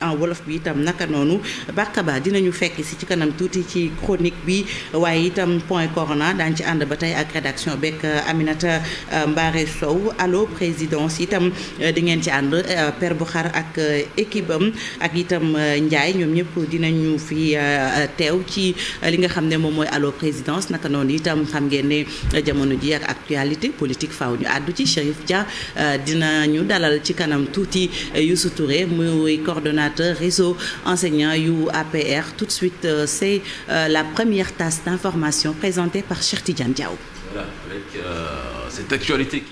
en wolof bi itam naka noonu Bakaba dinañu fekk si ci kanam tuuti ci chronique bi waaye itam point corona daañu ci ànd ba tey ak rédaction beeg euh, Aminata euh, Mbaare Sow allo présidence itam euh, di ngeen ci ànd per bu xar ak équipe am ak itam Ndiaye ñoom ñëpp dinañu fi teew ci li nga xam ne moom mooy allo présidence naka noonu itam xam ngeen ne jamono ji ak actualité politique faw ñu àddu ci Chérif Dia dinañu dalal ci kanam tuuti Youssou Touré muy coordonnateur coordonnateur réseau enseignant yu tout de suite euh, c'est euh, la première tasse d'information présentée par Cheikh Tidiane Diaw. Voilà, avec euh, cette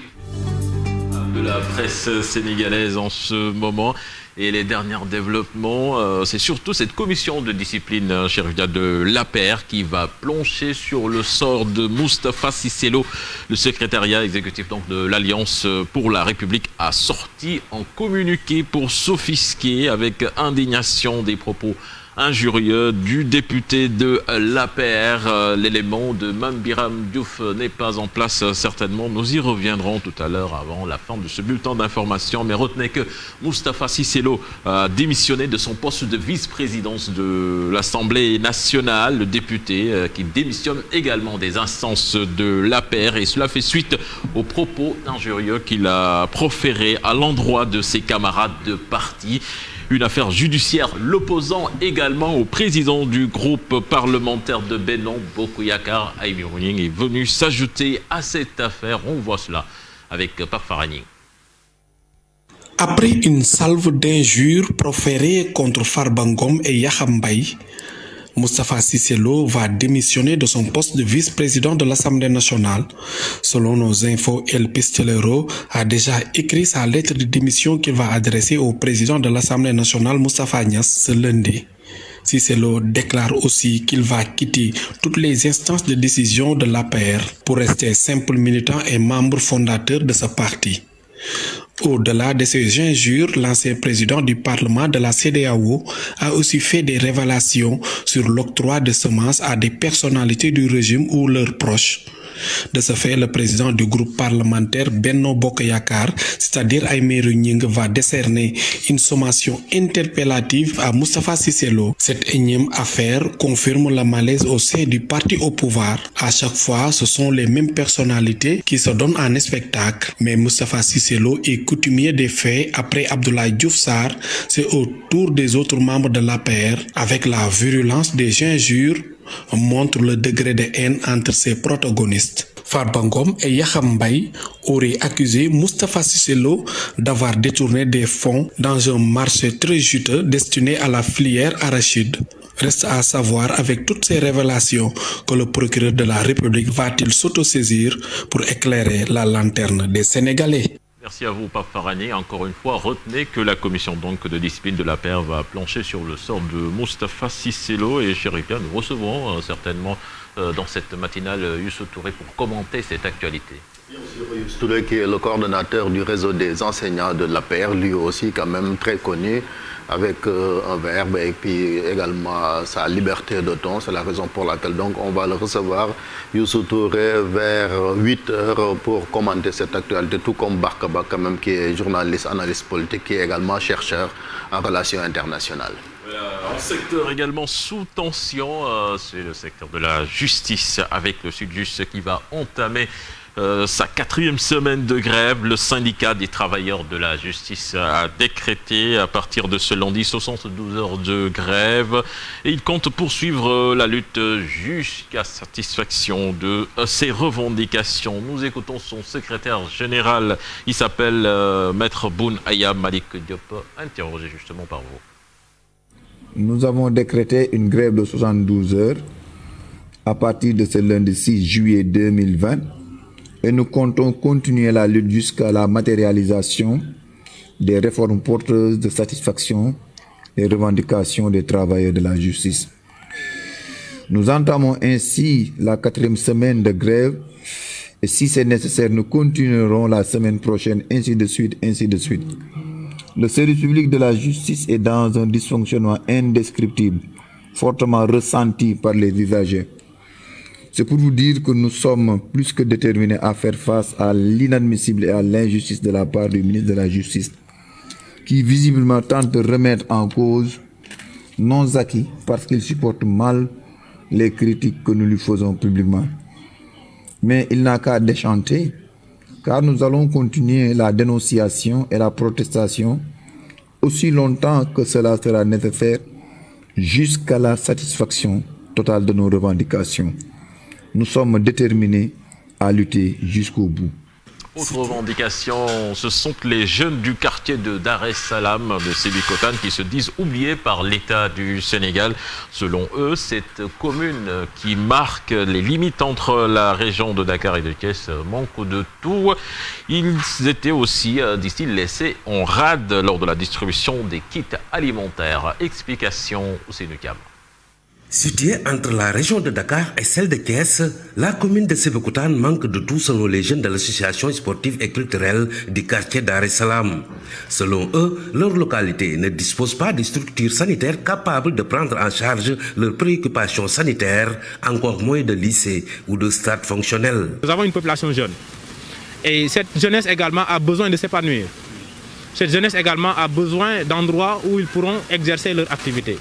la presse sénégalaise en ce moment. et les derniers développements. Euh, c'est surtout cette commission de discipline, hein, Chervia, de l'APR qui va plancher sur le sort de Moustapha Cicello. Le secrétariat exécutif de l'Alliance euh, pour la République a sorti en communiqué pour s'offisquer avec indignation des propos injurieux du député de l'APR. Euh, l'élément de Mambiram Diouf n'est pas en place euh, certainement. Nous y reviendrons tout à l'heure avant la fin de ce bulletin d'information. Mais retenez que Moustapha Cicello a démissionné de son poste de vice-présidence de l'Assemblée nationale. Le député euh, qui démissionne également des instances de l'APR et cela fait suite aux propos injurieux qu'il a proférés à l'endroit de ses camarades de parti. une affaire judiciaire l'opposant également au président du groupe parlementaire de Benon, Bokuyakar Aibirouning, est venu s'ajouter à cette affaire. On voit cela avec Pape Farani. Après une salve d'injures proférées contre Farbangom et Yahambay, Moustapha Cissé Lo va démissionner de son poste de vice-président de l'Assemblée nationale. Selon nos infos, El Pistolero a déjà écrit sa lettre de démission qu'il va adresser au président de l'Assemblée nationale, Moustapha Niass, ce lundi. Cissé Lo déclare aussi qu'il va quitter toutes les instances de décision de l'APR pour rester simple militant et membre fondateur de ce parti. Au-delà de ces injures, l'ancien président du Parlement de la CDAO a aussi fait des révélations sur l'octroi de semence à des personnalités du régime ou leurs proches. De ce fait, le président du groupe parlementaire Benno Bokk Yakaar, c'est-à-dire Aymérou Gningue, va décerner une sommation interpellative à Moustapha Cissé Cette énième affaire confirme le malaise au sein du parti au pouvoir. À chaque fois, ce sont les mêmes personnalités qui se donnent en spectacle. Mais Moustapha Cissé Lo est coutumier des faits après Abdoulaye Diouf Sarr, c'est au tour des autres membres de l'APR avec la virulence des injures montre le degré de haine entre ses protagonistes. Farba Ngom et Yakham Mbaye auraient accusé Moustapha Cissé Lo d'avoir détourné des fonds dans un marché très juteux destiné à la flière arachide. Reste à savoir avec toutes ces révélations que le procureur de la République va-t-il s'autosaisir pour éclairer la lanterne des Sénégalais. Merci à vous, Pape Farané. Encore la commission de discipline de la paire va plancher sur le sort de Mustapha Cicello et Chérifia. Nous recevrons euh, certainement euh, dans cette matinale euh, Youssou pour commenter cette actualité. réseau des de la paire, avec un euh, verbe et puis également sa liberté de ton. C'est la raison pour laquelle donc on va le recevoir Youssou Touré vers 8 heures pour commenter cette actualité, tout comme Barkaba quand même qui est journaliste, analyste politique, qui est également chercheur en relations internationales. Un euh, secteur également sous tension, euh, c'est le secteur de la justice avec le Sud-Just qui va entamer euh, sa quatrième semaine de le syndicat des travailleurs de la justice a décrété partir de ce lundi 72 heures de grève et il compte poursuivre euh, la lutte de euh, ses revendications. Nous son secrétaire général, il s'appelle euh, Maître Boun Ayam Malik Diop, interrogé justement de 72 heures à partir de ce et nous comptons continuer la lutte jusqu'à la matérialisation des réformes porteuses de satisfaction des revendications des travailleurs de la justice. Nous entamons ainsi la quatrième semaine de grève et si c'est nécessaire, nous continuerons la semaine prochaine, ainsi de suite, ainsi de suite. Le service public de la justice est dans un dysfonctionnement indescriptible, fortement ressenti par les usagers. C'est pour vous dire que nous sommes plus que déterminés à faire face à l'inadmissible et à l'injustice de la part du ministre de la Justice, qui visiblement tente de remettre en cause non acquis parce qu'il supporte mal les critiques que nous lui faisons publiquement. Mais il n'a qu'à déchanter, car nous allons continuer la dénonciation et la protestation aussi longtemps que cela sera nécessaire jusqu'à la satisfaction totale de nos revendications. nous sommes déterminés à lutter jusqu'au bout. Autre revendication, ce sont les jeunes du quartier de Dar es Salaam de Sébikotane qui se disent oubliés par l'État du Sénégal. Selon eux, cette commune qui marque les limites entre la région de Dakar et de Thiès manque de tout. Ils étaient aussi, euh, disent-ils, laissés en rade lors de la distribution des kits alimentaires. Explication au Sénégal. Située entre la région de Dakar et celle de Thiès, la commune de Sébikotane manque de tout selon les jeunes de l'association sportive et culturelle du quartier Dar es Salaam. Selon eux, leur localité ne dispose pas de structures sanitaires capables de prendre en charge leurs préoccupations sanitaire encore moins de lycées ou de stades fonctionnels. Nous avons une population jeune et cette jeunesse également a besoin de s'épanouir. Cette jeunesse également a besoin d'endroits où ils pourront exercer leur activité.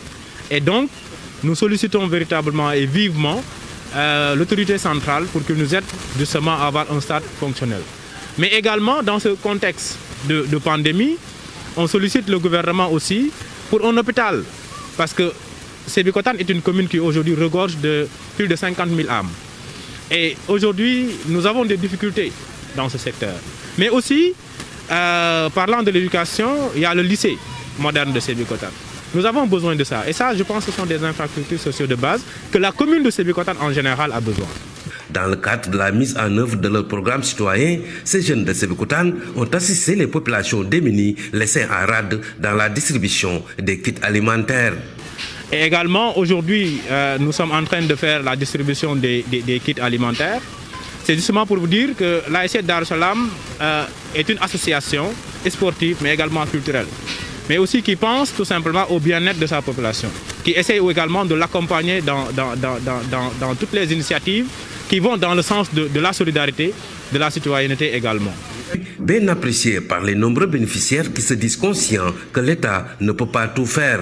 Nous sollicitons véritablement et vivement euh, l'autorité centrale pour qu'il nous aide justement à avoir un stade fonctionnel. Mais également, dans ce contexte de, de pandémie, on sollicite le gouvernement aussi pour un hôpital. Parce que Sébicotane est une commune qui aujourd'hui regorge de plus de 50 000 âmes. Et aujourd'hui, nous avons des difficultés dans ce secteur. Mais aussi, euh, parlant de l'éducation, il y a le lycée moderne de Sébicotane. Nous avons besoin de ça. Et ça, je pense que ce sont des infrastructures sociales de base que la commune de Sébikotane en général a besoin. Dans le cadre de la mise en œuvre de leur programme citoyen, ces jeunes de Sébikotane ont assisté les populations démunies laissées en rade dans la distribution des kits alimentaires. Et également, aujourd'hui, euh, nous sommes en train de faire la distribution des, des, des kits alimentaires. C'est justement pour vous dire que l'ASC e Dar Salam euh, est une association sportive mais également culturelle. mais aussi qui pense tout simplement au bien-être de sa population, qui essaie également de l'accompagner dans, toutes les initiatives qui vont dans le sens de, de la solidarité, de la citoyenneté également. Bien apprécié par les nombreux bénéficiaires qui se disent conscients que l'État ne peut pas tout faire.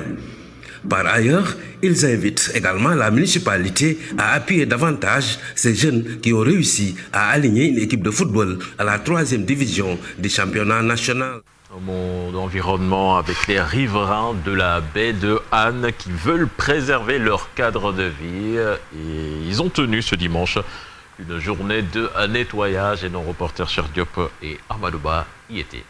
Par ailleurs, ils invitent également la municipalité à appuyer davantage ces jeunes qui ont réussi à aligner une équipe de football à la troisième division du championnat national. mon environnement avec les riverains de la baie de Anne qui veulent préserver leur cadre de vie. Et ils ont tenu ce dimanche une journée de nettoyage et nos reporters Cher Diop et Amadouba y étaient.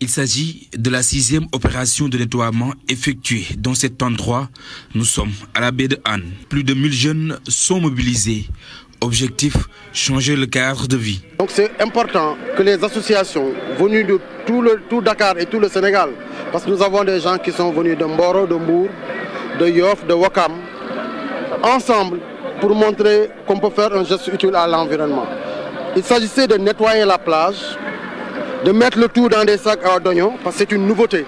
Il s'agit de la sixième opération de nettoiement effectuée dans cet endroit. Nous sommes à la baie de Anne. Plus de jeunes sont mobilisés Objectif, changer le cadre de vie. Donc important que les associations venues de tout, le, tout Dakar et tout le Sénégal, parce que nous avons des gens qui sont venus de Mboro, de Mbour, de Yoff, de Wakam, ensemble pour montrer qu'on peut faire un geste utile à l'environnement. Il s'agissait de nettoyer la plage, de mettre le tout dans des sacs à oignons, parce que c'est une nouveauté.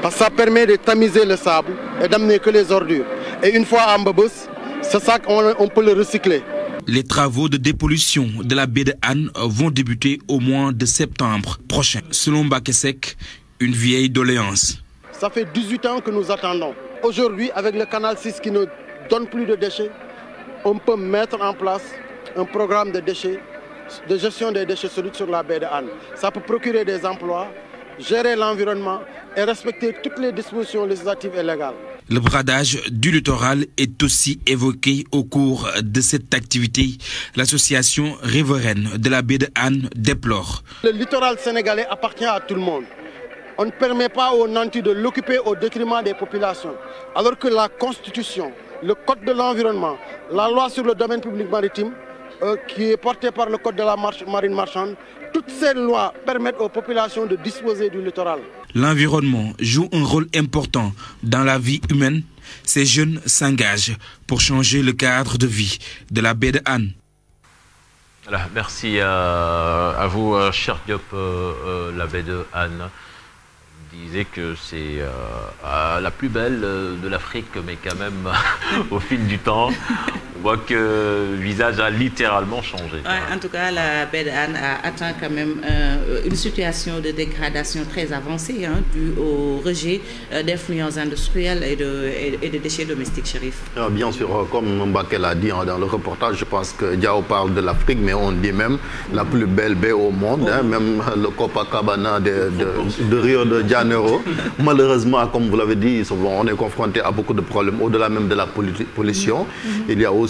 Parce que ça permet de tamiser le sable et d'amener que les ordures. Et une fois à Mbabus, ce sac, on peut le recycler. Les travaux de dépollution de la baie de Hann vont débuter au mois de septembre prochain. Selon Bakesek, une vieille doléance. Ça fait 18 ans que nous attendons. Aujourd'hui, avec le canal qui ne donne plus de déchets, on peut mettre en place un programme de déchets, de gestion des déchets solides sur la baie de Anne. Ça peut procurer des emplois, gérer l'environnement et respecter toutes les dispositions législatives et légales. Le bradage du littoral est aussi évoqué au cours de cette activité. L'association riveraine de la baie de Anne déplore. Le littoral sénégalais appartient à tout le monde. On ne permet pas aux nantis de l'occuper au détriment des populations. Alors que la Constitution, le Code de l'environnement, la loi sur le domaine public maritime, euh, qui est portée par le Code de la marche, marine marchande, toutes ces lois permettent aux populations de disposer du littoral. L'environnement joue un rôle important dans la vie humaine. Ces jeunes s'engagent pour changer le cadre de vie de la baie de Anne. Voilà, euh, euh, euh, la baie de Anne disait que c'est la plus belle de l'Afrique, mais quand même, au fil du temps, On voit que euh, a littéralement changé. Ouais, voilà. en tout cas, la Bédane a atteint même euh, une situation de dégradation très avancée hein, due au rejet euh, et de, et, et de déchets domestiques, Chérif. Ah, bien sûr, comme Mbaké l'a dit dans le reportage, je pense que Diao parle de l'Afrique, mais on dit même la plus belle baie au monde, oh. hein, même le Copacabana de, de, Rio de Janeiro. Malheureusement, comme vous l'avez dit, on est confronté à beaucoup de problèmes, au-delà même de la pollution. Mm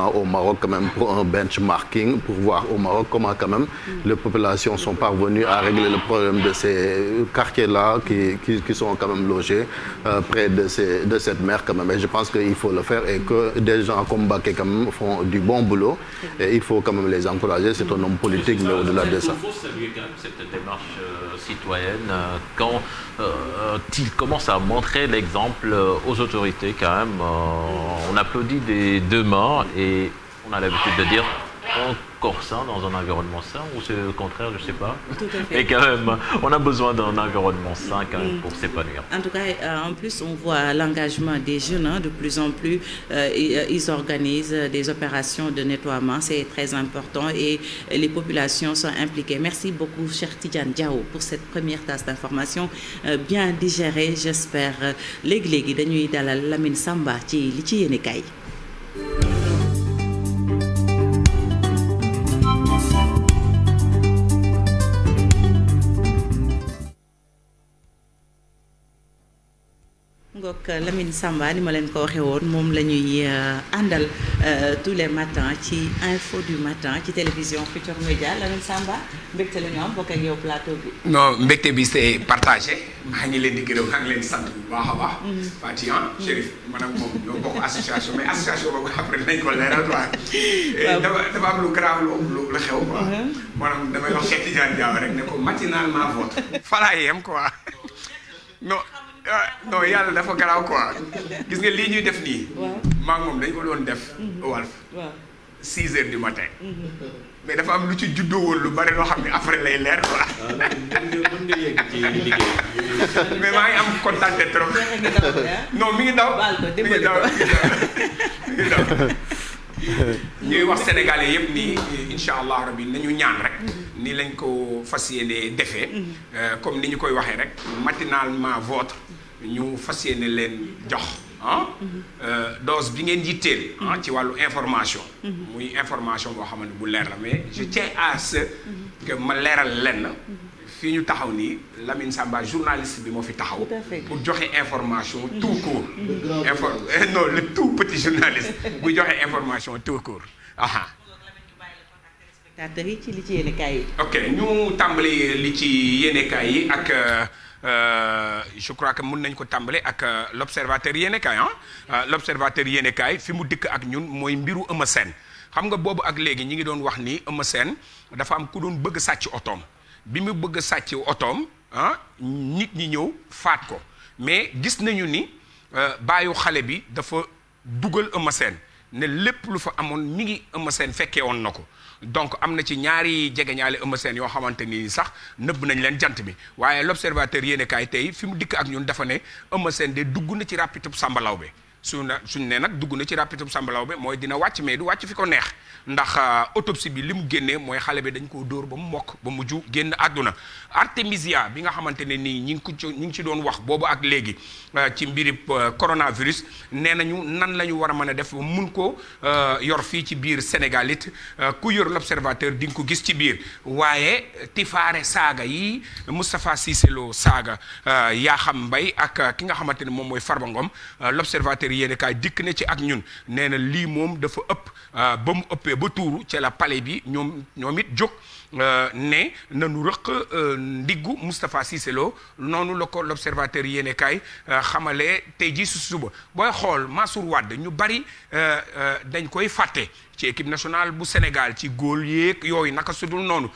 temps au Maroc quand même pour un benchmarking, pour voir au Maroc comment quand même les populations sont parvenues à régler le problème de ces quartiers-là qui, qui, qui, sont quand même logés euh, près de, ces, de cette mer quand même. Et je pense qu'il faut le faire et que des gens comme Baké quand même font du bon boulot et il faut quand même les encourager. C'est un homme politique, mais au-delà de ça. Il faut saluer quand même cette démarche euh, citoyenne euh, quand euh, euh, il commence à montrer l'exemple euh, aux autorités quand même. on applaudit des deux mains et et on a l'habitude de dire encore sain dans un environnement ou c'est le contraire, je ne sais pas. Tout à fait. quand même, on a besoin d'un environnement pour mm. s'épanouir. En tout cas, euh, en plus, on des jeunes. de plus en plus, euh, euh des opérations de nettoiement. C'est très important et les populations sont impliquées. Merci beaucoup, cher Tidjan Diao, pour cette première tasse d'information euh, bien digérée, j'espère. Euh, Légui-légui, dañuy dalal Lamine Samba ci li ci yéene kay. ngook Lamine Samba ni ma leen ko waxee woon moom la ñuy euh, àndal euh, tous les matins ci info du matin ci télévision Futurs Médias Lamine Samba mbégte la ñu am bokk ak yow plateau bi. non mbégte bi c'est partagé maa ngi leen di gërëm maa ngi leen di sant bu baax a baax. Mm-hmm. Fatia Chérif man ak moom ñoo bokk association mais association boobu après dinañ ko leeral quoi. dafa am lu grave lu xew quoi. Mm-hmm. maanaam damay wax Cheikh Tidiane Diaw rek ne ko matinalement vote. fa yem quoi non. Ah, non yàlla dafa garaaw quoi gis nga lii ñuy def nii. maa moom dañ ko doon def. Mhm. Walf six heures du matin. Mhm. mais dafa am lu ci juddoo woon lu bari loo xam ne après lay leer quoi. Ah, mais maa ngi am kontaan de trop. Ah. non mi ngi daw. mi ngi daw mi ngi daw. ñuy wax sénégalais yëpp nii incha allah rabi nañu ñaan rek. Mhm. nii lañ ko fas yéenee defee. Euh, comme ni ñu koy waxee rek. matinalement vôtre. ñu fas yéene leen jox ah euh, bi ngeen yitteel ah ci wàllu information muy information boo xamante bu leer la mais je tiens à ce que ma leeral lenn fii ñu taxaw nii Lamine Samba journaliste bi moo fi taxaw pour joxe information mm-hmm. tout court mm-hmm. info non le tout petit journaliste bu joxe information tout court aha ci li ci yéenekaay yi ok ñu tàmbali li ci yéenekaay yi ak euh, Euh, je crois que mun nañ ko tàmbale ak euh, l' observateur yéenekaay ah euh, l' observateur yéenekaay fi mu dikk ak ñun mooy mbiru Eumeu Sène xam nga boobu ak léegi ñi ngi doon wax ni Eumeu Sène dafa am ku doon bëgg sàcc otoom bi mu bëgg sàcc otoom ah nit ñi ñëw faat ko mais gis nañu ni baayu xale bi dafa dugal Eumeu Sène ne lépp lu fa amoon mi ngi Eumeu Sène fekkee woon na ko donc am na ci ñaari jegeñaale Eumeu Sène yoo xamante ni sax nëbb nañ leen jant bi waaye l'observateur yéene kaay tey fi mu dikk ak ñun dafa ne Eumeu Sène de dugg na ci rapitub sàmbalaw bi su ne suñ ne nag dugg na ci rapitub sàmbalaw bi mooy dina wàcc mais du wàcc fi ko neex ndax euh, autopsie bi li mu génnee mooy xale bi dañ koo dóor ba mu mokk ba mujj génn àdduna artemisia bi nga xamante ne nii ñi ngi ko ci ñu ngi ci doon wax boobu ak léegi euh, ci mbiri euh, coronavirus nee nañu nan la war a mën a def ba mun ko yor fii ci biir sénégalit it ku yor l'observateur di nga ko gis ci biir waaye tifaare saaga yi Moustapha Cissé Lo yaa xam mbay ak ki nga xamante ni moom mooy Farba Ngom l'observateur yéen kaay dikk na ci ak ñun nee na lii moom dafa ëpp Euh, ba mu ëppee ba tuuru ci la palais bi ñoom ñoom it jóg Euh, ne nanu rëq euh, ndiggu Moustapha siselo noonu la ko l'observateur yéene euh, xamale tey jii su suba booy xool Mansour wadd ñu bari dañ koy fàtte ci équipe nationale bu Sénégal ci góol yeeg yooyu naka sudul noonu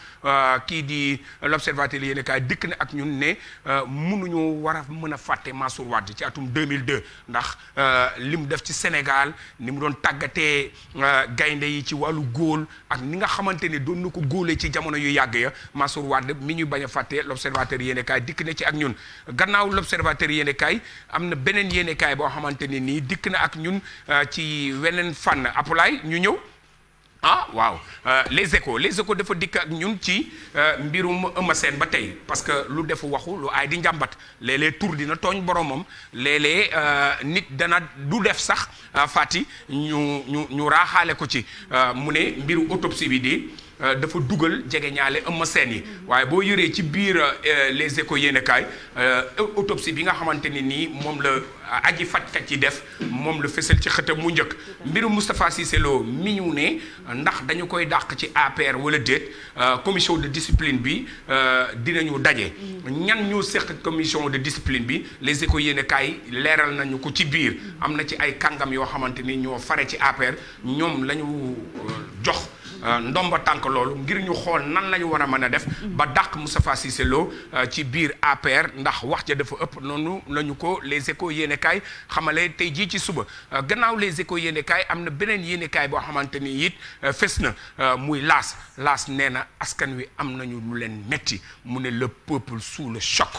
kii di l'observateur yéene kaay dikk na ak ñun ne munuñoo war a mën a fàtte Mansour Wade ci atum 2002 ndax li mu def ci Sénégal ni mu doon tàggatee gaynde yi ci wàllu góol ak ni nga xamante ne doon na ko góole ci jamono jamono yu yàgg ya Massour Wade mi ñu bañ a fàtte l' observateur yéenekaay dikk na ci ak ñun gannaaw l' observateur yéenekaay am na beneen yéenekaay boo xamante ni nii dikk na ak ñun euh, ci weneen fànn apulaay ñu ñëw ah waaw euh, les échos les échos dafa dikk ak ñun ci euh, mbirum Eumeu Sène ba tey parce que lu defu waxu lu aay di njàmbat léeg-léeg tur dina tooñ boromam léeg-léeg nit dana du def sax fàtti ñu ñu ñu raaxaale ko ci mu ne mbiru autopsie bi di Euh, dafa dugal jege ñaale ëmma seen yi waaye boo yoree ci biir euh, les échos yéen a kaay euh, bi nga xamante ni nii moom la aji fajkat yi def moom la fësal ci xëtam mu njëkk mbiru Moustapha Cissé Lo mi ñu ne ndax dañu koy dàq ci APR wala déet commission de discipline bi dinañu daje ñan ñoo seq commission de discipline bi les échos yéen leeral nañu ko ci biir am na ci ay kàngam yoo xamante ni ñoo fare ci APR ñoom lañu jox Euh, ndomba tànk loolu ngir ñu xool nan la ñu war a mën a def ba dàq Moustapha Cissé Lo euh, ci biir APR ndax wax ja dafa ëpp noonu la ñu ko les échos yéene kaay xamale tey jii ci suba euh, gannaaw les échos yéene kaay am na beneen yéene boo xamante ni it fes na muy laas laas nee na askan wi am nañu lu leen metti mu ne le peuple sous le choc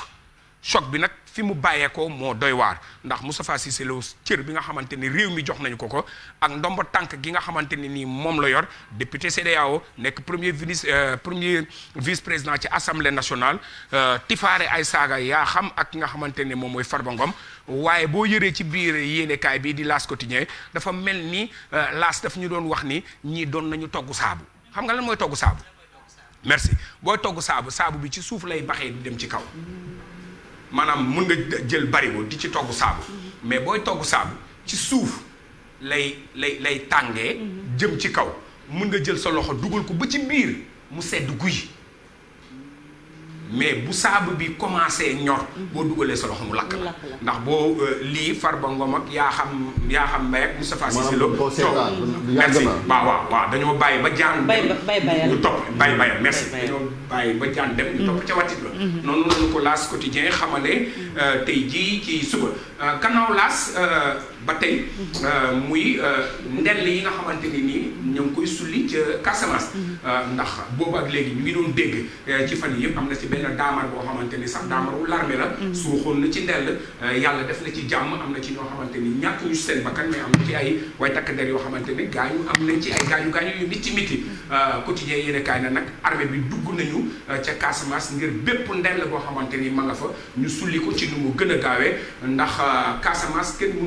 choc bi nag fi mu bàyyeekoo moo doy waar ndax Moustapha si Lo cër bi nga xamante ni réew mi jox nañu ko ko ak ndombo tànk gi nga xamante ni nii moom la yor député CEDEAO nekk premier ministre euh, premier vice président ci assemblée nationale euh, tifaare ay saaga yaa xam ak ki nga xamante ni moom mooy Farba waaye boo yëree ci biir yéenekaay bi di L'As Quotidien dafa mel ni euh, L'As daf ñu doon wax ni ñii doon nañu togg saabu xam nga lan mooy togg saabu merci booy togg saabu saabu bi ci suuf lay baxee dem ci kaw maanaam mun nga jël barigo di ci togg saabu mais booy togg saabu ci suuf lay lay lay tàngee mhm. jëm ci kaw mun nga jël sa loxo dugal ko ba ci biir mu sedd guy mais bu saabu bi commencé ñor boo dugalee sa loxo mu lakk la ndax boo euh, lii far Ngom ak yaa xam yaa xam mbay ak Moustapha Cissé Lo merci waaw waaw waaw dañoo bàyyi ba jaan dem ñu topp bay bayal merci dañoo bàyyi ba jaan dem ñu topp mm-hmm. ca wàttit mm-hmm. la noonu lañu ko laas quotidien xamale mm-hmm. euh, tey jii ci suba kannaaw euh, laas ba tey euh, muy euh, ndell yi nga xamante ni nii ñu ngi koy sulli ca Casamance mm-hmm. euh, ndax boobu ak léegi ñu ngi doon dégg ci fan yëpp am na ci benn daamar boo xamante ni sax mm-hmm. daamaru larme la mm-hmm. suuxoon na ci ndell yàlla def na ci jàmm am na ci ñoo xamante ni ñàkk ñu seen bakkan mais am ci ay way takk der yoo xamante ni gaañu am nañ ci ay gaañu gaañu yu miti miti quotidien yéen kaay na nag armée bi dugg nañu ca Casamance ngir bépp ndell boo xamante ni ma nga fa ñu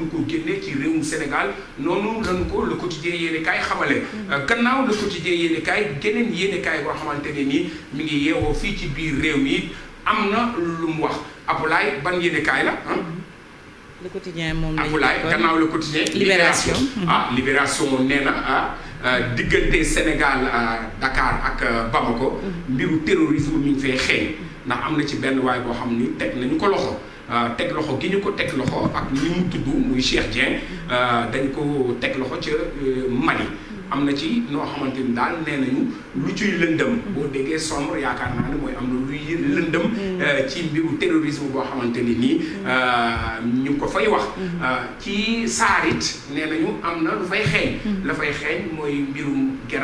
ko continuer ci réewum Sénégal noonu lañu ko le quotidien yéene kaay xamale kannaaw mm. euh, le quotidien yéene kaay geneen yéene kaay boo xamante ne nii mi ngi yeewoo fii ci biir réew yi am na lu mu wax Abdoulaye ban yéene kaay la le moom la Abdoulaye gannaaw le libération ah nee na ah euh, diggante euh, Dakar ak Bamako mm. mbiru terrorisme ndax am na ci benn waay boo xam ni teg nañu ko loxo Euh, teg loxo gi ñu ko teg loxo ak li mu tudd muy Cheikh Dieng euh, dañ ko teg loxo ca euh, Mali am na ci noo xamante ni daal nee nañu lu ciy lëndëm boo déggee sombre yaakaar naa ne mooy am na luy lëndëm mm. ci mbiru terrorisme boo xamante ni nii ñu ko fay wax mm. ci saarit nee nañu am na lu fay xeeñ mm. la fay xeeñ mooy mbirum ger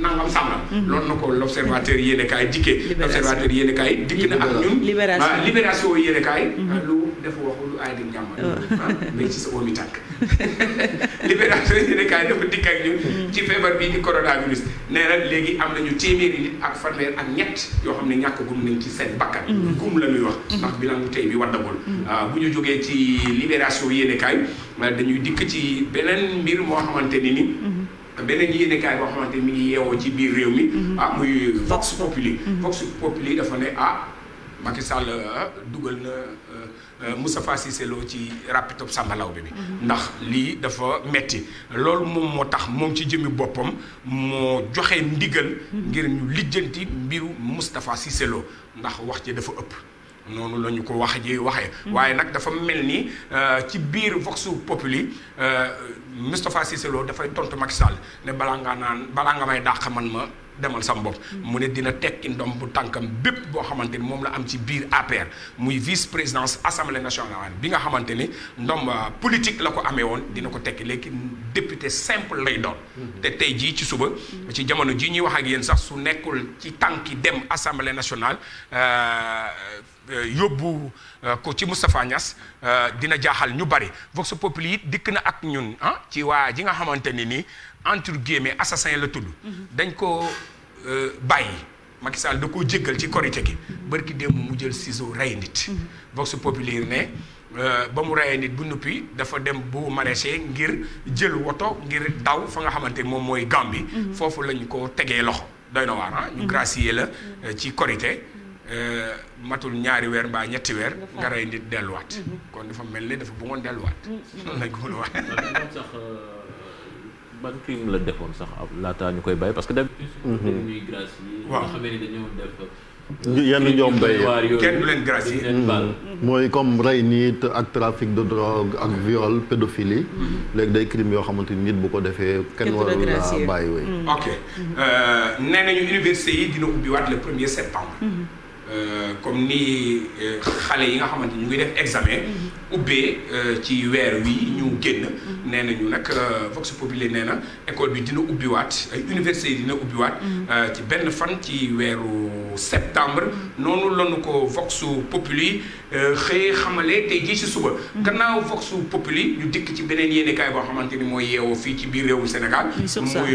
nangam sàmna mm-hmm. loolu na ko l' observateur yéene kaay dikkee l' observateur yéene kaay dikk na ak ñun libération ah, libération yéene kaay mm-hmm. ah, lu dafa wax lu aay oh. ah, ci sa omi tànk libération dikk ak ñun mm-hmm. ci feebar bii di coronavirus nee na léegi am nañu téeméeri ak fanweer ak ñett yoo xam ne ñàkk gum nañ ci seen bakkan gum la ñuy wax ndax bilan bu tey bi waddagul bu ñu jógee ci libération yéene kaay dañuy dikk ci beneen mbir moo xamante ni ni beneen yéenekaay boo xamante mi ngi yeewoo ci biir réew mi. Mhm. ah muy Vox Populi. Mhm. Vox Populi dafa ne ah Macky Sall euh, dugal na euh, euh, Moustapha Cissé Lo ci rapitop sàmbalaw bi mhm. ndax lii dafa metti loolu moom moo tax moom ci jëmi boppam moo joxe ndigal. ngir ñu lijjanti mbiru Moustapha Cissé Lo ndax wax ci dafa ëpp. noonu la ñu ko wax ji waxee. waaye nag dafa mel ni euh, ci biir Vox Populi euh, Moustapha Cissé Lo dafay tontu Macky Sall ne balaa ngaa naan bala nga may dàq man ma. demal sam bopp mu ne dina tekki ndom bu tànkam bépp boo xamante ni moom la am ci biir APR muy vice présidence assemblée nationale bi nga xamante ni ndom euh, politique la ko amee woon dina ko tekki léegi député simple lay doon. te tey jii ci suba. ci jamono jii ñuy wax ak yéen sax su nekkul ci tànki dem assemblée nationale. Euh, yóbbu euh, ko ci Moustapha Niass euh, dina jaaxal ñu bari Vox Populi it dikk na ak ñun ah ci waa ji nga xamante ni nii entre guillemets assassin la tudd. dañ ko bàyyi. Macky Sall da koo jéggal ci korite gi. bërki démb mu jël ciseau rey nit. Vox Populi ne ba mu reyee nit bu nuppi dafa dem bu maraîcher ngir jël woto ngir daw fa nga xamante moom mooy Gambie. Mhm. foofu lañ ko tegee loxo doy na waar ah. ñu mhm. gracier la ci korite. Euh, matul ñaari weer mbaa ñetti weer. nga rey nit delluwaat. kon dafa mel ni dafa bëggoon delluwaat. noonu lañ ko mën a waxee. sax euh, ban laataa ñu koy bàyyi parce que dem. Mhm. yenn euh, ñoom bay kenn du leen gracier mhm. mooy comme rey nit ak trafic de drogue ak viol pédophilie mhm. léegi day crime yoo xamante ni nit bu ko defee kenn warul la bàyyi way ok nee nañu université yi dina ubbi waat le premier septembre Euh, comme ni euh, xale yi nga xamante ñu ngi def examen. Mhm. ubbee euh, ci weer wi ñu mhm. génn. Mhm. nee nañu nag Vox Populi nee na école bi dina ubbiwaat ay université dina ubbiwaat. ci benn fan ci weeru. septembre noonu lanu ko Vox Populi euh, xëy xamale te jii si suba mm-hmm. gannaaw Vox Populi ñu dikk ci beneen yéenekaay boo xamante ni mooy yeewoo fii ci biir réewum Sénégal muy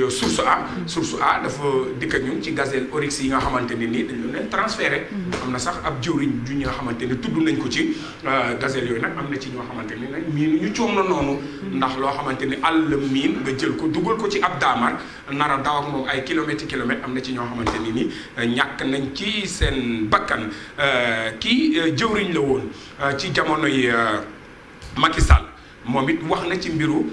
Source A euh, mm-hmm. Source A dafa dikk ak ñun ci gazelle Oryx yi nga xamante ne nii dañu leen rek mm-hmm. am na sax ab jëwriñ ju ñi nga xamante ne tudd nañ ko ci euh, gazelle yooyu nag am na ci ñoo xamante ni nag mii ñu coom na noonu ndax loo xamante ni àll miin nga jël ko dugal ko ci ab daamar nara a daw ak moom ay kilomètres kilomètres am na ci ñoo xamante ni ni euh, ñàkk nañ ci seen bakkan euh, kii euh, jëwriñ la woon ci jamonoy Macky Sall moom it wax na ci mbiru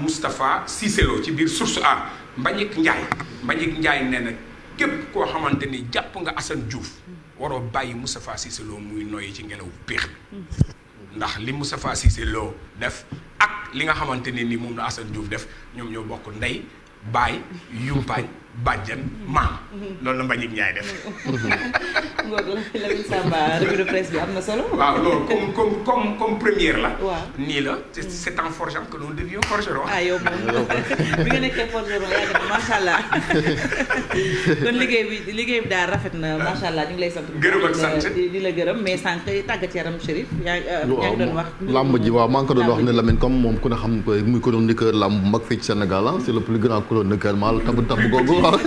Moustapha Cissé Lo ci biir source a Mbagnick Ndiaye Mbagnick Ndiaye nee na képp koo xamante ni jàpp nga Assane Diouf waroo bàyyi Moustapha Cissé Lo muy noyyi ci ngelaw péex bi mm-hmm. ndax li Moustapha Cissé Lo def ak li nga xamante ne ni moom la Assane Diouf def ñoom ñoo bokk ndey baay yumpaañ bàjjan maam. loolu la Mbagnick Ndiaye def. Ngor Lamine Samba revue de presse bi am na solo. waaw loolu comme comme comme première la. waaw nii la c' est en ah, kon liggéey bi liggéey bi daal rafet na ah. macha allah ñu ngi lay sant. gërëm ak sant di yaram Chérif. yaa ngi doon wax. làmb ji waaw maa ko doon wax ne Lamine comme moom ku ne xam muy chroniqueur làmb mag fii Sénégal ah c' plus grand chroniqueur mal tab tab googu. waaw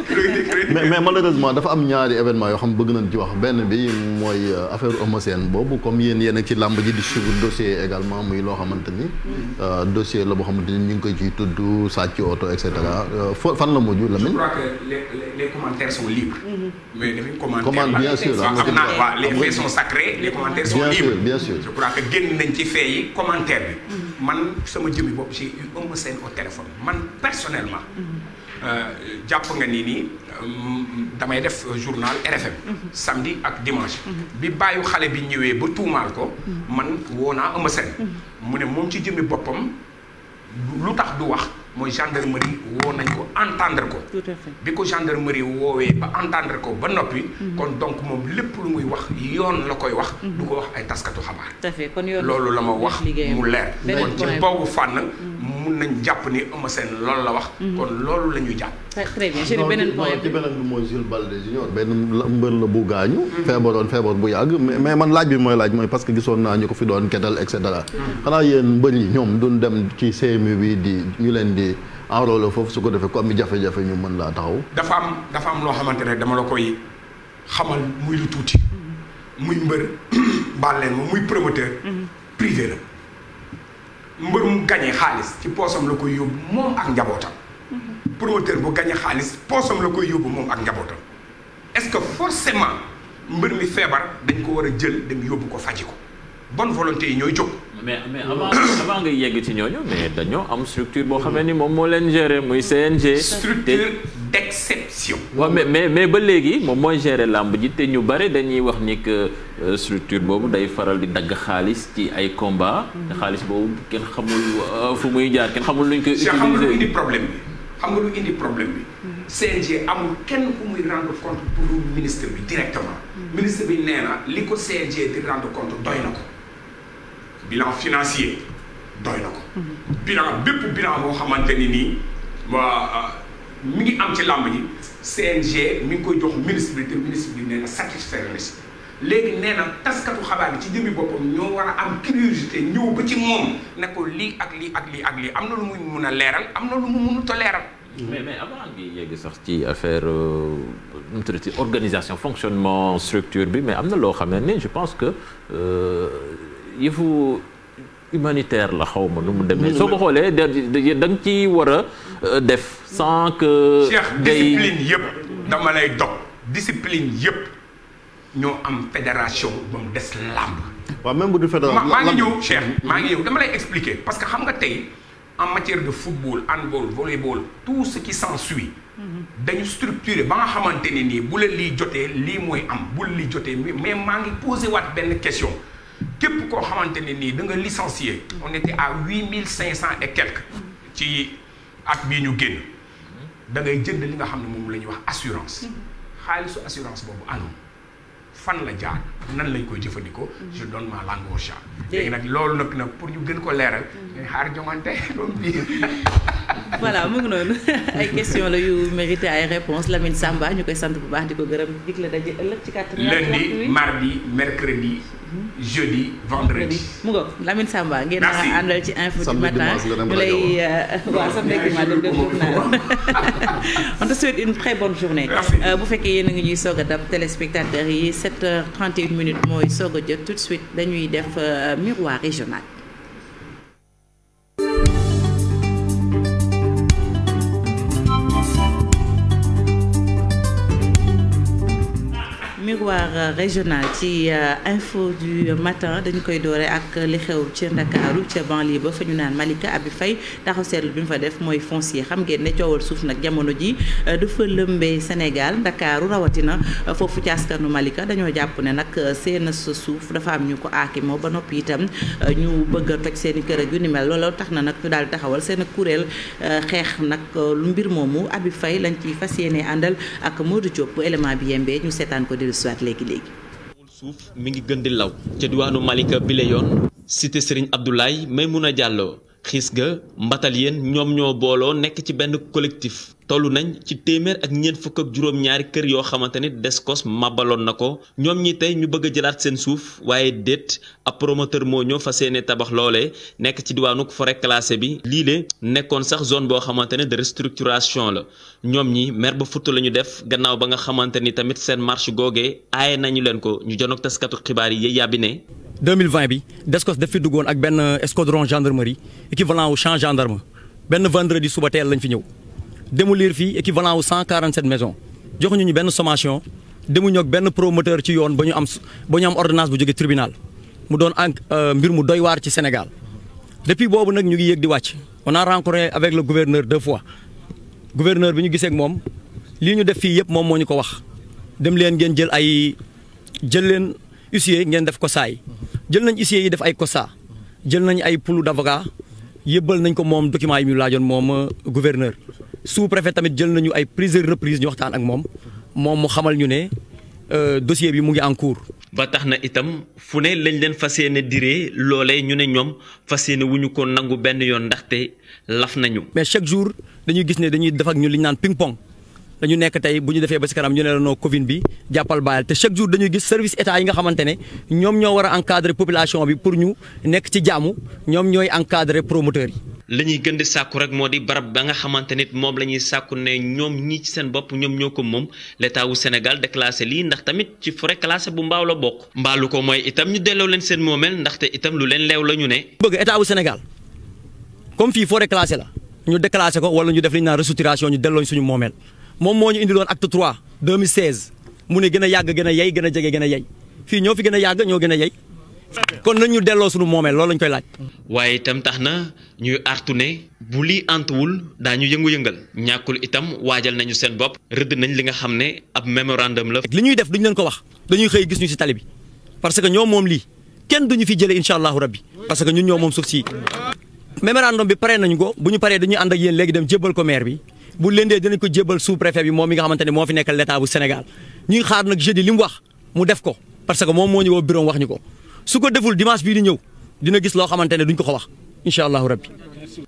mais mais malheureusement dafa am ñaari événement yoo xam bëgg nañ ci wax benn bi mooy euh, affaire Eumeu Sène boobu comme yéen yéen ak ci làmb ji di suivre dossier également muy loo xamante ni euh, dossier la boo xamante ni ñu ngi koy ciy tudd sàcc oto et cetera euh, fan la mujj la. je crois que les commentaire mm-hmm. bien sûr ah, am na waaw les faits sont sacrés les commentaires sont bien sûr génn nañ ci faits commentaire bi. Mm-hmm. man sama jëmmi bopp j'ai eu Eumeu Sène au téléphone man personnellement. Mm-hmm. Euh, jàpp nga ni nii euh, damay def journal RFM samedi ak dimanche bi bàyyi xale bi ñëwee ba tuumaal ko man woo naa Eumeu mm-hmm. mu ne moom ci jëmmi boppam lu tax du wax mooy gendarmerie woo nañ ko entendre ko. bi ko gendarmerie woowee ba entendre ko ba noppi. Mhm. kon donc moom lépp lu muy wax yoon la koy wax. Mhm. du ko wax ay taskatu xabaar. tout à fait loolu la ma wax mu leer. kon ci boobu mhm. jàpp ni loolu la wax. kon loolu la ñuy jàpp. très bien ci beneen point bi mooy Jules Baldé Junior benn mbër la bu gaañu. feebaroon feebar bu yàgg mais man laaj bi mooy laaj mooy parce que gisoon naa ñu ko fi doon ketal et cetera. xanaa yéen mbër yi ñoom duñ dem ci CMU bi di ñu leen di. di foofu su ko defee ku am jafe-jafe ñu mën laa taxaw. dafa am dafa am loo xamante ne dama la koy xamal muy lu tuuti. muy mbër baal leen moom muy promoteur. privé mbër mu gañee xaalis ci poosam la koy yóbbu moom ak njabootam. bu gañee xaalis poosam la koy yóbbu moom ak njabootam. est-ce que forcément mbër mi feebar dañ ko war a jël dem yóbbu ko faji ko bonne volonté yi ñooy jóg. mais mais avant avant nga yegg ci ñooñu mais dañoo am structure boo xamee ni moom moo leen gérer muy CNG. structure d'exception. waaw mais mais mais ba léegi moom mooy gérer làmb ji te ñu bare dañuy wax ni que euh, structure boobu day faral di dagg xaalis ci ay combat xaalis boobu kenn xamul euh, fu muy jaar kenn xamul luñ koy. utiliser indi problème bi xam nga lu indi problème bi. Mm-hmm. CNG amul kenn ku muy rendre compte pour ministre bi directement. Mm-hmm. ministre bi nee li ko CNG di rendre bilan financier doy ko. bilan bépp bilan boo xamante ni nii waa euh, mi ngi am ci làmb CNG mi ngi koy jox ministre bi te ministre bi nee satisfaire na si léegi taskatu xabaar bi ci jëmmi boppam ñoo war a am curiosité ñëw ba ci moom ne ko lii ak lii ak lii ak lii am na lu muy mun a leeral am na lu mu munut a leeral. mais mais avant ngi yegg sax ci affaire euh, nu organisation fonctionnement structure bi mais am na loo xam ne je pense que. Euh... yëfu humanitaire la xaw ma nu mu demee. soo ko xoolee da da nga ci war a euh, def sans que. discipline yëpp dama lay dog discipline yëpp ñoo am fédération ba mu des làmb. waaw même bu du fédération maa ngi ñëw Cheikh maa ngi ñëw dama lay expliquer parce que xam nga tey en matière de football handball volleyball tout ce qui s'ensuit dañu structuré ba nga xamante ne nii bu la lii jotee lii mooy am bu la lii jotee mais maa ngi posé waat benn question. képp koo xamante ne nii da nga licencié on était à huit mille cinq cent et quelques ci at bii ñu génn da ngay jënd li nga xam ne moom la ñuy wax assurance xaalisu assurance boobu anoon fan la jaar nan lañ koy jëfandikoo je donne ma langue au chat léegi nag loolu nag nag pour ñu gën ko leeral dañ mm. xaar jongante doom bi voilà mu ngi noonu ay question la yu mérité ay réponse Lamine Samba ñu koy sant bu baax di ko gërëm dig la daje ëllëg ci kàttan lundi mardi mercredi jeudi vendredi. mu ngoog Lamine Samba ngeen a àndal ci info du matin ñu lay euh, waaw samedi dimanche dem dem journal on te souhaite une très bonne journée euh, bu fekkee yéen a ngi ñuy soog a dab téléspectateurs yi 7h31 minutes mooy soog a jot tout de suite dañuy def euh, miroir régional miroir euh, régional ci euh, info du matin dañ koy doore ak li xew ca Ndakaaru ca banlieue ba fa ñu naan Malika Abi fay taxaw seetlu bi mu fa def mooy foncier xam ngeen ne coowal suuf nag jamono ji euh, dafa lëmbee Sénégal Ndakaaru rawatina foofu ci Malika dañoo jàpp ne nag seen sa suuf dafa am ñu ko aakimoo ba noppi itam ñu bëgg a toj seen i kër yu ni mel looloo tax na nag ñu daal taxawal seen kuréel xeex nag lu mbir moomu Abi fay lañ ci fas yéene àndal ak Modou bi yembee ñu seetaan ko dellusiwaat léegi suuf mi ngi gën di law ca diwaanu Malika bi la yoon cité Serigne mun a jàlloo xiis ga mbatal yéen ñoom ñoo booloo nekk ci benn collectif. toll nañ ci téeméer ak ñeent fukk ak juróom-ñaari kër yoo xamante ni Descos mabaloon na ko ñoom ñi tey ñu bëgg a jëlaat seen suuf waaye déet ab promoteur moo ñëw fa seene tabax loole nekk ci diwaanu forêt classée bi lii lée nekkoon sax zone boo xamante ne de restructuration la ñoom ñi mer ba futt la ñu def gannaaw ba nga xamante ni tamit seen marche googee aaye nañu leen ko ñu jonoog taskatu xibaar yi yéy yàbbi ne 2020 bi Descos def fi duggoon ak benn escadron gendarmerie équivalent wu champ gendarme benn vendredi suba teel lañ fi ñëw démolir fii équivalent wu 147 maisons joxuñu ñu benn sommation demuñu ak benn promoteur ci yoon ba ñu am ba ñu am ordonnance bu jógee tribunal mu doon ak euh, mbir mu doy waar ci Sénégal depuis boobu nag ñu ngi yéeg di wàcc on a rencontré avec le gouverneur deux fois gouverneur bi ñu giseek moom lii ñu def fii yëpp moom moo ñu ko wax dem leen ngeen jël ay jël leen huissier ngeen def kosaa yi jël nañ huissier yi def ay kosaa jël nañ ay poulu d'avocat yëbbal nañ ko moom document yi ñu moom euh, gouverneur sous préfet tamit jël nañu ay plusieurs reprises ñu waxtaan ak moom moom mu xamal ñu ne euh, dossier bi mu ngi en ba tax na itam fu ne lañ leen fas yéene diree loolee ñu ne ñoom fas yéene wu ñu ko nangu benn yoon ndaxte laf nañu. mais chaque jour dañuy gis ne dañuy def ñu ñun li ñu naan ping pong dañu nekk tey bu ñu defee ba si ñu ne la noo Covid bi jàppal bàyyal te chaque jour dañuy gis service état yi nga xamante ne ñoom ñoo war a encadrer population bi pour ñu nekk ci jaamu ñoom ñooy encadrer promoteurs yi. li ñuy gën di sàkku rek moo di barab ba nga xamante nit moom la ñuy sàkku ne ñoom ñii ci seen bopp ñoom ñoo ko moom l'état wu Sénégal déclassé lii ndax tamit ci forêt classée bu mbaaw la bokk mbaalu ko mooy itam ñu delloo leen seen moomeel ndaxte itam lu leen leew la ñu ne bëgg état wu Sénégal comme fii forêt classée la ñu déclassé ko wala ñu def li ñu naan ñu delloo suñu moomeel moom moo ñu indiloon acte 3 2016 mu ne gën a yàgg gën a yey gën a jege gën a yey fii ñoo fi gën a yàgg ñoo gën a yey kon nañu ñu delloo suñu moomeel loolu lañ koy laaj. waaye itam tax na ñuy artu ne bu lii antuwul daañu yëngu-yëngal ñàkkul itam waajal nañu seen bopp rëdd nañ li nga xam ne ab mémorandum la. li ñuy def duñ leen ko wax dañuy xëy gis ñu ci tali bi parce que ñoom moom lii kenn duñu fi jëlee incha allahu bi parce que ñun ñoo moom suuf si. mémorandum bi pare nañu ko bu ñu paree dañuy ànd ak yéen léegi dem jébbal ko maire bi bu lëndee dinañ ko jébbal sous préfet bi moom mi nga xamante ne moo fi nekkal l'état bu Sénégal ñuy xaar nag jeudi li mu wax mu def ko parce que moom moo ñu woo wax ñu ko su ko deful dimanche bii di ñëw dina gis loo xamante ne duñ ko ko wax incha allahu rabbi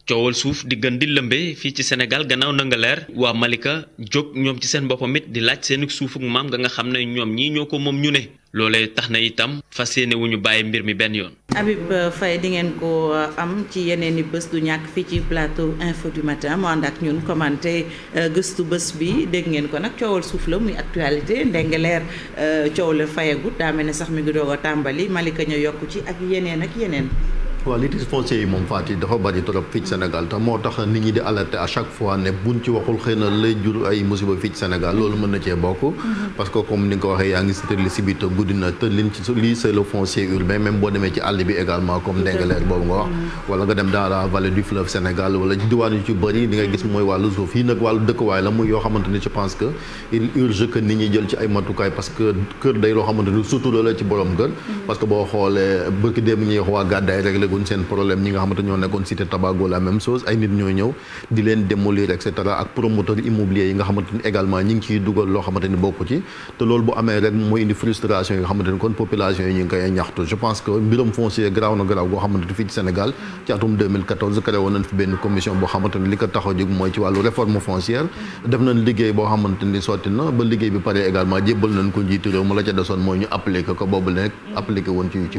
coowal suuf di gën di lëmbee fii ci Sénégal gannaaw na leer waa Malika jóg ñoom ci seen boppamit di laaj seen suufuk maam nga nga xam ne ñoom ñii ñoo ko moom ñu ne loolee tax na itam fa yéene bàyyi mbir mi benn yoon. Habib euh, Faye di ngeen ko euh, am ci yeneen i bés du ñàkk fii ci plateau info du matin mu ànd ñun commenté euh, gëstu bës bi dégg ngeen ko nag coowal suuf la muy actualité ndengaleer coow la fayagut daa mel ne sax mi ngi doog a tàmbali Malika ñu yokk ci ak yeneen ak yeneen. waaw litige foncier yi moom Fatick dafa bari trop fii Sénégal te moo tax nit ñi di alerter à chaque fois ne buñ ci waxul xëy na lay jur ay musiba fii Sénégal loolu mën na mhm. que comme ni nga ci lii boobu nga wax. Mhm. wala nga dem dans la vallée du fleuve Sénégal wala diwaan yu ci bëri di gis mooy wàllu suuf yi nag wàllu dëkkuwaay la muy yoo xamante ni je urge que nit ñi jël ci ay matukaay parce que kër day loo xamante surtout la ci borom kër mhm. parce régleguñ seen problème ñi nga xamante ñoo nekkoon cité Tabago la même chose ay nit ñoo ñëw di leen démolir et ak promoteur immobilier yi nga xamante ni également ñi ngi ciy ni bokku ci yi nga xamante ni kon population yi ñu ngi koy ñaxtu je pense que mbirum foncier garaaw na garaaw goo xamante ni fii ci Sénégal ci atum 2014 créé woon nañ fi benn commission boo xamante ni li ko tax a jóg mooy ci wàllu réforme foncière def nañ liggéey boo xamante ni sotti na ba liggéey bi pare également jébbal nañ ko njiitu mu la ca desoon mooy ñu appliqué ko boobu la rek woon ci yu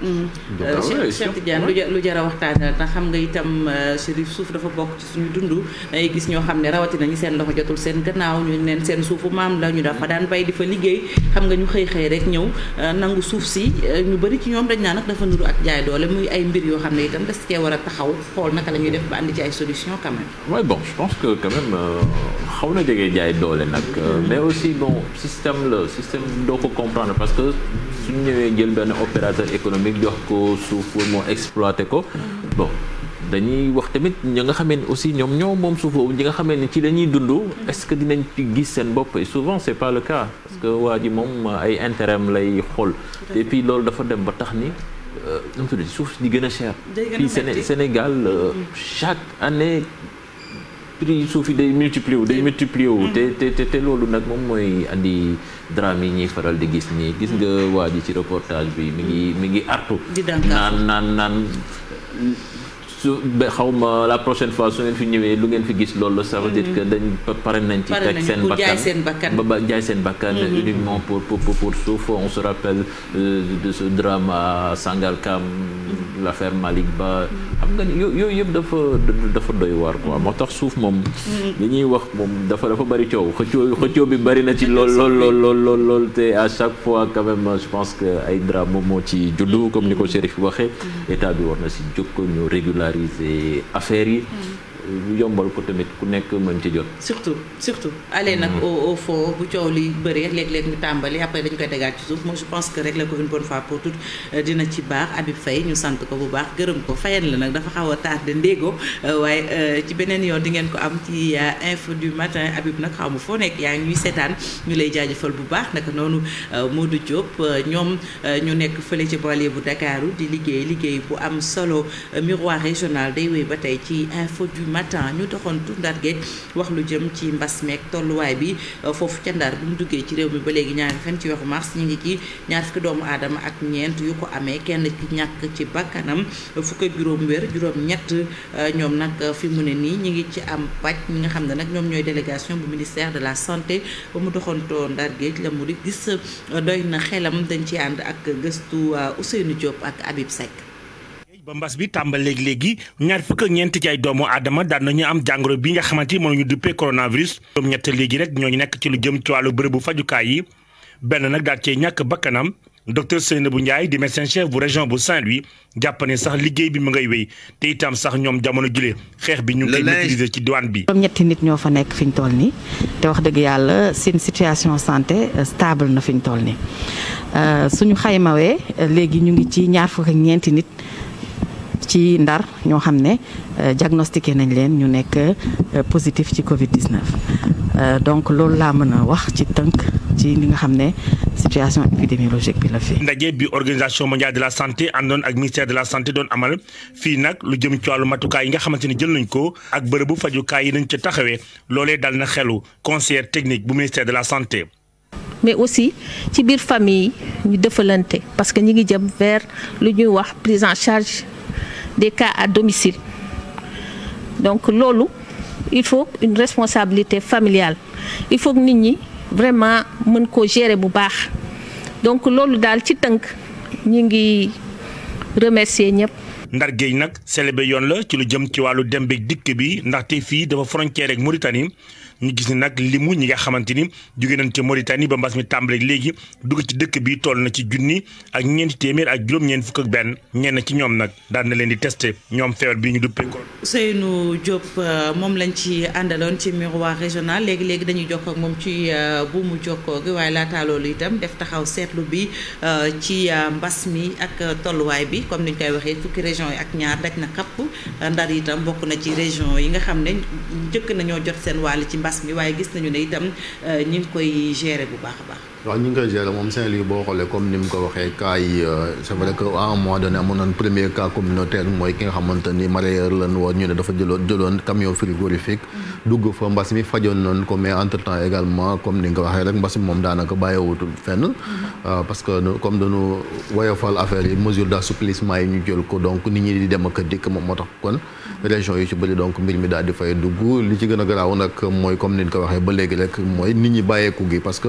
Mm. Euh, ah Cheikh Tidiane lu jar a waxtaanal xam nga itam euh, Chérif suuf dafa bokk ci suñu dund dangay gis ñoo xam ne rawatina ñu seen loxo jotul seen gannaaw ñu neen seen suufu maam la ñu dafa daan bay di fa liggéey xam nga ñu xëy xëy rek ñëw euh, nangu suuf si ñu bëri ci ñoom dañ naa nag dafa nuru ak jaay doole muy ay mbir yoo xam ne itam des cee war a taxaw xool naka la ñuy def ba andi ci ay solution quand même. waaye bon je pense que quand xaw na jege jaay doole nag euh, mais aussi bon système la système doo ko comprendre parce que suñu ñëwee jël benn opérateur économique jox ko suuf pour moo exploité ko bon dañuy wax tamit ñi nga xamee aussi ñoom ñoo moom suuf boobu ñi nga xamee ne ci la dundu dund est-ce que dinañ ci gis seen bopp et souvent c'est pas le cas parce que waa ji moom ay intérêt am lay xool et puis loolu dafa dem ba tax ni euh, nu mu tudd suuf di gën a cher fii Sénégal euh, mm. chaque année prix suuf yi day multiplier wu day multiplier wu te te loolu nag moom mooy andi drame yi ñuy faral di gis nii gis nga waa ji ci reportage bi mi ngi mi ngi artu naan naan naan su xaw ma la prochaine fois su ngeen fi ñëwee lu ngeen fi gis loolu ça veut dire que dañ pare nañ ci teg seen bakkan ba ba jaay seen bakkan mm-hmm. uniquement pour pour pour suuf on se rappelle euh, de ce drama à Sangalkam mm-hmm. l'affaire Malick Ba mm-hmm. xam nga yooyu yëpp dafa dafa doy waar quoi moo tax suuf moom li ñuy wax moom dafa dafa bëri coow xëccoo xëccoo bi bëri na ci lool lool lool lool te à chaque fois quand même je pense que ay drame moom moo ci juddu comme ni ko Chérif waxee état bi war na si jóg vulgariser affaire yi. Mm. ñu yombal ko tamit ku nekk mën ci jot. surtout surtout. aller nag mm-hmm. au au fond bu coow li bëree léeg-léeg ñu tàmbali après dañ koy tegaat ci suuf moi je pense que régler ko une bonne fois pour toutes euh, dina ci baax Habib Faye ñu sant ko bu baax gërëm ko fayen la nag dafa xaw a tardé ndéego euh, waaye euh, ci beneen yoon di ngeen ko am ci info du matin Habib nag xaw ma foo nekk yaa ngi ñuy seetaan ñu lay jaajëfal bu baax naka noonu Modou Diop ñoom ñu nekk fële ci banlieue bu Dakar di liggéey liggéey bu am solo matin ñu doxantu ndar ge wax lu jëm ci mbas meek tolluwaay bi euh, foofu ca ndar bu mu duggee ci réew mi ba léegi ñaari fan ci weeru mars ñu ngi ci ñaar fukki doomu aadama ak ñeent yu ko amee kenn ci ñàkk ci bakkanam fukk ak juróom wér juróom ñett euh, ñoom nag euh, fi mu ne nii ñi ngi ci am paj ñi nga xam ne nag ñoom ñooy délégation bu ministère de la santé ba mu doxantoo ndar géej la mu di gis doy na xelam dañ ci ànd ak gëstu Ousseynou Diop ak Habib Seck ba mbas bi tàmbal léegi léegi ñaar fukk ak ñeent ci ay doomu aadama daan nañu am jàngoro bi nga xamante ni moom ñu duppee coronavirus. ñoom ñett léegi rek ñoo nekk ci lu jëm ci wàllu bërëbu fajukaay yi benn nag daal cee ñàkk bakkanam docteur Seynabou Ndiaye di médecin chef bu région bu Saint-Louis jàpp ne sax liggéey bi mu ngay wéy te itam sax ñoom jamono jule xeex bi ñu ngi koy ci diwaan bi. ñoom ñetti nit ñoo fa nekk fi tool ni te wax dëgg yàlla seen situation santé euh, stable na fi ñu toll nii euh, suñu euh, ci ndar ñoo xam ne euh, diagnostiqué nañ leen ñu nekk euh, positif ci Covid 19 euh, donc loolu laa mën a wax ci tënk ci li nga xam ne situation épidémiologique bi la fi. ndaje bi organisation mondiale de la santé àndoon ak ministère de la santé doon amal fi nag lu jëm ci wàllu matukaay yi nga xamante ni jël nañ ko ak bërëbu fajukaay yi nañ ca taxawee loolee dal na xelu conseiller technique bu ministère de la santé. mais aussi ci biir famille ñu defalante parce que ñi ngi jëm vers lu en charge. de cas à domicile donc loolu il faut une responsabilité familiale il faut nit ñi vraiment mën koo gérer bu baax donc loolu daal ci tënk ñu ngi remercier ñëpp. Ndar Géej nag célébé yoon la ci lu jëm ci wàllu dem bi dikk bi ndaxte fii dafa frontière ak Mauritanie. ñu gis ni nag limu ñi nga xamante ni jóge nañ ca Mauritanie ba mbaas mi tàmbaleeg léegi dugg ci dëkk bi toll na ci junni ak ñeenti téeméer ak juróom-ñeent fukk ak benn ñenn ci ñoom nag daan na leen di testé ñoom feebar bi ñu duppee ko. Seynou Diop euh, moom lañ ci àndaloon ci miroir régional léegi léegi dañuy jokkoo ak moom ci euh, bu mu jokkoo gi waaye laataa loolu itam def taxaw seetlu bi euh, ci mbas mi ak tolluwaay bi comme niñ koy waxee fukki région yi ak ñaar daj na kapp ndar itam bokk na ci région yi nga xam ne mbas mi waaye gis nañu ne itam euh, ñu ngi koy gérer bu baax a baax. waaw ñu ngi koy gérer moom Saint-Louis boo xoolee comme ni mu ko waxee cas yi euh, c' est vrai que à un moment donné amoon nañ premier cas communautaire mooy ki nga xamante ni mareyeur lan woon ñu ne dafa jëloon camion frigorifique mm-hmm. dugg fa mbas mi fajoon noonu ko mais également comme ni nga ko waxee rek mbas mi moom daanaka bàyyiwutul fenn mm-hmm. euh, parce que comme dañu woyofal affaire yi mesure d' yi ñu jël ko donc nit ñi di dem ak dikk moom moo tax kon mm-hmm. région yi ci mi daal di fay dugg li ci gën a garaaw nag mooy comme ni nga waxee ba léegi rek mooy nit ñi bàyyeeku gi parce que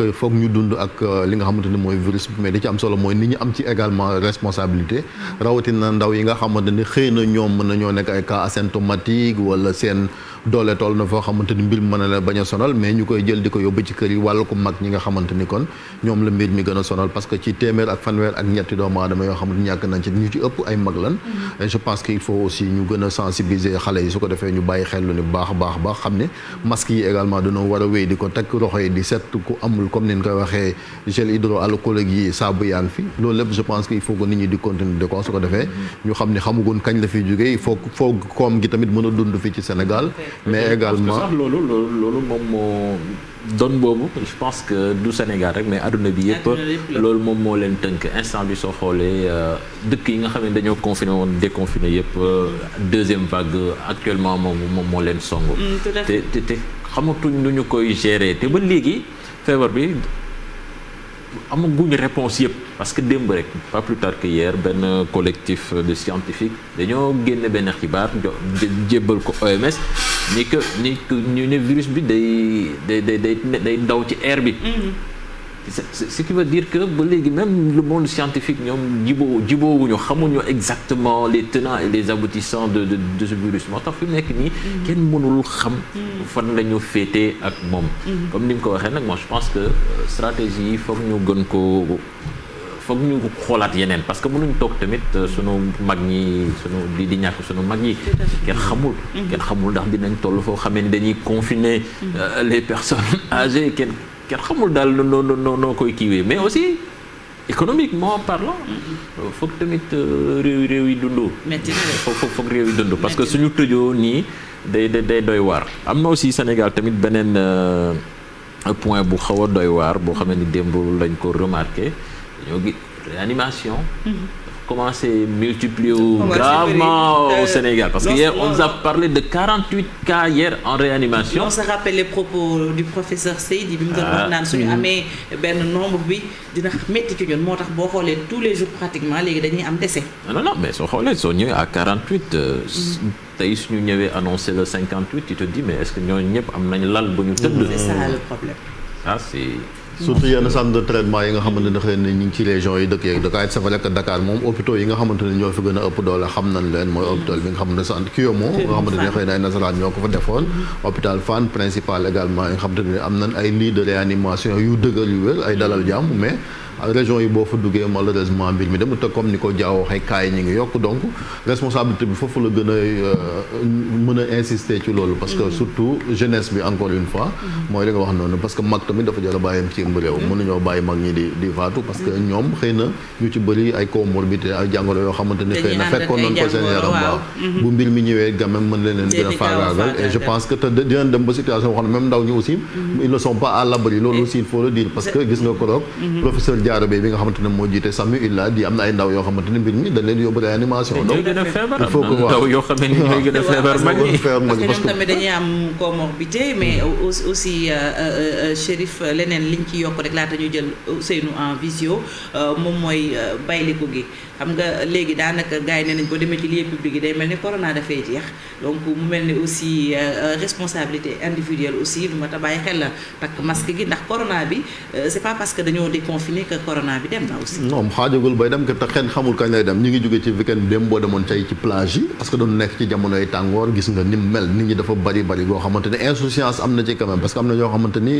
que foog ñu dund ak euh, li nga xamante ni mooy virus bi mais ci am solo mooy nit ñi am ci également responsabilité rawatina ndaw yi nga xamante ni xëy na ñoom mën nañoo nekk ay cas asymptomatiques wala seen doole tool na foo xamante ni mbir mi mën a la bañ a sonal mais ñu koy jël di ko yóbbu ci kër yi wàllu ko mag ñi nga xamante ni kon ñoom la mbir mi gëna a parce que ci téeméer ak fanweer ak ñetti doomu aadama yoo xamante ñàkk nañ ci ñu ci ëpp ay mag lan mm-hmm. je pense que il faut aussi ñu gën a sensibiliser xale yi su ko defee ñu bàyyi xel lu ni baax baax baax xam ne masque yi également dañoo a wéy di ko takk roxo yi di set comme koy waxee gel hydroalcoolique yi saabu yaa ngi fi lépp je pense que il faut que nit ñi di continuer di ko su ko defee mm-hmm. xam ne xamugoon kañ la fi jógee il foog koom gi tamit mën a dund fii ci Sénégal mais également parce que sax loolu loolu moom moo doon boobu je pense que du Sénégal rek mais adduna bi yëpp loolu moom moo leen tënk instant bi soo xoolee euh, dëkk yi nga xam ne dañoo confiné woon déconfiné yëpp euh, deuxième vague actuellement moom moom moo leen song mm, te te te xamatuñ lu ñu koy gérer te ba léegi feebar bi amaguñu réponse yëpp parce que démb rek pas plus tard que hier benn collectif de scientifiques dañoo génne benn xibaar jébbal ko OMS ni que ni ñu ne virus bi day day day day daw ci aire bi mm-hmm. ce qui veut dire que ba léegi même le monde scientifique ñoom jiboo jiboowuñu xamuñu exactement les tenants et les aboutissants de de de ce virus moo tax fi mu nekk nii mm. kenn mënul xam mm. fan la ñu féetee ak moom mm. comme ni nga ko waxee nag moo je pense que euh, stratégie yi foog ñu gën ko foog ñu xoolaat yeneen parce que mënuñ toog tamit euh, sunu mag ñi sunu di di ñàkk sunu mag yi kenn xamul mm-hmm. kenn xamul ndax dinañ toll foo xamee ni dañuy confiner mm-hmm. euh, les personnes âgées kenn kenn xamul daal noo noo noo koy kiiwee mais aussi économiquement parlant. Mm-hmm. Euh, foog tamit réew euh, réew yi dund. métti parce que suñu tëjoo nii day day doy waar. am na aussi Sénégal tamit beneen euh, point bu xaw a doy waar boo xam ne démb lañ ko remarqué ñoo gi réanimation. Mm-hmm. commencé multiplier gravement au euh, Sénégal. Parce qu'hier, on nous a parlé de 48 cas hier en réanimation. On se rappelle les propos du professeur Seydi bi mu doon wax ah, naan suñu amee benn nombre bi dina métti ci ñun moo tax boo xoolee tous les jours pratiquement léegi dañuy am décès. Ah non non mais soo xoolee soo ñëwee à 48. Euh, mm. tey suñu ñëwee annoncé le 58 tu te dis mais est-ce que ñooñu ñëpp am nañu lal bu ñu tëdd. c'est ça le problème. Ah, surtout yenn centre de traitement yi nga xamante ne xëy na ñu ngi ci région yi dëkk yeeg Dakar c'est vrai que Dakar moom hôpitaux yi nga xamante ñoo fi gën a ëpp doole xam nañ leen mooy hôpital bi nga xamante ne centre Kiyomo nga xamante xëy na ay nasaraan ñoo ko fa defoon hôpital Fann principal également yi nga xamante am nañ ay lits de réanimation yu dëgër yu wér ay dalal jàmm mais région yi boo fa duggee malheureusement mbir mi dem te comme ni ko Diaw waxee cas ngi yokk donc responsabilité bi foofu la gën a euh, mën a insister ci loolu. parce que mm-hmm. surtout jeunesse bi encore une fois. Mm-hmm. mooy li nga wax noonu parce que mag tamit dafa jar a bàyyam ci ëmb réew. Mm-hmm. ñoom xëy na ñu ci bëri ay comorbidité ay jàngoro yoo xamante ne xëy na fekkoon nañ ko seen yaram waaw bu mbir mi ñëwee quand même mën na gën a faagaagal et je pense que te dinañ dem ba situation boo xam ne ndaw ñi aussi ils pas à ko Diarra Bèye bi nga xamante ne moo jiite sàmm il la di am na ay ndaw yoo xamante ne mbir mi dañ leen moom mooy euh, bayliku gi xam nga léegi daanaka gars yi nee nañ boo demee ci lieu public day mel ni corona dafay jeex donc mu mel ni aussi euh, euh, responsabilité individuelle aussi lu ma ta bàyyi xel la takk masque gi ndax corona bi c'est pas parce dañoo déconfiné que corona bi dem na aussi. bay dem te xamul kañ lay dem ñu ngi jóge ci weekend bi dem demoon tey ci plage yi parce que doon nekk ci jamonoy tàngoor gis nga ni mel nit ñi dafa bari bari goo xamante ne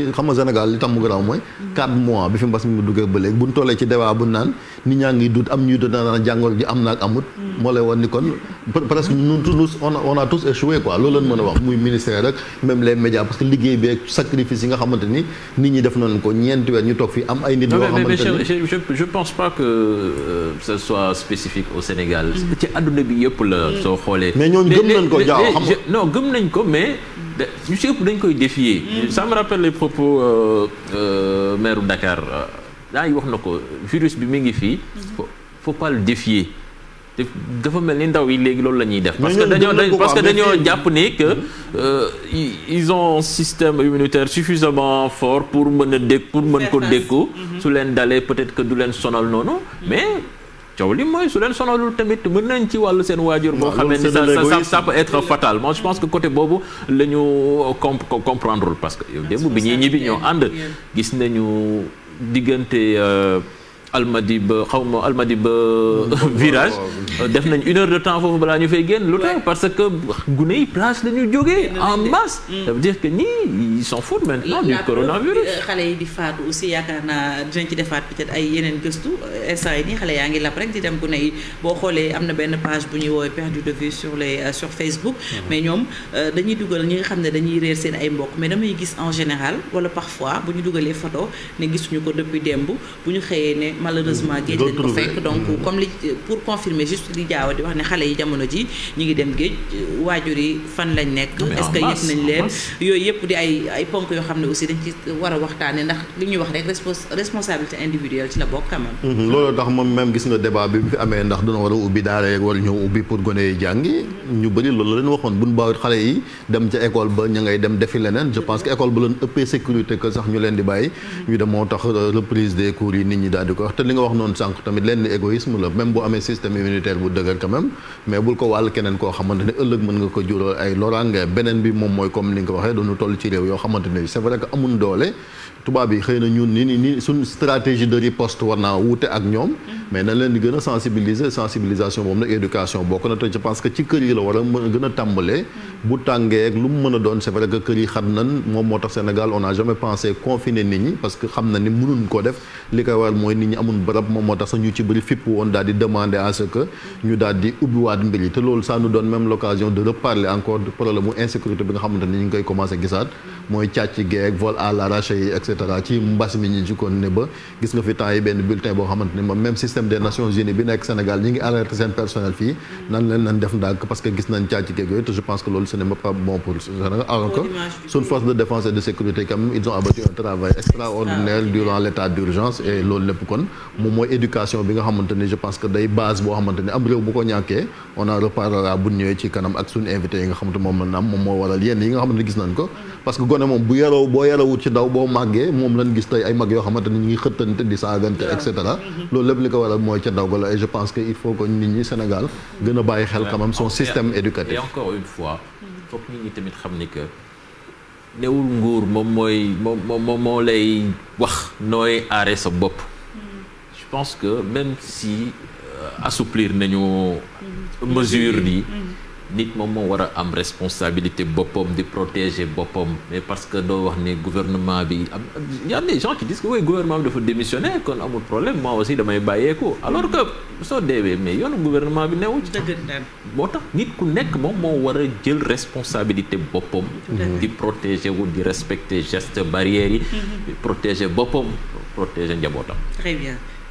Sénégal li tax mu garaaw mooy. 4 mois bi fi mbas mi duggee ba bu ñu ci débat bu naan nit ñaa ngi dut am ñuy dut naan jàngoor ji am na amut. moo lay wan ni kon presque ñun tous on on a tous échoué quoi loolu lañ mën a wax muy ministère je, je pense pas que euh, ce soit spécifique au Sénégal. Mm. ci àdduna bi yëpp la mm. soo xoolee. mais ñooñu gëm nañ ko jaaw non gëm nañ ko mais. ñu si ëpp dañ koy défier. Mm. ça me rappelle les propos euh, euh, maire Dakar daa euh, ngi wax na ko virus bi mi ngi fii. faut pas le défier. dafa mel ni ndaw yi léegi loolu la ñuy def. parce que dañoo parce que dañoo jàpp ne que mm-hmm. euh, ils ont système immunitaire suffisamment fort pour mën a dégg pour mën ko dékku. Mm-hmm. su leen dalee peut-être que du leen sonal noonu mm-hmm. mais. coow li mooy su leen sonalul tamit mën nañ ci wàllu seen waajur boo xamee ni ça ça peut être fatal moi je pense que côté boobu la ñu parce que démb bi ñuy ñibbi ñoo ànd gis nañu diggante euh, Almadiba xaw ma Almadiba virage oh, oh, oh. def nañ une heure de temps foofu balaa ñu fay génn lu tax parce que gune place la ñu jógee en masse mm. ça veut dire que ñii ils s'en foutent maintenant du coronavirus euh, xale yi di faatu aussi yaakaar naa dinañ ci defaat peut-être ay yeneen gëstu euh, instant yi xale yaa ngi lap rek di dem gune yi boo xoolee am na benn page bu ñuy woowee perdu de vue sur les euh, sur Facebook mm-hmm. mais ñoom dañuy dugal ñi nga xam ne dañuy réer seen ay mbokk mais damay gis en général wala parfois bu ñu dugalee photo gisuñu ko depuis démb bu ñu xëyee ne malheureusement géej lañ ko fekk donc mm-hmm. comme li pour confirmer juste li jaawa di wax ne xale yi jamono ji ñu ngi dem géej waajur yi fan lañ nekk est-ce que leen yooyu yëpp di ay ponk yoo xam ne aussi dañ ci war a waxtaane ndax li ñuy wax rek responsabilité individuelle ci la bokk quand même mm-hmm. loolu tax moom même gis nga débat bi fi amee ndax dana war a ubbi daara war ñëw ubbi pour gone jàngi ñu bëri loolu la leen waxoon buñ bawut xale yi dem ca école ba ña ñu leen di bàyyi mm-hmm. ñu dem moo euh, te li nga wax noonu sànq tamit lenn égoïsme la même bu amee système immunitaire bu dëgër quand même mais bul ko wàll keneen koo xamante ne ëllëg mën nga ko jural ay loraange beneen bi moom mooy comme li nga ko waxee dañu toll ci réew yoo xamante ne c'est vrai que doole tubaab yi xëy na ñun ni ni suñ stratégie de riposte war naa wute ak ñoom mais na leen di gën a sensibiliser sensibilisation moom nag éducation bokk na te je pense que ci kër yi la war a mën tàmbalee bu tàngee lu mu mën doon c'est kër yi xam nan moom moo tax Sénégal on n'a jamais pensé confiner nit ñi parce que xam na ni mënuñ koo def li koy waral mooy nit ñi amul barab moom moo tax sax ñu ci bëri fipp woon daal di demander à ce que ñu daal di ubbiwaat mbir yi te loolu ça nous donne même l'occasion de reparler encore du mu insécurité et cetera ci mbas système des Nations Unies bi nekk Sénégal ñi ngi alerter seen personnel fii nan leen nañ def ndànk parce que gis nañ càcc keeg yooyu te je pense que loolu ce n'est pas bon pour Sénégal alors que force de défense et de sécurité quand ils ont abattu un travail extraordinaire durant l'état d'urgence et loolu lépp kon moom mooy éducation bi nga xamante je pense que day base boo xamante am réew bu ko ñàkkee on en reparlera bu ñëwee ci kanam ak suñu invité wala mooy ca ndaw la et je pense que il faut que nit ñi Sénégal gën a bàyyi xel quand même son système éducatif. et fois foog nit tamit xam ni que newul nguur moom mooy moom moom moo lay wax nooy aare sa bopp. Mm. je pense que même si euh, assouplir nañu mm. mesure yi. nit moom moo war a am responsabilité boppam di protéger boppam mais parce que doo wax ne gouvernement bi am y a des gens qui disent que oui gouvernement bi dafa démissionner kon amul problème moi aussi damay bàyyeeku alors que soo deewee mais yoonu gouvernement bi newu ci moo tax nit ku nekk moom moo war a jël responsabilité boppam di protéger wu di respecter gest barrières yi mm-hmm. protéger boppam protéger njabootam très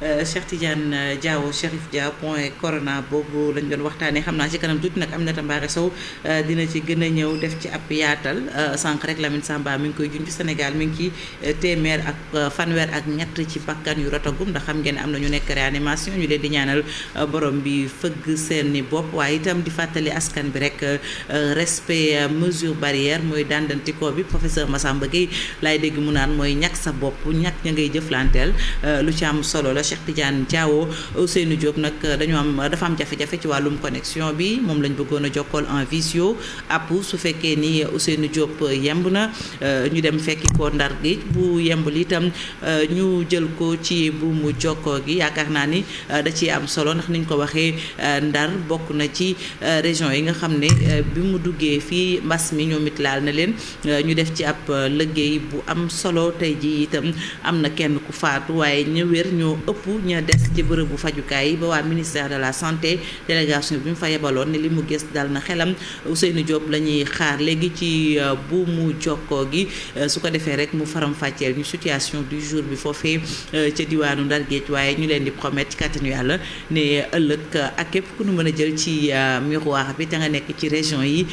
Euh, Cheikh Tidiane euh, Diawo Cherif Dia point corona boobu lañ doon waxtaanee xam naa ci kanam tuuti nag na Mbaare Sow euh, dina ci gën a ñëw def ci ab yaatal sànq rek Lamine Samba mi ngi koy junj Sénégal mi ngi ci téeméer ak fanweer ak ñett ci bakkan yu rotagum ndax xam ngeen am na ñu nekk réanimation ñu leen di ñaanal borom bi fëgg seeni bopp waaye itam di fàttali askan bi rek respect mesure barrière mooy dàndantikoo bi professeur Massamba Gueye laay dégg mu naan mooy ñàkk sa bopp ñàkk ña ngay jëflanteel lu ci am solo la Cheikh Tidiane Diawo Ousseynou Diop nag dañu am dafa am jafe-jafe ci wàllum connexion bi moom lañu bëggoon a jokkool en visio app su fekkee ni Ousseynou Diop yemb na euh, ñu dem fekki ko ndar gi bu yembul itam euh, ñu jël ko ci buumu jokkoo gi yaakaar naa ni euh, da ciy am solo ndax niñ ko waxee ndar bokk na ci région yi nga xam ne bi mu duggee fii mbas mi it laal na leen ñu def ci ab liggéey bu am solo tey ji itam am na kenn ku faatu waaye ñu ñoo ëpp ëpp ña des ci bërëbu fajukaay yi ba waa ministère de la santé délégation bi mu fa yebaloon ne li mu gis dal na xelam Ousseynou Diop la ñuy xaar léegi ci euh, bu mu jokkoo gi euh, su ko defee rek mu faram fàcceel ñu situation du jour bi foofee euh, ci diwaanu Ndar waaye ñu leen di promettre ci kàttanu yàlla ne ëllëg ak képp ku nu mën a jël ci miroir bi te nga nekk ci région yi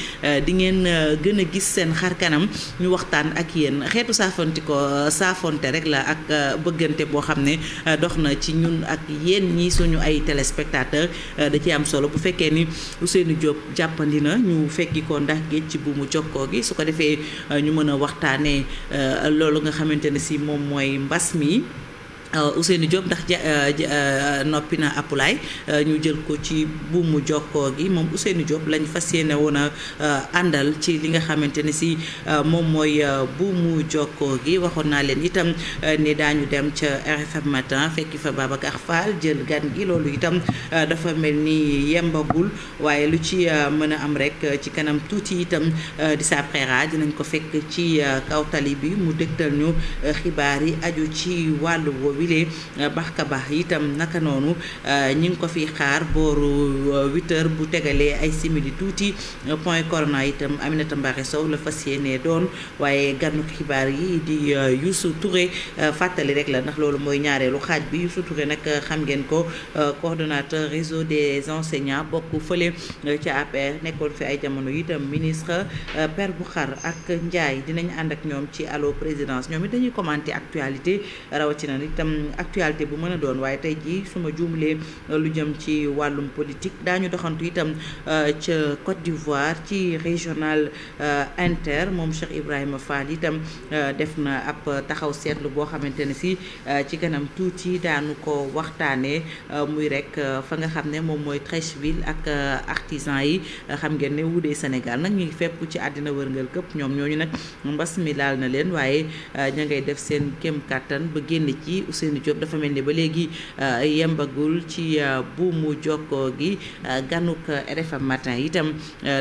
di ngeen gën a gis seen xar kanam ñu waxtaan ak yéen xeetu saafonte ko saafonte rek la ak bëggante ci ñun ak yéen ñi suñu ay téléspectateurs euh, da ci am solo bu fekkee ni Ousseynou Diop jàppandi na ñu fekki ko ndax géej ci mu jokkoo gi su ko defee euh, ñu mën a waxtaanee euh, loolu nga xamante ne si moom mooy mbas mi. Euh, Ousseynou Diop ndax ja euh, euh, noppi na Apulaay ñu jël ko ci buumu jokkoo gi moom Ousseynou Diop lañ fas yéene woon a àndal ci li nga xamante ne si moom mooy buumu jokkoo gi waxoon naa leen itam ne daañu dem ca RFM matin fekki fa Babacar Fall jël gan gi loolu itam dafa mel ni yembagul waaye lu ci mën a am rek ci kanam tuuti itam di sa prera dinañ ko fekk ci kaw tali bi mu dëgtal ñu xibaar yi aju ci wàllu wile eh, baxka baax itam naka noonu eh, ñi ngi ko fi xaar booru 8 eh, heures bu tegalee ay simili tuuti point corona itam Aminata Mbaxe Sow la fas yéenee doon waaye ganu xibaar yi di Youssou Touré fàttali rek la ndax loolu mooy ñaareelu xaaj bi Youssou Touré nag xam ngeen ko coordonnateur réseau des enseignants bokk fële ca APR nekkoon fi ay jamono itam ministre bu xar ak Ndiaye dinañ ànd ak ñoom ci allo présidence ñoom it dañuy commenter actualité rawatina itam actualité bu mën a doon waaye tey jii su ma juumlee lu jëm ci wàllum politique daañu doxantu itam euh, ca Côte d'Ivoire ci régional euh, inter moom Cheikh Ibrahima Fall itam euh, def na ab taxaw seetlu boo xamante ne si ci kanam tuuti daanu ko waxtaanee muy rek fa nga xam ne moom mooy Treichville ak artisan yi xam ngeen ne wuudee Sénégal nag ñu ngi fépp ci àddina wërngal këpp ñoom ñooñu nag mbas mi laal na leen waaye ña ngay def seen kéem kàttan ba génn ci Ousseynou Diop dafa mel ni ba léegi euh, yembagul ci euh, buumu jokkoo gi euh, ganuk RFM matin itam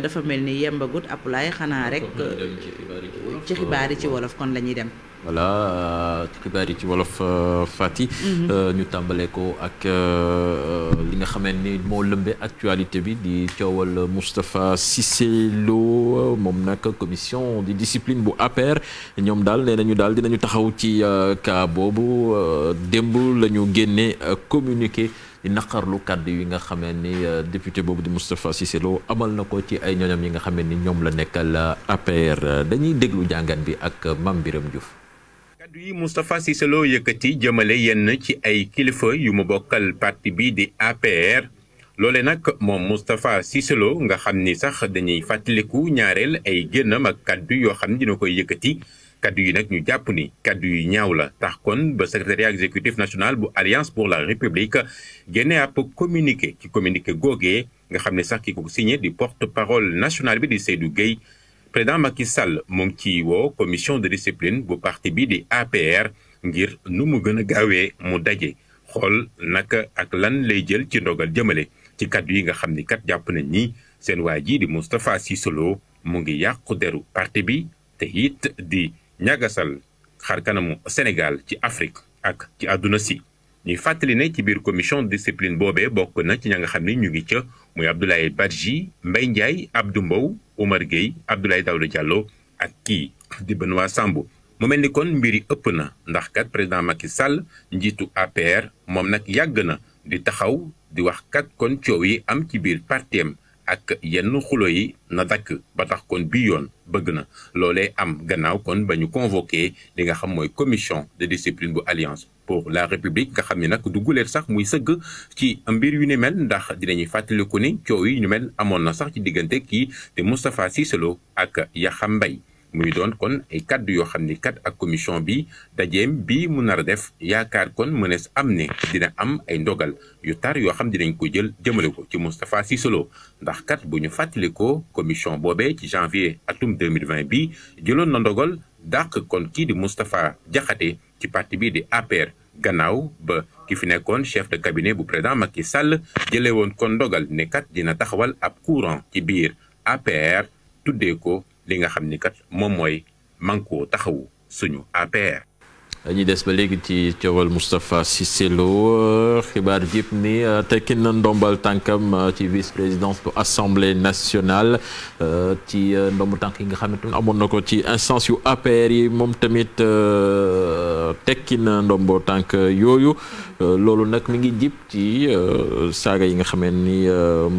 dafa mel ni yembagut apulaay xanaa rek ci xibaar yi ci wolof kon la ñuy dem voilà xibaar yi ci wolof euh, Fati. Mhm. Euh, ñu tàmbale ko ak euh, li nga xam ni moo lëmbee actualité bi di coowal Moustapha Cissé Lo moom nag commission di discipline bu APR ñoom daal nee nañu daal dinañu taxaw ci cas boobu démb la ñu génnee communiqué. di naqarlu kàddu yi nga xamee ni député boobu di Moustapha Cissé Lo amal na ko ci ay ñoñam yi nga xamee ni ñoom la nekkal APR dañuy déglu jàngat bi ak Mame Birame Diouf kaddu yi Moustapha Cissé Lo yëkkati jëmale yenn ci ay kilifa yu mu bokkal parti bi di APR loole nag moom Moustapha Cissé nga xam ni sax dañuy fàttaliku ñaareel ay génnam ak kaddu yoo xam ni dina koy yëkkati kaddu yi nag ñu jàpp ni kaddu yu ñaaw la tax kon ba secrétariat exécutif national bu alliance pour la république génne ab communiqué ci communiqué googee nga xam ne sax ki ko signé di porte parole national bi di Seydou Guèye président Macky Sall moo ngi ci woo commission de discipline bu parti bi di APR ngir nu mu gën a gaawee mu daje xool naka ak lan lay jël ci ndogal jëmale ci kàddu yi nga xam ni kat jàpp nañ nii seen waa ji di Moustapha Cissé Lo mu ngi yàqu deru parti bi te it di ñagasal xar kanamu Sénégal ci Afrique ak ci àdduna si ñuy fàttali ne ci biir commission de discipline boobee bokk na ci ña nga xam ni ñu ngi ca muy Abdoulaye Badji mbay Ndiaye Abdou Mbow Omar Gueye daw Daouda Diallo ak kii di Benoît Sambou mu mel ni kon mbir yi ëpp na ndax kat président Macky Sall njiitu APR moom nag yàgg na di taxaw di wax kat kon coow yi am ci biir parti ak yenn xulo yi na dakk ba tax kon bii yoon bëgg na loole am gannaaw kon ba ñu convoqué li nga xam mooy commission de discipline bu alliance pour la république nga xam ni nag du guleet sax muy sëgg ci mbir yu ni mel ndax dinañuy fàttaliku ni coow yi ñu mel amoon na sax ci diggante kii te Moustapha Cissé ak Yaxam mbay muy doon kon ay kàddu yoo xam ni kat ak commission bi dajeem bi mu nar a def yaakaar kon mënees am ni dina am ay ndogal yu tar yoo xam dinañ ko jël jëmale ko ci Moustapha Cissé ndax kat bu ñu fàttalikoo commission boobee ci janvier atum 2020 bi jëloon na ndogal dàq kon kii di Moustapha Diakhaté ci parti bi di APR gannaaw ba ki fi nekkoon chef de cabinet bu président Macky Sall jëlee woon kon ndogal ne kat dina taxawal ab courant ci biir APR tuddee ko li nga xam ni kat moom mooy manko taxawu suñu APR. dañuy des ba léegi ci coowal Moustapha Cissé Lo euh, xibaar jip ni euh, tekki na ndombal tànkam euh, ci vice présidence bu assemblée nationale ci ndombu tànk yi nga xam ne amoon na ko ci instance yu APR yi moom tamit tekki na ndombo tànk yooyu loolu nag mi ngi jip ci saaga yi nga xamee ni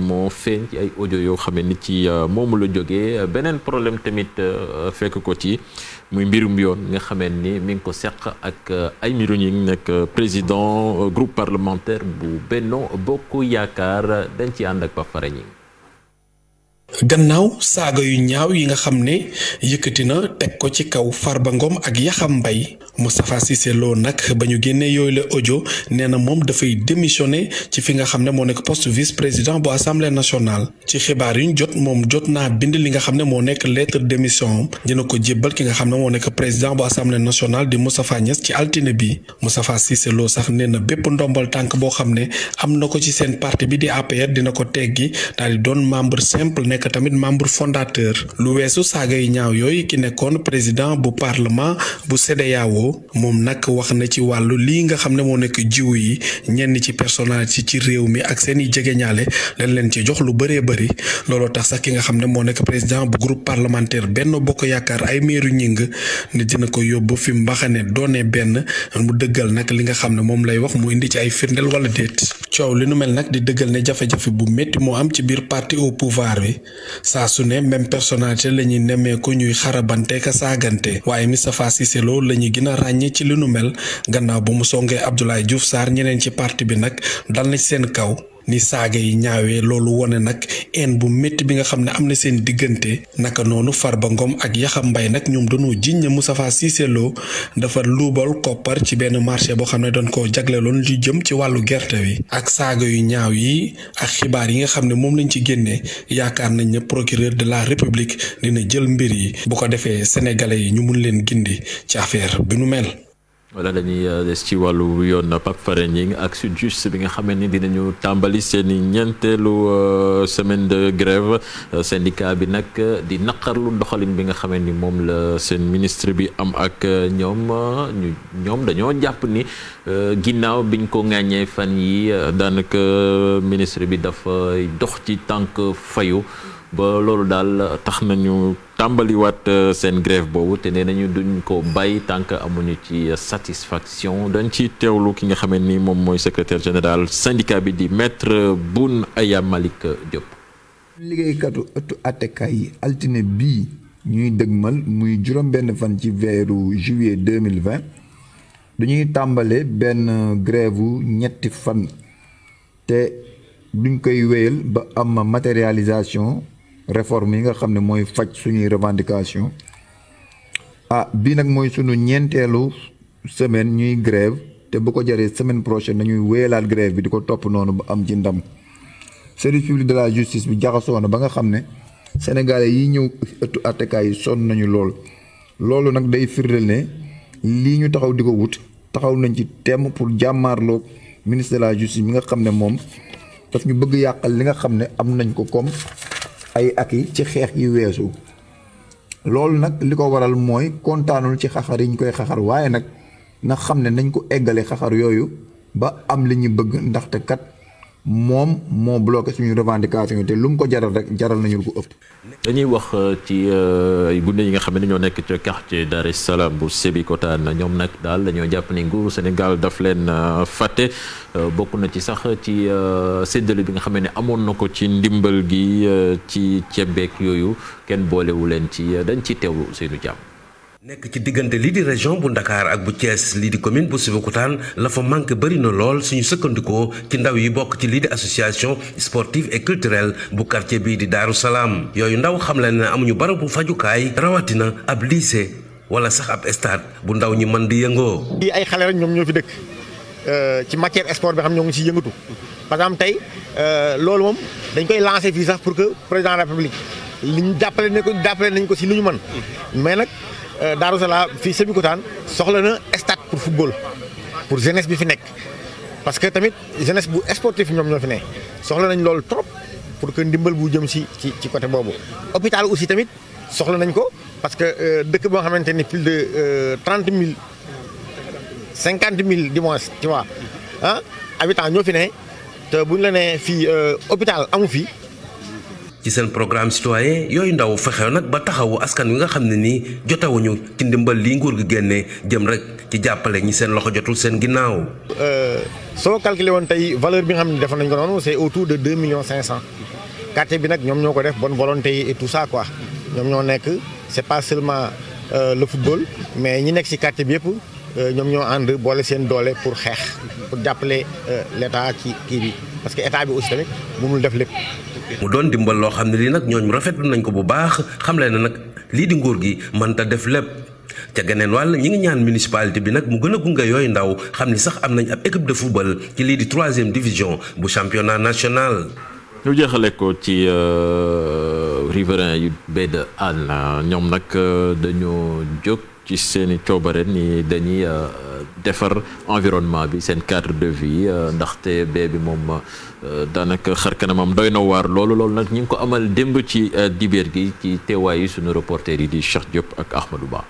moo feeñ ci ay ojo yoo xamee ni ci moomu la jóge beneen problème tamit fekk ko ci muy mbirum yoon nga xamee ni mi ngi ko seq ak ay euh, Aymérou Gningue nekk euh, président euh, groupe parlementaire bu Benno Bokk Yaakaar dañ ci ànd ak Pape ñi gannaaw saaga yu ñaaw yi nga xam ne yëkkati na teg ko ci kaw Farba Ngom ak Yaxam Mbaye Moustapha Cissé Lo nag ba ñu génnee yooyu la audio nee na moom dafay démissionné ci fi nga xam ne moo nekk poste vice président bu assemblée nationale ci xibaar yu ñu jot moom jot naa bind li nga xam ne moo nekk lettre démission dina ko jébbal ki nga xam ne moo nekk président bu assemblée nationale di Moustapha Niass ci altine bi Moustapha Cissé Lo sax nee na bépp ndombal tànk boo xam ne am na ko ci seen parti bi di APR dina ko teggi nekk tamit membre fondateur lu weesu saaga yu ñaaw yooyu ki nekkoon président bu parlement bu CEDEAO moom nag wax na ci wàllu lii nga xam ne moo nekk jiw yi ñenn ci personnalité ci réew mi ak seen i ñaale leen leen ci jox lu bëree bëri looloo tax sax ki nga xam ne moo nekk président bu groupe parlementaire benn Bokk Yaakaar ay meeru ñing ne dina ko yóbbu fi mbaxane doone benn mu dëggal nag li nga xam ne moom lay wax mu indi ci ay firndeel wala déet coow li nu mel nag di dëggal ne jafe bu métti moo am ci biir parti au pouvoir bi saa su ne même personnalité la ñuy nemmeeku ñuy xarabante ka saagante waaye Moustapha Cissé Lo la ñuy gën a ràññee ci li nu mel gannaaw bu mu songee Abdoulaye Diouf Sarr ñeneen ci parti bi nag dal na ci seen kaw ni saaga yi ñaawee loolu wone nag een bu métti bi nga xam ne am na seen diggante naka noonu far ba Ngom ak Yaxam mbay nag ñoom dañoo jiñ na Moustapha Cissé dafa luubal koppar ci benn marché boo xam ne dañ koo jagleloon lu jëm ci wàllu gerte wi ak saaga yu ñaaw yi ak xibaar yi nga xam ne moom lañ ci génnee yaakaar nañ ne procureur de la république dina jël mbir yi bu ko defee sénégalais yi ñu mun leen gindi ci affaire bi nu mel wala dañuy euh, des ci wàllu yoon Pape Fara Gning ak SYTJUST bi nga xamee ni dinañu tàmbali seen i ñeenteelu euh, semaine de grève syndicat bi nag di naqarlu doxalin bi nga xamee ni moom la seen ministre bi am ak euh, ñoom ñoom dañoo jàpp ni ginnaaw biñ ko ŋàññee fan yi daanaka ministre bi dafa dox ci tànk fayu ba loolu daal tax nañu tàmbaliwaat euh, seen grève boobu te nee nañu duñ ko bàyyi tànk amuñu ci satisfaction dañ ci teewlu ki nga xamee ni moom mooy secrétaire général syndicat bi di maître Boun Aya Malick Diop. liggéeykatu ëttu attekaay yi altine bii ñuy dëgmal muy juróom-benn fan ci weeru juillet deux mille vingt dañuy tàmbale benn grève ñetti fan te duñ koy wéyal ba am matérialisation. réforme yi nga xam ne mooy faj suñuy revendication ah bii nag mooy sunu ñeenteelu semaine ñuy grève te bu ko jaree semaine prochaine dañuy wéyalaat grève bi di ko topp noonu ba am ci ndam service de la justice bi jaxasoo na ba nga xam ne sénégalais yi ñëw ëttu attekaay yi sonn nañu lool loolu nag day firndeel ne lii ñu taxaw di ko wut taxaw nañ ci tem pour jàmmaarloo ministre de la justice mi nga xam ne moom ta ñu bëgg yàqal li nga xam ne am nañ ko ko ay ak yi ci xeex yi weesu loolu nag li ko waral mooy kontaanul ci xaxar yi ñu koy xaxar waaye nag nga xam ne nañ ko eggalee xaxar yooyu ba am li ñu bëgg ndaxte kat moom moo bloqué suñu revendication te lu mu ko jaral rek jaral nañu ko ëpp. dañuy wax euh, ci euh, ay gune yi nga xam ne ñoo nekk ca quartier Dar es Salaam bu Sébikotane ñoom nag daal dañoo jàpp ni nguuru Sénégal daf leen euh, fàtte bokk na ci sax ci séddale bi nga xam ne amoon na ko ci ndimbal gi ci ceeb beeg yooyu kenn boolewu leen ci dañ ci teewlu seenu jàmm. nekk ci diggante lii di région bu Ndakaar ak bu Thiès lii di commune bu Sébikotane la fa manque bëri na lool suñu sëkkandikoo ci ndaw yi bokk ci lii di association sportive et culturelle bu quartier bii di Daaru Salaam yooyu ndaw xam le ne amuñu barabu fajukaay rawatina ab lycée wala sax ab stade bu ndaw ñi mën di yëngoo. yi ay xale rek ñoom ñoo fi dëkk euh, ci matière sport bi xam ñoo ngi ciy yëngatu par exemple tey euh, loolu moom dañ koy lancer fii sax pour que président de la jàppale nañ ko jàppale nañ ko si li ñu mais nag. Euh, Darou Salam fii Sébikotane soxla na stade pour football pour jeunesse bi fi nekk parce que tamit jeunesse bu sportif ñoom ñoo fi ne soxla nañ loolu trop pour que ndimbal bu jëm si ci ci côté boobu. hôpital aussi tamit soxla nañ ko parce que euh, dëkk boo xamante ni plus de euh, trente mille cinquante mille du moins tu vois ah habitants ñoo fi ne te buñ la nee fii hôpital amu fi. ci seen programme citoyen yooyu ndaw fexe nag ba taxawu askan wi nga xam ne nii jotawuñu ci ndimbal lii nguur gi génne jëm rek ci jàppale ñi seen loxo jotul seen ginnaaw. Euh, soo calculé woon tey valeur bi nga xam ne defoon nañ ko noonu c'est autour de deux millions cinq cent quartier bi nag ñoom ñoo ko def bonne volonté tey et tout ça quoi ñoom ñoo nekk c'est pas seulement euh, le football mais ñi nekk ci quartier bi yëpp. Euh, ñoom ñoo ànd boole seen doole pour xeex pour jàppale l'état ci kii bi parce que état bi aussi tamit mënul def lépp mu doon dimbal loo xam ne lii nag ñooñ rafetlu nañ ko bu baax xam le ne nag lii di nguur gi mënta def lépp ca geneen wàll ñi ngi ñaan municipalité bi nag mu gën a gunge yooyu ndaw xam ni sax am nañ ab équipe de football ci lii di troisième division bu championnat national. ñu jeexale ko ci euh, riverain yu baie de Hann ñoom nag euh, dañoo jóg. ci seen i coobare ni dañuy euh, defar environnement bi seen cadre de vie euh, ndaxte bee bi moom euh, daanaka xar kanamam doy na waar loolu loolu nag ñu ngi ko amal démb ci dibeer gi ci teewaayu sunu reporter yi di Cheikh Diop ak Ahmadou Ba.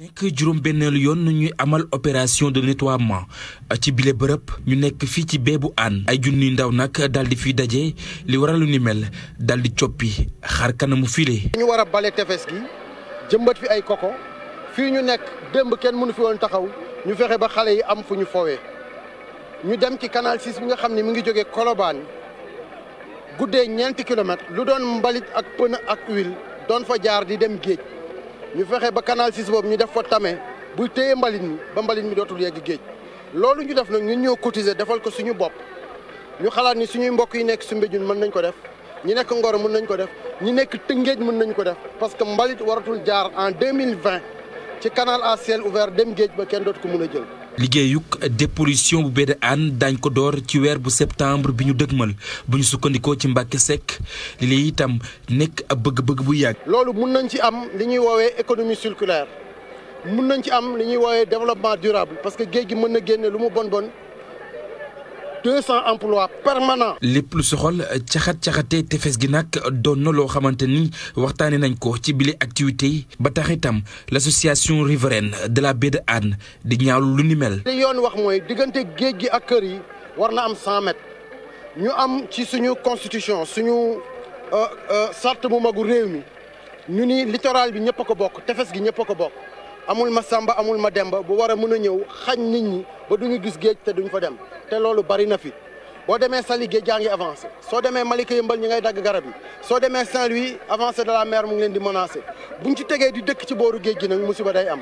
nekk juróom benneelu yoon ñuy amal opération de nettoiement ci bile bërëb ñu nekk fii ci bu aan ay junniy ndaw nag daal di fiy daje li waral lu ni mel daal di coppi xar kanamu file. fi ay koko. fii ñu nekk démb kenn mënu fi woon taxaw ñu fexe ba xale yi am fu ñu fowee ñu dem ci canal 6 bi nga xam ne mi ngi jógee Colobane guddee ñeenti kilomètres lu doon mbalit ak pën ak huile doon fa jaar di dem géej ñu fexe ba canal 6 boobu ñu def fa tame buy téye mbalit mi ba mbalit mi dootul yegg géej loolu ñu def nag ñu ñoo cotiser defal ko suñu bopp ñu xalaat ni suñuy mbokk yi nekk Soumbédioune mën nañ ko def ñu nekk Ngor mën nañ ko def ñu nekk Tëngéej mën nañ ko def parce que mbalit waratul jaar en 2020 ci canal à ciel ouvert dem géej ba kenn dootu ko mën a jël. liggéeyuk dépollution bu Bédéane daañ ko door ci weer bu septembre bi ñu dëgmal bu ñu sukkandikoo ci Mbàkke Seck li lay itam nekk ab bëgg-bëgg bu yàgg. loolu mun nañ ci am li ñuy woowee économie circulaire mun nañ ci am li ñuy woowee développement durable parce que géej gi mën na génne lu mu bon bon. deux cent emplois permanents. lépp lu soxal caxat caxate tefes gi nag doon na loo xamante ni waxtaanee nañ ko ci bile activité ba tax itam l' association riveraine de la baie de di ñaawlu lu ni mel. li yoon wax mooy diggante géej gi ak kër yi war na am cent mètres ñu am ci suñu constitution suñu euh, euh, charte bu magu réew mi ñu ni littoral bi ñëpp ko bokk tefes gi ñëpp ko bokk. amul ma sàmba amul ma demba bu war a mën a ñëw xañ nit ñi ba duñu gis géej te duñ fa dem te loolu bari na fi boo demee Saly géej gaa ngi avancé soo demee Malika yëmbal ñi ngay dagg garab yi soo demee Saint-Louis avancé de la mu ngi leen di menacé buñ ci tegee di dëkk ci booru géej gi nag musiba day am.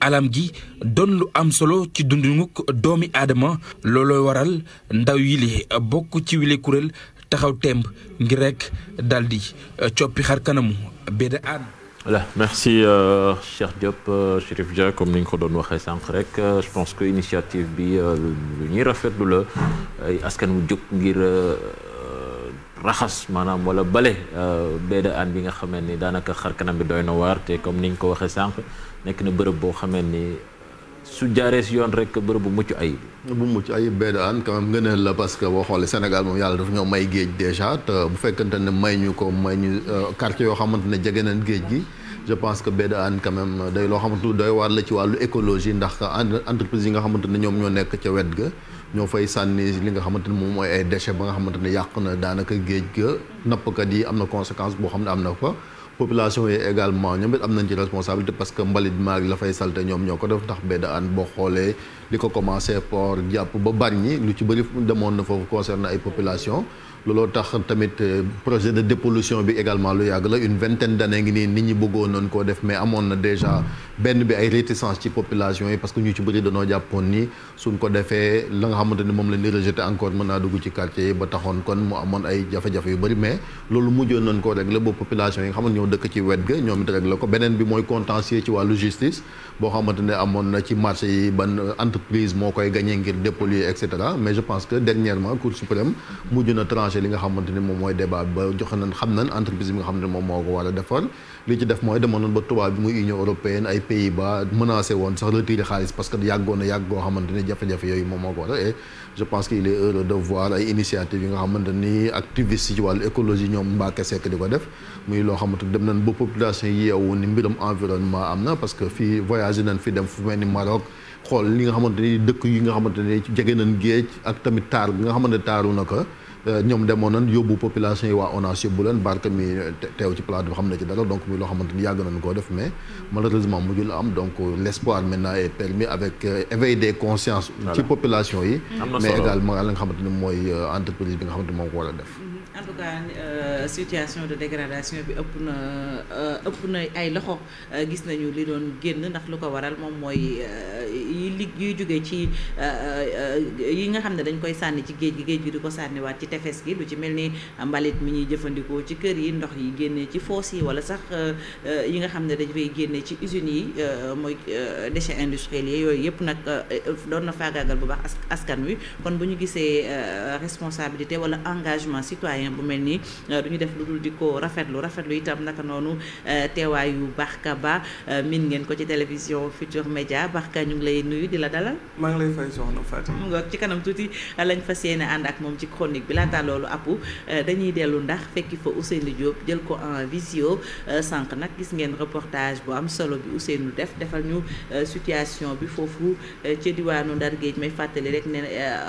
alam gi doon lu am solo ci dundunguk doomi aadama loolooy waral ndaw yi li bokk ci wile kuréel taxaw temb ngi rek dal di coppi xar kanamu benn voilà merci euh, Cheikh Diop euh, Chérif comme ni ñu ko doon waxee sànq rek euh, je pense que initiative bi euh, lu ñuy rafetlu la ay askan wu jóg ngir euh, raxas maanaam wala bale béeda aan bi nga xamee ni daanaka xar kanam bi doy na waar te comme ni ñu ko waxee sànq nekk na bërëb boo xamee ni su jaaree si yoon rek bërëb bu mucc ayib. bu mucc ayib béeda aan quand même ngëneel la parce que boo xoolee Sénégal moom yàlla dafa ñoo may géej déjà te bu fekkante ne may ñu ko may ñu yoo xamante ne jege nañ géej gi. je pense que BDAN quand même day loo xamante ni doy waar la ci wàllu écologie ndax entreprise yi nga xamante ne ñoom ñoo nekk ca wet ga ñoo fay sànni li nga xamante ne moom mooy ay déchets ba nga xamante ne yàq na daanaka géej ga nappkat yi am na conséquence boo xam ne am na fa population yi également ñoom it am nañ ci responsabilité parce que mbalit maag la fay salte ñoom ñoo ko def ndax BDAN boo xoolee li ko commencé port jàpp ba Bargny lu ci bëri demoon na foofu concerne ay population looloo tax tamit euh, projet de dépollution bi également lu yàgg la une vingtaine d'années ngi nii nit ñi bëggoon nañ koo def mais amoon na déjà benn bi ay réticence ci population yi parce que ñu ci bëri dañoo jàppoon ni suñ ko defee la nga xamante ni moom la ñu rejeté encore mën naa dugg ci quartier yi ba taxoon kon mu amoon ay jafe-jafe yu bari mais loolu mujjoon nañ ko régler ba population yi nga xam ne ñoo dëkk ci wet ga ñoom it régler ko beneen mooy contentieux ci wàllu justice boo xamante ne amoon na ci marché yi ban entreprise moo koy gagné ngir dépolluer et cetera mais je pense que dernièrement cour suprême mujj na tranché li nga xamante ne moom mooy débat ba joxe nañ xam nañ entreprise bi nga xam ne moom moo ko war a defar li ci def mooy demoon nañ ba tubaab bi muy union européenne ay Pays-Bas menacé woon sax retiré xaalis parce que yàggoon na yàgg goo xamante ne jafe-jafe yooyu moom moo ko war je pense que il est heureux de voir ay initiative yi nga xamante ni activiste ci wàllu écologie ñoom Mbacké Seck di ko def muy loo xamante dem nañ ba population yeewu ni mbiram environnement am na parce que fii voyagé nañ fi dem fu mel ni Maroc xool li nga xamante ni dëkk yi nga xamante ni jege nañ géej ak tamit taar bi nga xamante taaru na ko Euh, ñoom demoon nañ yóbbu population yi waa ONAS yóbbu leen barke mi euh, teew ci plate bi xam na ci dara donc muy loo xamante ni yàgg nañ koo def mais mm. malheureusement mujjul am donc euh, l' espoir maintenant est permis avec éveil des consciences ci population yi mm. mais également la nga xamante ni mooy entreprise bi nga xamante moom ko war a def en tout cas euh, situation de dégradation bi ëpp na euh, ëpp na ay loxo euh, gis nañu li doon génn ndax lu ko waral moom mooy euh, yi li yuy jóge ci yi nga xam ne dañ koy sànni ci géej gi géej gi di ko sànniwaat ci tefes gi lu ci mel ni mbalit mi ñuy jëfandikoo ci kër yi ndox yi génnee ci foos yi wala sax yi nga xam ne dañ fay génnee ci usines yi mooy déchets industriels yi yooyu yëpp nag doon na faagaagal bu baax askan wi kon bu ñu gisee responsabilité wala engagement citoyen citoyen bu mel ni euh, du def lu dul di ko rafetlu rafetlu itam naka noonu euh, teewaayu Barka Ba euh, min ngeen ko ci télévision Futur Média Barka ñu ngi lay nuyu di la dalal. maa ngi lay fay soxna Fatou. mu ngoog ci kanam tuuti lañ fas yéene ànd ak moom ci chronique bi laata loolu app dañuy dellu ndax fekki fa Ousseynou Diop jël ko en visio sànq nag gis ngeen reportage bu am solo bi Ousseynou def defal ñu situation bi foofu ca diwaanu Ndar Géej may fàttali rek ne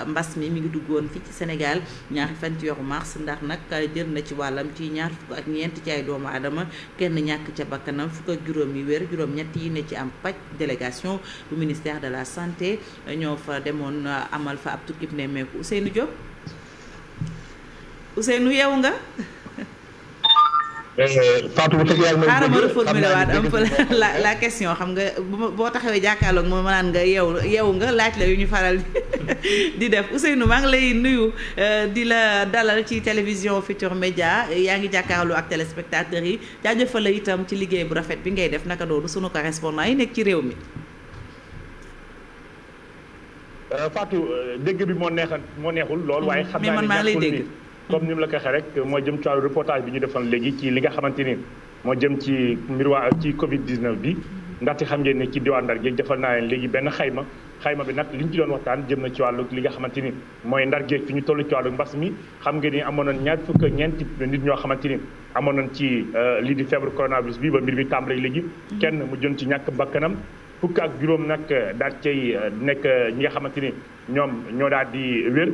mbas mi mi ngi duggoon fi ci Sénégal ñaari fan mars ndax. nag jël na ci wàllam ci ñaar fukk ak ñeent ci ay doomu aadama kenn ñàkk ca bakkanam fukk ak juróom yi wér juróom-ñett yi ne ci am paj délégation bu ministère de la santé ñoo fa demoon amal fa ab tukkib nemmeeku Ousseynou Diop Ousseynou yeewu nga. Eh, Fatou xaaral ma reformuler waat un peu la la question xam nga boo taxawee jàkkaarloog moom ma naan nga yeewu yeewu nga laaj la yu ñu faral di def Ousseynou maa ngi lay nuyu euh, di la dalal ci télévision Futur Média yaa ngi jàkkaarloo ak téléspectateurs yi jaajëfal la itam ci liggéey bu rafet bi ngay def naka doonu sunu correspondant yi nekk ci réew mi. Euh, Fatou euh, dégg bi moo neexal moo neexul lool. waaye mm-hmm. xam naa ne man maa lay dégg. comme ni mu la ko waxee rek moo jëm ci wàllu reportage bi ñu defoon léegi ci li nga xamante moo jëm ci mbir waa ci Covid 19 bi ndaxte xam ngeen ni ci diwaan Ndar géej defal naa léegi benn xayma xayma bi nag li ñu ci doon waxtaan jëm na ci wàllu li nga xamante ni mooy Ndar géej ñu toll ci wàllu mbas mi xam ngeen ni amoon nañ ñaar fukk ak ñeenti nit ñoo xamante ni amoon nañ ci euh, lii di feebaru coronavirus bi ba mbir mi tàmbalee léegi mm. kenn mu jëm ci ñàkk bakkanam fukk ak juróom nag euh, daal cay euh, nekk ñi nga xamante ni ñoom ñoo daal di wér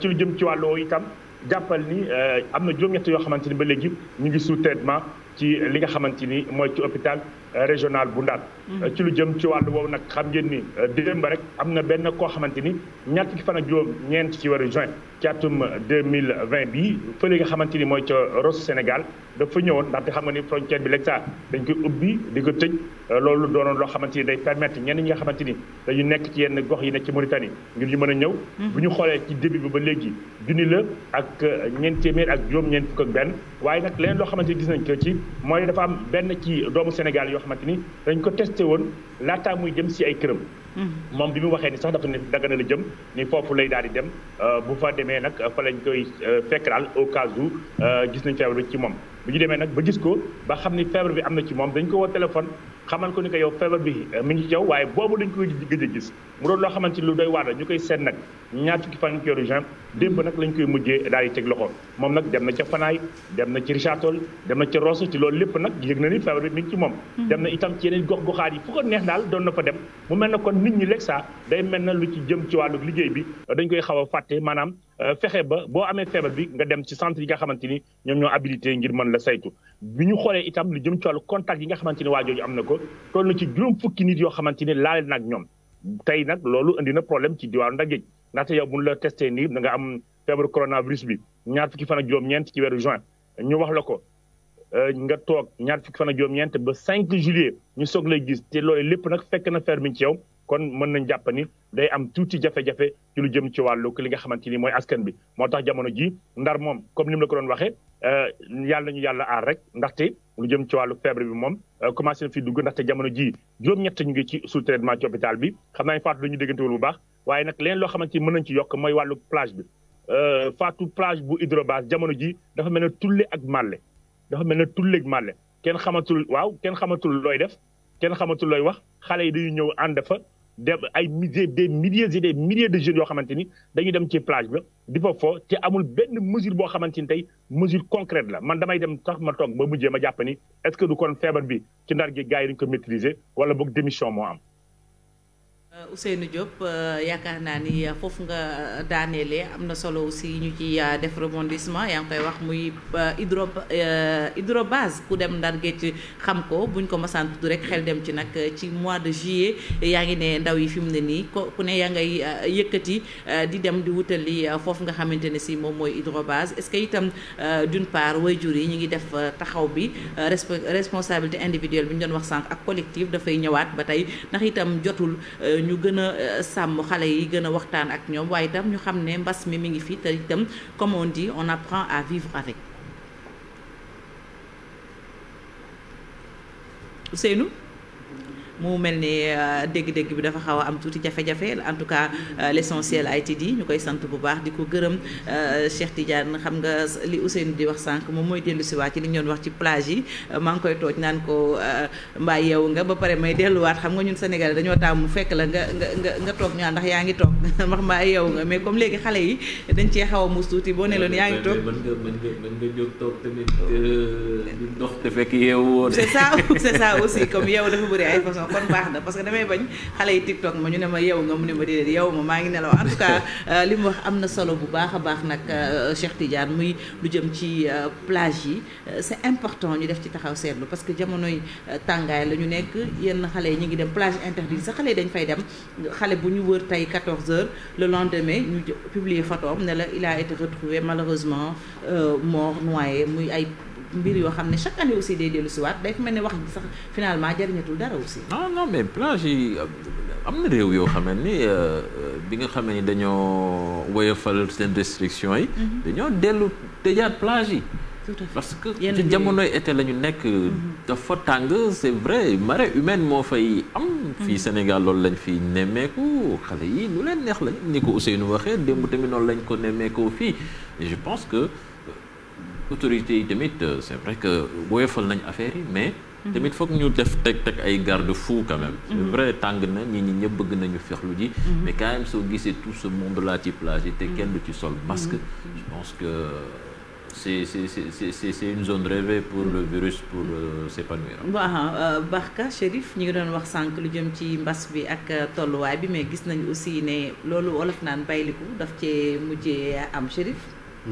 ci lu jëm ci wàllu itam jàppal ni euh, am na juróom-ñett yoo xamante ni ba léegi ñu ngi sous traitement ci li nga xamante ni mooy ci hôpital euh, régional bu Ndar mm-hmm. euh, ci lu jëm ci wàllu woowu nag xam ngeen ni démb rek am na benn koo xamante ni ñaar fukki fan ak juróom ñeent ci weeru juin ci atum 2020 bi fële nga xamante ni mooy ca Rosso Sénégal dafa ñëwoon ndaxte xam nga ni frontière bi leeg dañ koy ubbi di ko tëj euh, loolu doonoon loo xamante ni day permettre ñenn ñi nga xamante ni dañu nekk ci yenn gox yi nekk ci Mauritanie ngir ñu a ñëw mm-hmm. bu ñu xoolee ci bi ba léegi junni la ak euh, ñeent téeméer ak juróom ñeent fukk benn waaye nag leneen loo xamante ni gis nañ ko ci mooy dafa am benn ci doomu Sénégal yoo xamante ni dañ ko testé woon laataa muy jëm si ay këram Mm-hmm. moom bi mu waxee ni sax dafa ne dagg Dagana la jëm ni foofu lay daal di dem euh, bu fa demee nag fa lañ koy euh, fekk daal au cas où euh, gis nañ feebar bi ci moom bu ñu demee nag ba gis ko ba xam ni feebar bi am na ci moom dañ ko woo téléphone xamal ko ni yow feebar bi euh, mi ngi ci boobu dañ koy gëj a gis mu doon loo xamante ni lu doy waar la ñu nag ñaar fukki koy mujjee daal di teg loxo moom nag dem na ca dem na ci Richard Toll dem na ca Rosso loolu lépp nag yëg na ni feebar bi moom hmm. dem na itam ci yeneen gox goxaat yi fu ko neex daal doon na fa dem mu mel na kon nit ñi lekk saa day mel na lu ci jëm ci wàllu liggéey bi dañ koy xaw a fàtte maanaam euh, fexe ba boo amee feebar bi nga dem ci centre yi nga xamante ni ñoom ñoo habilité ngir mën la saytu bi ñu xoolee itam lu jëm ci contact yi nga xamante ni waa jooju am na ko ko toll na ci juróom fukki nit yoo xamante ni laal nag ñoom tey nag loolu indi na problème ci diwaanu Ndar Géej ndaxte yow bu ñu la testé nii da nga am feebaru coronavirus bi ñaar fukki fan ak juróom-ñeent ci weeru juin ñu wax la ko euh, nga toog ñaar fukki fan ak juróom-ñeent ba cinq juillet ñu soog lay gis te loolu lépp nag fekk na ferme ci yow kon mën nañ jàpp ni day am tuuti jafe-jafe ci lu jëm ci wàllu li nga xamante ni mooy askan bi moo tax jamono ji ndar moom comme ni la ko doon waxee Euh, yàlla ñu yàlla aar rek ndaxte lu jëm ci wàllu feebar bi moom euh, commencé na fi dugg ndaxte jamono ji juróom-ñett ñu ngi ci sous traitement ci bi xam naa faatu la ñu déggantewul bu baax waaye nag leen loo xamante ni mën nañ ci yokk mooy wàllu plage bi euh, faatu plage bu hydrobase jamono ji dafa mel ne tulle ak màlle dafa mel ne tulle ak màlle kenn xamatul waaw kenn xamatul looy def kenn xamatul looy wax xale yi dañuy ñëw ànd fa de ay milliers des milliers et des milliers de jeunes yoo xamante ni dañuy dem ci plage ba di fa fo te amul benn mesure boo xamante ni tey mesure concrète la man damay dem sax ma toog ma mujjee ma jàpp ni est-ce que du kon feebar bi ci ndar gi gars yi dañu ko maîtriser wala boog démission moo am. Euh, Ousseynou Diop euh, yaakaar naa ni euh, foofu nga daaneele am na solo aussi ñu ci def rebondissement yaa ngi koy wax muy hydro hydrobase ku dem ndar géej xam ko buñ ko masaan tudd rek xel dem ci nag ci mois de juillet yaa ngi ne ndaw yi fi mu ne nii ko ku ne yaa ngay yëkkati di dem di wutali foofu nga xamante ne si moom mooy hydrobase est-ce que itam d'une part jur yi ñu ngi def taxaw bi responsabilité individuelle bi ñu doon wax sànq ak collectif dafay ñëwaat ba tey ñu gën a euh, sàmm xale yi gën a waxtaan ak ñoom waaye itam ñu xam ne mbas mi mi ngi fii te itam comme on on apprend à vivre avec Ousseynou mu mel ni euh, dégg-dégg bi dafa xaw a am tuuti jafe-jafe en tout cas euh, l'essentiel a été dit ñu koy sant bu baax di ko gërëm euh, Cheikh Tidiane xam nga li Ousseynou di wax sànq moom mooy dellu siwaat ci li ñu doon wax ci plage yi maa ngi koy tooj naan ko mbaa yeew nga ba pare may delluwaat xam nga ñun Sénégal dañoo taamu fekk la nga nga nga nga toog ñu ndax yaa ngi toog wax mbaa yeew nga mais comme léegi xale yi dañ cee xaw a mus tuuti boo ne loon yaa ngi toog mën nga mën nga mën nga jóg toog tamit dox te fekk yeewu woon c'est ça c'est ça aussi comme yeew dafa bëri ay kon baax na parce que damay bañ xale yi TikTok ma ñu ne ma yow nga mu ne ma déedéet yow ma maa ngi nelaw en tout cas euh, li mu wax am na solo bu baax a baax nag euh, Cheikh Tidiane muy lu jëm ci euh, plage yi c'est important ñu def ci taxaw seetlu parce que jamonoy tàngaay la ñu nekk yenn xale yi ñu ngi dem plage interdite sa xale yi dañ fay dem xale bu ñu wër tey 14 heures le lendemain ñu publier photo am ne la il a été retrouvé malheureusement mort noyé muy ay mbir yoo xam ne chaque année aussi day dellu si waat day fi mel ne wax ji sax jariñatul dara aussi. non non mais plage yi am na réew yoo xam ni euh, bi nga xam ne dañoo woyofal seen restriction yi. Mhm. dañoo dellu tëjaat plage yi. parce que ci jamonoy été la ñu nekk mhm. dafa tàng c'est vrai marée humaine moo fay am fii mhm. Sénégal loolu lañ fi nemmeeku xale yi lu leen neex lañ ni ko Ousseynou waxee démb tamit noonu lañ ko nemmeekoo fii et pense que autorités yi tamit euh, c' est vrai que woyofal nañu affaire yi mais. Mhm. tamit foog ñu def teg teg ay garde fou quand même. c' mhm. vrai tàng na ñi ñi ñëpp bëgg nañu fexlu ji. Mhm. mais quand même soo gisee tout ce monde là ci plage te kenn du ci sol masque. je pense que c'est c'est c'est une zone rêvée pour le virus pour euh, s'épanouir. waaw euh, Barka Chérif ñu ngi doon wax sànq lu jëm ci mbas bi ak tolluwaay bi mais gis nañu aussi ne loolu olof naan bayliku daf cee mujjee am Chérif.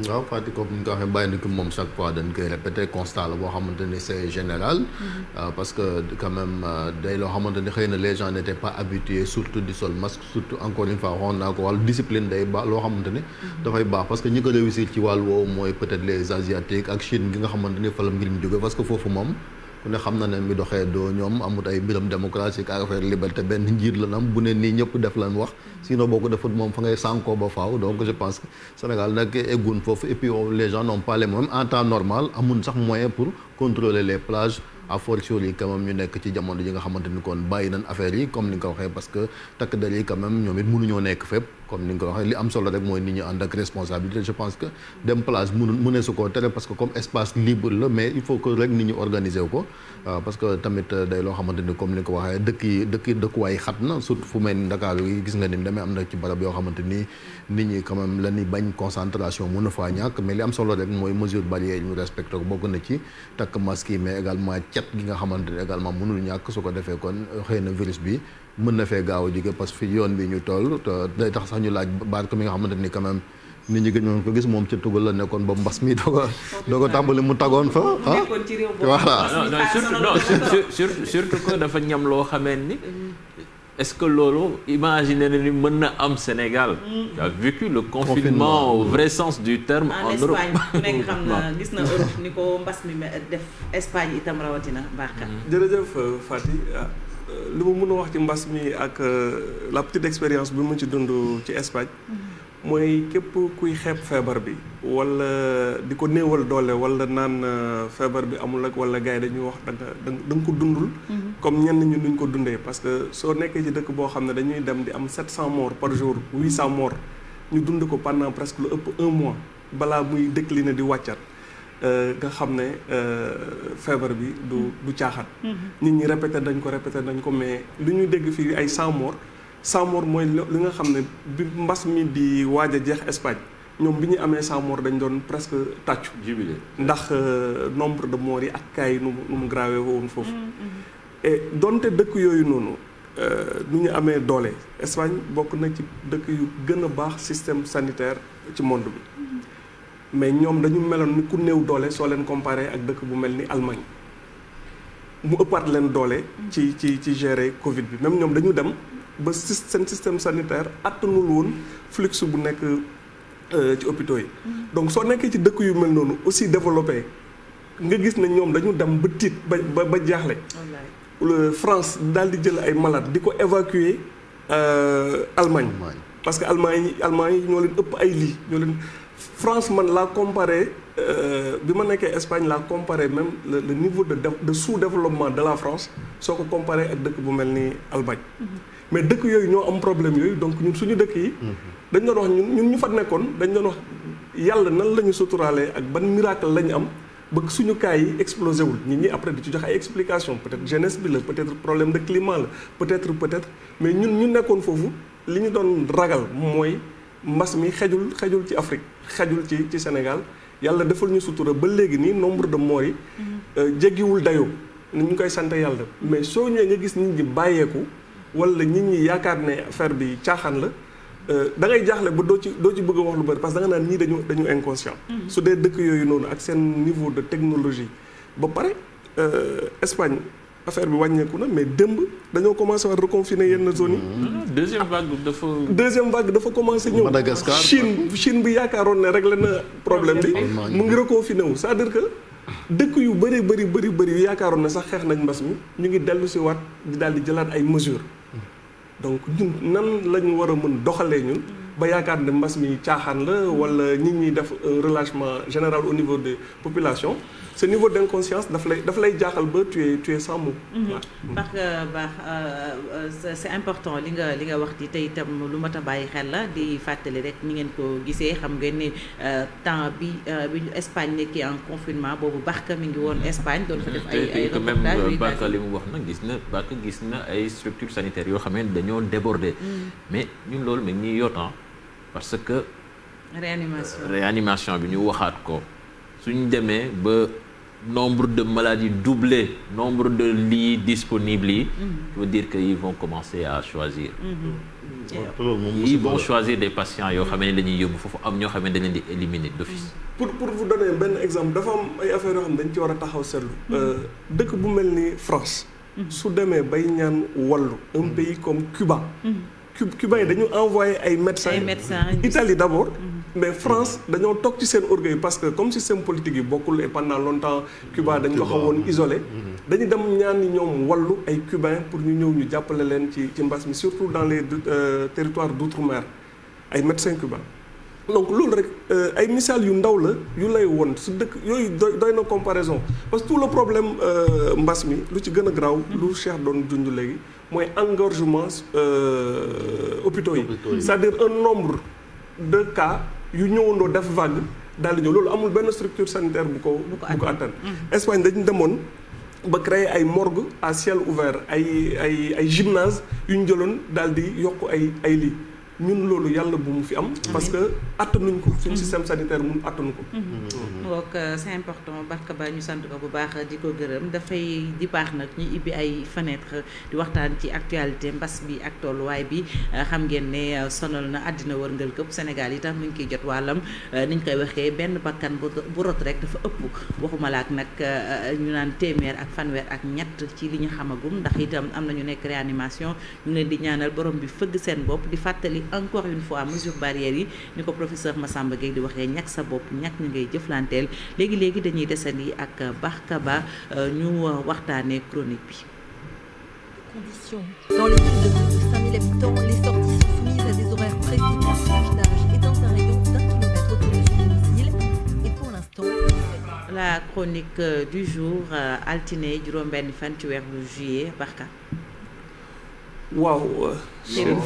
waaw Fatick comme ni nga ko waxee bàyyi na moom chaque fois dañ koy répété constat la boo xamante ni c' général. Mm-hmm. Euh, parce que quand euh, day loo xamante ni xëy na les gens n' étaient pas habitués surtout di sol masque surtout encore une fois waxoon naa ko wàllu discipline day baax loo xamante ni. Mm-hmm. dafay baax parce que ñi ko réussir ci wàll woowu mooy peut-être les asiatiques ak Chine nga xamante ni fa la mbir jóge parce que foofu moom. ku ne xam na ne mi doxee doo ñoom amut ay mbiram démocratique ak affaire liberté benn njiit la nam bu ne nii ñëpp def lan wax sinon boo ko defut moom fa ngay sànkoo ba faaw donc je pense que Sénégal nag eggun foofu et puis oh, les gens n'ont pas en temps normal amun sax moyen pour contrôler les plages à fortiori quand même ñu nekk ci jamono ji nga xamante ni bàyyi nañ affaire yi comme ni nga waxee parce que takk der yi quand ñoom it mënuñoo nekk fépp comme ni nga ko waxee li am solo rek mooy nit ñu ànd ak responsabilité je pense que dem place mun mënee su koo tere parce que comme espace libre la mais il faut que rek nit ñu organiser wu ko euh, parce que tamit euh, day loo xamante ni comme ni nga ko waxee dëkk yi dëkk dëkkuwaay xat na surtout fu mel ni Dakar yi gis nga ni demee am na ci barab yoo xamante ni nit ñi quand même bañ concentration mun na faa ñàkk mais li am solo rek mooy mesure barrière ñu respecté ko bokk na ci takk masque yi mais également cet gi nga xamante ni également mënul ñàkk su ko defee kon euh, xëy na virus bi mën na fee gaaw a jóge parce que fi yoon bi ñu toll te day tax sax ñu laaj baat ko mi nga xamante ni quand même nit ñi ko gis moom ci tugal la nekkoon ba mbas mi doo ko doo ko tàmbali mu tagoon fa ah voilà non surtout non surtout surtout que dafa ñam loo xamee ni mm. est-ce que loolu imaginer na ni mën na am Sénégal mm. vécu le confinement au vrai sens du terme en Europe ku nekk xam na gis na Europe ni ko mbas mi def Espagne itam rawatina baax mm. jërëjëf li ma mën a wax ci mbas mi ak euh, la petite expérience bi mu ci dund ci Espagne mm-hmm. mooy képp kuy xeeb feebar bi wala euh, di ko néewal doole wala naan euh, feebar bi amul ak wala gars yi dañuy wax da nga da nga ko dundul mm-hmm. comme ñenn ñu nuñ ko dundee parce que soo nekkee ci dëkk boo xam ne dañuy dem di am 700 morts par jour 800 morts ñu dund ko pendant presque lu ëpp un mois balaa muy décliner di wàccaat Euh, nga xam ne euh, feebar bi du mm-hmm. du caaxaan. Mm-hmm. nit ñi répété dañ ko répété dañ ko mais lu ñuy dégg fii ay 100 morts mooy li nga xam ne bi mbas mi di waaj a jeex Espagne ñoom bi ñu amee 100 dañ doon presque tàccu. jubilé ndax euh, nombre de moor yi ak cas yi nu mu nu woon foofu. Mm-hmm. donte dëkk yooyu noonu nu ñu amee doole Espagne bokk na ci dëkk yu gën a baax système sanitaire ci monde bi. mais ñoom dañu meloon ni ku néew doole soo leen comparé ak dëkk bu mel ni Allemagne mu ëppaat leen doole. ci ci ci gérer Covid bi même ñoom dañu dem ba seen système sanitaire attanul woon flux bu nekk euh, ci hôpitaux yi. Mm-hmm. donc soo nekkee ci dëkk yu mel noonu aussi développé nga gis ne ñoom dañu dem ba tiit ba ba ba jaaxle. France daal di jël ay malade di ko évacuer euh, Allemagne. parce que Allemagne Allemagne ñoo leen ëpp ay lii ñoo leen. France man laa comparé euh, bi ma nekkee Espagne laa comparé même le, niveau de de sous-développement de la France soo ko comparé ak dëkk bu mel ni Allemagne. Mm-hmm. mais dëkk yooyu ñoo am problème yooyu donc ñun suñu dëkk yi. Mm-hmm. dañ doon wax ñun ñun ñu fa nekkoon dañ doon wax yàlla nan la ñu suturaalee ak ban miracle la ñu am. bëgg suñu kaay yi explosé wul nit ñi après di ci jox ay explication peut-être jeunesse bi la peut-être problème de climat la peut-être peut-être mais ñun ñu nekkoon foofu li ñu doon ragal mooy. mbas mi xejul xejul ci Afrique xejul ci ci Sénégal yàlla defal ñu sutura ba léegi nii nombre de morts yi. Mhm. Euh, jéggiwul dayoo. ni ñu koy sante yàlla mais soo ñëwee nga gis nit ñi bàyyeeku wala nit ñi yaakaar ne affaire bi caaxaan la euh, da ngay jaaxle ba doo ci doo ci bëgg wax lu bëri parce que da nga naan ñii dañu dañu inconscient. Mhm. su dee dëkk yooyu noonu ak seen niveau de technologie ba pare euh, Espagne. affaire bi wàññeeku na mais démb dañoo commencé war reconfiner yenn zones yi. Ah, deuxième vague dafa. deuxième vague dafa commencé ñëw. Madagascar Chine Chine bi yaakaaroon ne réglé na problème bi. mu ngi reconfiné wu sa à dire que. dëkk yu bëri bëri bëri bëri yaakaaroon na sax xeex nañ mbas mi ñu ngi dellu si waat di daal di jëlaat ay mesures. donc ñun nan la ñu war a mën doxalee ñun. ba yaakaar ne mbas mi caaxaan la wala nit ñi def euh, relâchement général au niveau des population ce niveau d' inconscience lay dafa lay jaaxal ba tu es tu es baax c' est important li nga li nga wax di tey itam lu mat a bàyyi xel la di fàttali rek ni ngeen ko gisee xam ngeen ne euh, temps bi euh, bi ñu Espagne nekkee en confinement boobu Barka mi ngi woon Espagne doon fa def ay ay reportage euh, li mu wax na gis na Barka gis na ay structures sanitaires yoo xam dañoo débordé. Mm. mais ñun loolu mi ngi ñuy parce que. réanimation réanimation bi ñu waxaat ko suñu demee ba. nombre de maladies doublées nombre de lits disponibles yi mhm. veut dire que ils vont commencer à choisir mhm. ils vont choisir des patients yoo xam ne la ñuy yóbbu foofu am ñoo xam ne dañ leen di éliminer d'office mhm. pour pour vous donner benn exemple dafa am ay affaires yoo xam ne dañ ci war a taxaw seetlu euh, dëkk bu mel ni France su demee bay ñaan wàllu un pays comme Cuba Cuba yi dañu envoyé ay médecins Italie d'abord mais France dañoo toog ci seen orgueil parce que comme système politique yi bokkul et pendant longtemps Cuba dañ ko xawoon isolé mm-hmm. dañu dem ñaani ñoom wallu ay cubain pour ñu ñëw ñu jàppale leen ci ci mbas mi surtout dans les euh, territoires d'outre-mer ay médecins cubains donc loolu rek euh, ay misaal yu ndaw la yu lay woon su dëkk yooyu doy na comparaison parce que tout le problème euh, mbas mi lu ci gën a garaaw mm-hmm. lu Cheikh doon junj léegi mooy engorgement hôpitaux yi cest un nombre yu ñëwandoo def vague daal di ñëw loolu amul benn structure sanitaire bu ko bu ko attan mhm. Espagne dañu demoon ba créer ay morgue à ciel ouvert ay ay ay gymnase yu ñu jëloon daal di yokk ay ay lii ñun loolu yàlla bu mu fi am. parce que attanuñ ko. suñu système mhm. sanitaire mun attanu ko. Mhm. Mhm. donc euh, c' est important barka ba ñu sant ko bu baax di ko gërëm dafay di baax nag ñu ibbi ay fenêtre waxtaan ci actualité mbas bi ak tolluwaay bi euh, xam ngeen ne euh, sonal na àddina wërngal këpp Sénégal yi tam mu jot wàllam niñ koy waxee benn bakkan bu rot rek dafa ëpp waxuma la ak nag ñu naan téeméer ak fanweer ak ñett ci li ñu xamagum ndax itam am na ñu nekk réanimation ñu leen di ñaanal borom bi fëgg seen bopp di fàttali. encore une fois mesure barrières yi ni ko professeur Massamba Gueye di waxee ñàkk sa bopp ñàkk ñi ngay jëflanteel léegi léegi dañuy desandi ak Barka Ba euh, ñu waxtaanee chronique bi. conditions. Euh, du jour euh, altine juróom-benn fan ci weeru juillet Barka. waaw. ñu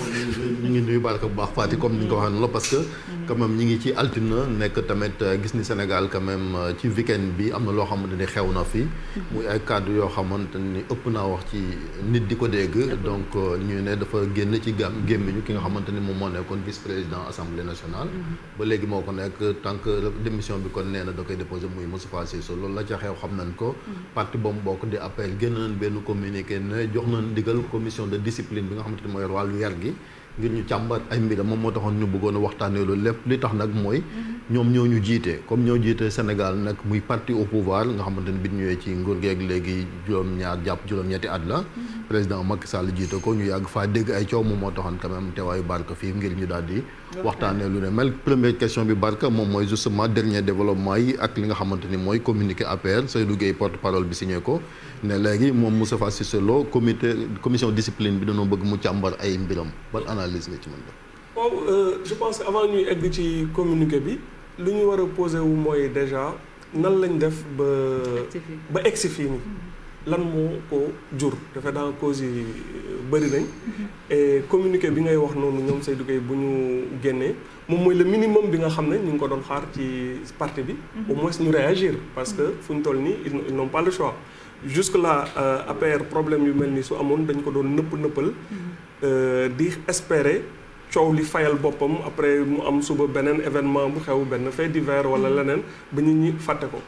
ngi nuyu barka bu baax Fatick comme ni nga ko na noonu la parce que mm-hmm. quand même ñi ngi ci altina nekk tamit euh, gis ni Sénégal quand même euh, ci weekend bi am na loo xam ne ni xew na fi mm-hmm. muy ay kàddu yoo xamante ni ëpp naa wax ci nit di ko dégg donc euh, ñu ne dafa génn ci gam gémmiñu ki nga xamante moom moo nekkoon vice président assemblée nationale mm-hmm. ba léegi moo ko nekk tant que démission bi kon nee na da koy déposé muy Moustapha Cissé loolu la ca xew xam nañ ko parti ba mu bokk di appel wàllu yar gi ngir ñu càmbar ay mbiram moom moo taxoon ñu bëggoon a waxtaanee loolu lépp li tax nag mooy mhm. ñoom ñoo ñu jiite comme ñoo jiite Sénégal nag muy parti au pouvoir nga xamante ne bi ñu ñëwee ci nguur geeg léegi juróom-ñaar jàpp juróom-ñetti at la mhm. président Macky Sall jiite ko ñu yàgg faa dégg ay coow moom moo taxoon quand même teewaayu barke fii ngir ñu daal di waxtaanee lu ne mel première question bi Barka moom mooy justement dernier développement yi ak li nga xamante ni mooy communiqué APR Seydou Gueye porte parole bi signé ko ne léegi moom Moustapha Cissé Lo comité commission discipline bi dañoo bëgg mu càmbar ay mbiram ban analyse nga ci mën a. waaw euh, je pense avant ñuy egg ci communiqué bi lu ñu war a posé wu mooy déjà nan lañ def ba. ba egg si fii nii. lan moo ko jur dafa dans cause yi euh, bëri nañ et communiqué bi ngay wax noonu ñoom Seydou Gueye bu ñu génnee moom mooy le minimum bi nga xam ne ñu ngi ko doon xaar ci parti bi mhm. au moins ñu réagir parce que fu ñu toll nii ils n'ont pas le choix jusque là euh, APR problème yu mel ni su amoon dañ ko doon nëpp nëppal mhm. euh, di espérer coow li fayal boppam après mu am suba beneen événement bu xew benn fait divers wala mhm. leneen ba nit ñi fàtte ko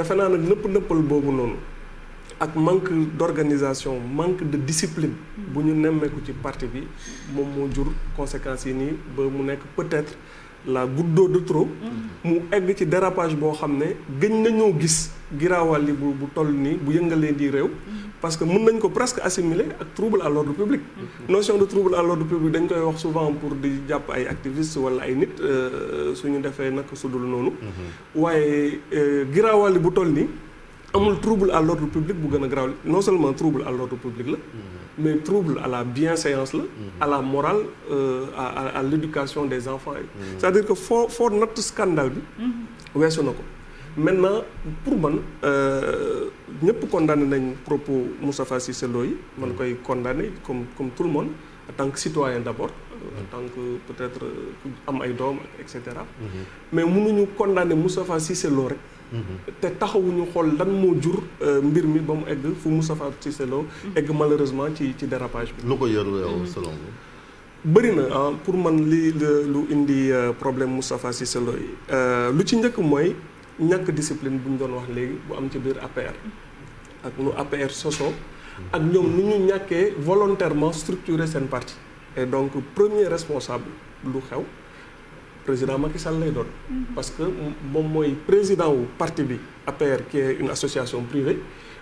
defe naa nag nëpp nëppal boobu noonu ak manque d'organisation manque de discipline bu ñu nemmeeku ci parti bi moom moo jur conséquence yi nii ba mu nekk peut-être la goutte d'eau de trop mm-hmm. mu egg ci dérapage boo xam ne gëñ nañoo gis giraawal li bu bu toll nii bu yëngalee di réew mm-hmm. parce que mun nañ ko presque assimiler ak trouble à l'ordre public mm-hmm. notion de trouble à l'ordre public dañ koy wax souvent pour di jàpp ay activistes wala ay nit euh, suñu defee naka sudul noonu waaye euh, giraawal li bu toll nii amul trouble à l'ordre public bu gën a grave non seulement trouble à l'ordre public la mais trouble à la bien bienséance la à la morale euh, à à l'éducation des enfants yi c'est-à-dire que foo foo natt scandale bi weesu na ko maintenant pour man euh, ñëpp condamné nañ propos Moustapha Cissé yi man koy kondane comme comme tout le monde en tant que citoyen d'abord euh, en tant que peut-être am ay doom et cetera mm-hmm. mais mënuñu condamné Moustapha Cissé Lo rek Mm-hmm. te taxawuñu xool lan moo jur euh, mbir mi ba mu egg fu Moustapha ci Lo mm-hmm. egg malheureusement ci ci dérapage bi. lu ko yor yow mm-hmm. selon bëri na ah pour man li lu indi euh, problème Moustapha Cissé selo yi euh, lu ci njëkk mooy ñàkk discipline bu ñu doon wax léegi bu am ci biir APR ak nu APR soso ak ñoom nu ñu ñàkkee volontairement structurer seen parti et donc premier responsable lu xew. président Macky Sall lay doon. parce que moom mooy président wu parti bi APR qui une association privée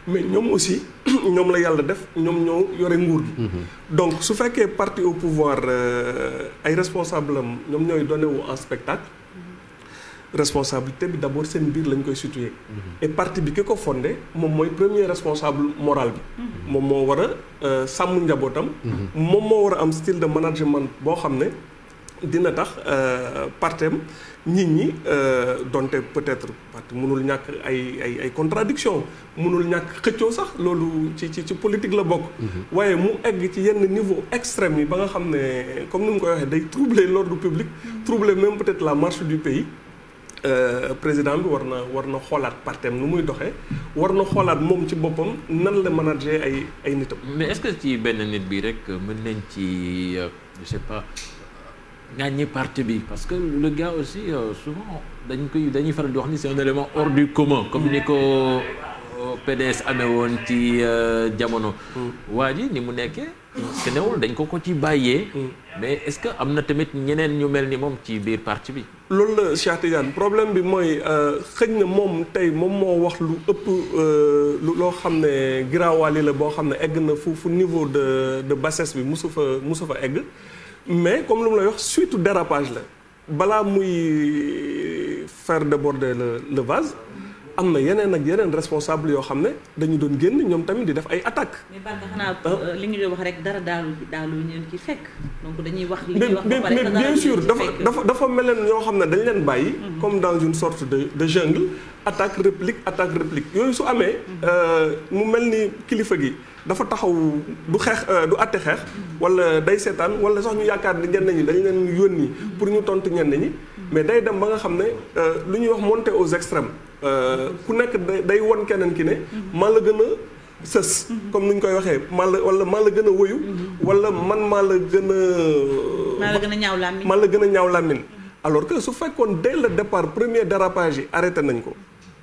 mais ñoom aussi ñoom la yàlla def ñoom ñoo yore nguur gi. Mhm. donc su fekkee parti au pouvoir euh, ay responsable am ñoom ñooy donné wu en spectacle. responsabilité bi d'abord seen biir lañ koy situer. Mhm. et parti bi ki ko fondé moom mooy premier responsable moral bi. Mhm. moom moo war a euh, sàmm njabootam. moom moo war a am style de management boo xam ne. dina tax euh, partem nit ñi euh, donte peut-être parti mënul ñàkk ay ay ay contradiction mënul ñàkk xëccoo sax loolu ci ci ci politique la bokk mm-hmm. waaye mu egg ci yenn niveau extrême yi ba nga xam ne comme ni mu koy waxee day troubler l'ordre public mm. troubler même peut-être la marché du pays euh, président bi war na war na xoolaat partem nu muy doxee war na xoolaat moom ci boppam nan la manager ay ay nitam mais est-ce ci benn nit bi rek mën nañ ci je sais pas gagné parti bi parce que le gars aussi euh, souvent dañ koy dañuy faral di wax ni c'est un élément hors du commun comme ni ko euh, PDS amee woon ci euh, jamono mm. waa ji ni mu nekkee te dañ ko ko ci bàyyee mm. mais est-ce que am na tamit ñeneen ñu mel ni moom ci biir parti bi loolu la Cheikh Tidiane problème bi mooy xëj na moom tey moom moo wax lu ëpp loo xam ne giraawaali la boo xam ne egg na fu niveau de de bassesse bi musu fa musu fa egg mais comme lu mu lay wax surtout dérapage la balaa muy faire déborder le le vase am na yeneen ak yeneen responsable yoo xam ne dañu doon génn ñoom tamit di def ay attaques. mais Barga xanaa ah. euh, li ñu wax rek dara daalu daalu ñu ci fekk donc dañuy wax. li ñuy wax ba bien sûr dafa dafa dafa mel ne ñoo xam ne dañ leen bàyyi. Mhm. comme dans une sorte de de jungle attaque réplique attaque réplique yooyu su amee. Mhm. Euh, mu mel ni kilifa gi. dafa taxaw du xeex euh, du àtte xeex wala day seetaan wala sox ñu yaakaar ne ñenn ñi dañ leen yónni pour ñu tontu ñenn ñi mais day dem ba nga xam ne euh, lu ñuy wax monter aux extrêmes euh, ku nekk day won keneen ki ne man la gën a sës comme ni ñu koy waxee man la wala maa la gën a woyu wala man maa la gën a maa la gën a ñaaw làmmiñ la gën a ñaaw làmmiñ alors que su fekkoon dès le départ premier dérapage yi arrêté nañ ko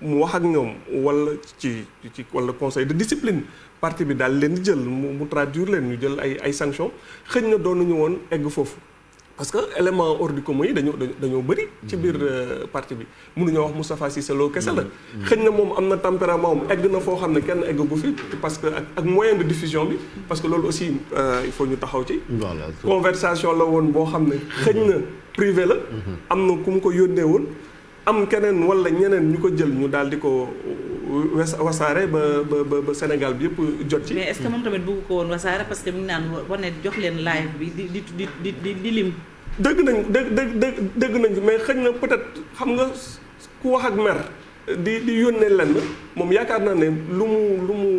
mu wax ak ñoom wala ci ci wala conseil de discipline parti bi daal leen di jël mu mu traduire leen ñu jël ay ay sanctions xëñ na doonuñu woon egg foofu parce que élément hors du commun yi dañoo dañoo bëri. ci biir mm-hmm. euh, parti bi mënuñoo wax Moustapha Cissé Lo kese la. Mm-hmm. xëñ na moom am na tempérament am egg na foo xam ne kenn egg bu fi parce que ak ak moyen de diffusion bi parce que loolu aussi euh, il faut ñu taxaw ci. conversation la woon boo xam ne xëñ na privé la. Mm-hmm. am na ku mu ko yónnee woon. am keneen wala ñeneen ñu ko jël ñu daal di ko wasaare ba ba ba Sénégal bi yëpp jot ci. mais est-ce que moom tamit bëgg ko woon wasaare parce que mi ngi naan wane jox leen live bi di di di di di lim. dëgg nañ dëgg dëgg dëgg nañ mais xëñ na peut-être xam nga ku wax ak mer di di yónnee lenn moom yaakaar naa ne lu mu lu mu.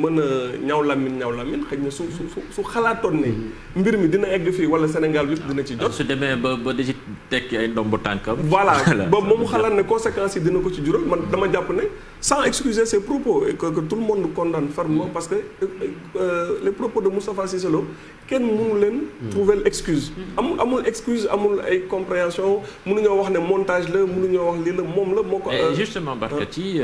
mën a ñaw lamin ñaw lamin xëy na su su su xalaatoon ne mbir mi dina egg fii wala Sénégal yëpp dina ci jot. su demee ba ba di ci tekki ay ndomb tànkam. voilà boobu moom xalaat ne conséquences yi dina ko ci jural man dama jàpp ne sans excuser ses propos et que tout le monde condamne fermement parce que euh, euh, les propos de Moustapha Cissé Lo kenn mënu leen. Hmm. trouver l'excuse. Hmm. amul amul excuse amul ay compréhension mënuñoo wax ne montage la mënuñoo wax lii moom la moo ko. Euh, justement Barka ci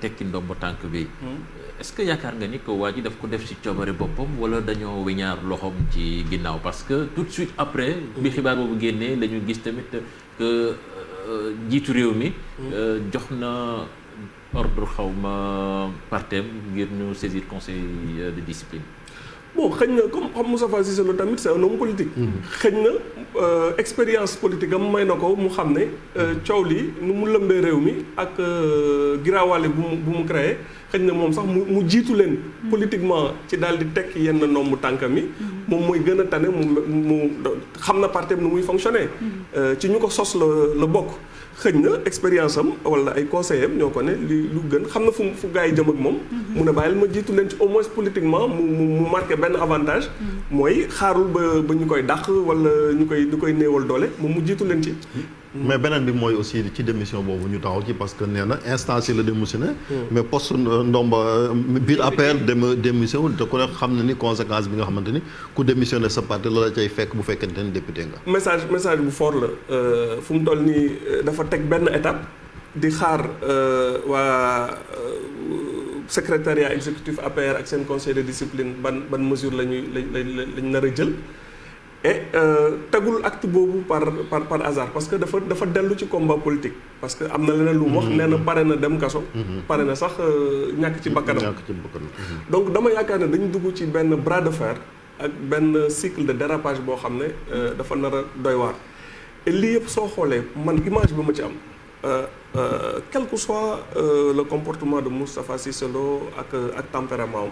tekki ndomb tànk bi. Hmm. est-ce que yaakaar nga ni ko waa ji daf ko def ci coobare boppam wala dañoo wiñaar loxoom ci ginnaaw parce que tout de suite après. bi xibaar boobu génnee la gis tamit que euh, jiitu réew mi. Euh, jox na ordre xaw ma partem ngir ñu saisir conseil euh, de discipline. bon xëy na comme xam Moustapha Cissé Lo tamit c'est un homme politique. Mm-hmm. xëy na expérience politique am may na ko mu xam ne coow li nu mu lëmbee réew mi ak giraawaale bu mu bu mu créé. xëñ na moom sax mu mu jiitu leen politiquement ci daal di teg yenn nomb tànkam yi mm-hmm. moom mooy gën a tane mu mu xam na parti nu muy fonctionner mm-hmm. euh, ci ñu ko sos la bokk xëñ na expérience am wala ay conseil am ñoo ko ne li lu gën xam na fu fu gars yi jëm ak moom mm-hmm. mu ne bàyyil ma jiitu leen ci au moins politiquement mu mu marqué benn avantage mooy xaarul ba ba ñu koy dàq wala ñu koy ñu koy néewal doole moom mu jiitu leen ci Mm. mais beneen bi mooy aussi ci démission boobu ñu taxaw ci parce que nee na instance yi la démissionné. Mm. mais poste ndomba biir APR dem démission te ku ne xam na ni conséquence bi nga xamante ni ku démissionné sa parti la la fekk bu fekkente ni député nga. message message bu fort la euh, fu mu toll nii euh, dafa teg benn étape di xaar euh, waa. secrétariat exécutif APR ak seen conseil de discipline ban ban mesure la ñuy la la la a jël et euh, tegul acte boobu par par par hasard parce que dafa dafa dellu ci combat politique parce que am na leneen lu mu wax mm-hmm. nee na pare na dem kaso mm-hmm. pare na sax euh, ñàkk ci bakkanam mm-hmm. donc dama yaakaar ne dañu dugg ci benn bras de fer ak benn cycle de dérapage boo xam ne euh, dafa nar a doy waar lii yëpp soo xoolee man image bi ma ci am quel que soit le comportement de Moustapha Cissé Lo ak ak tempérament am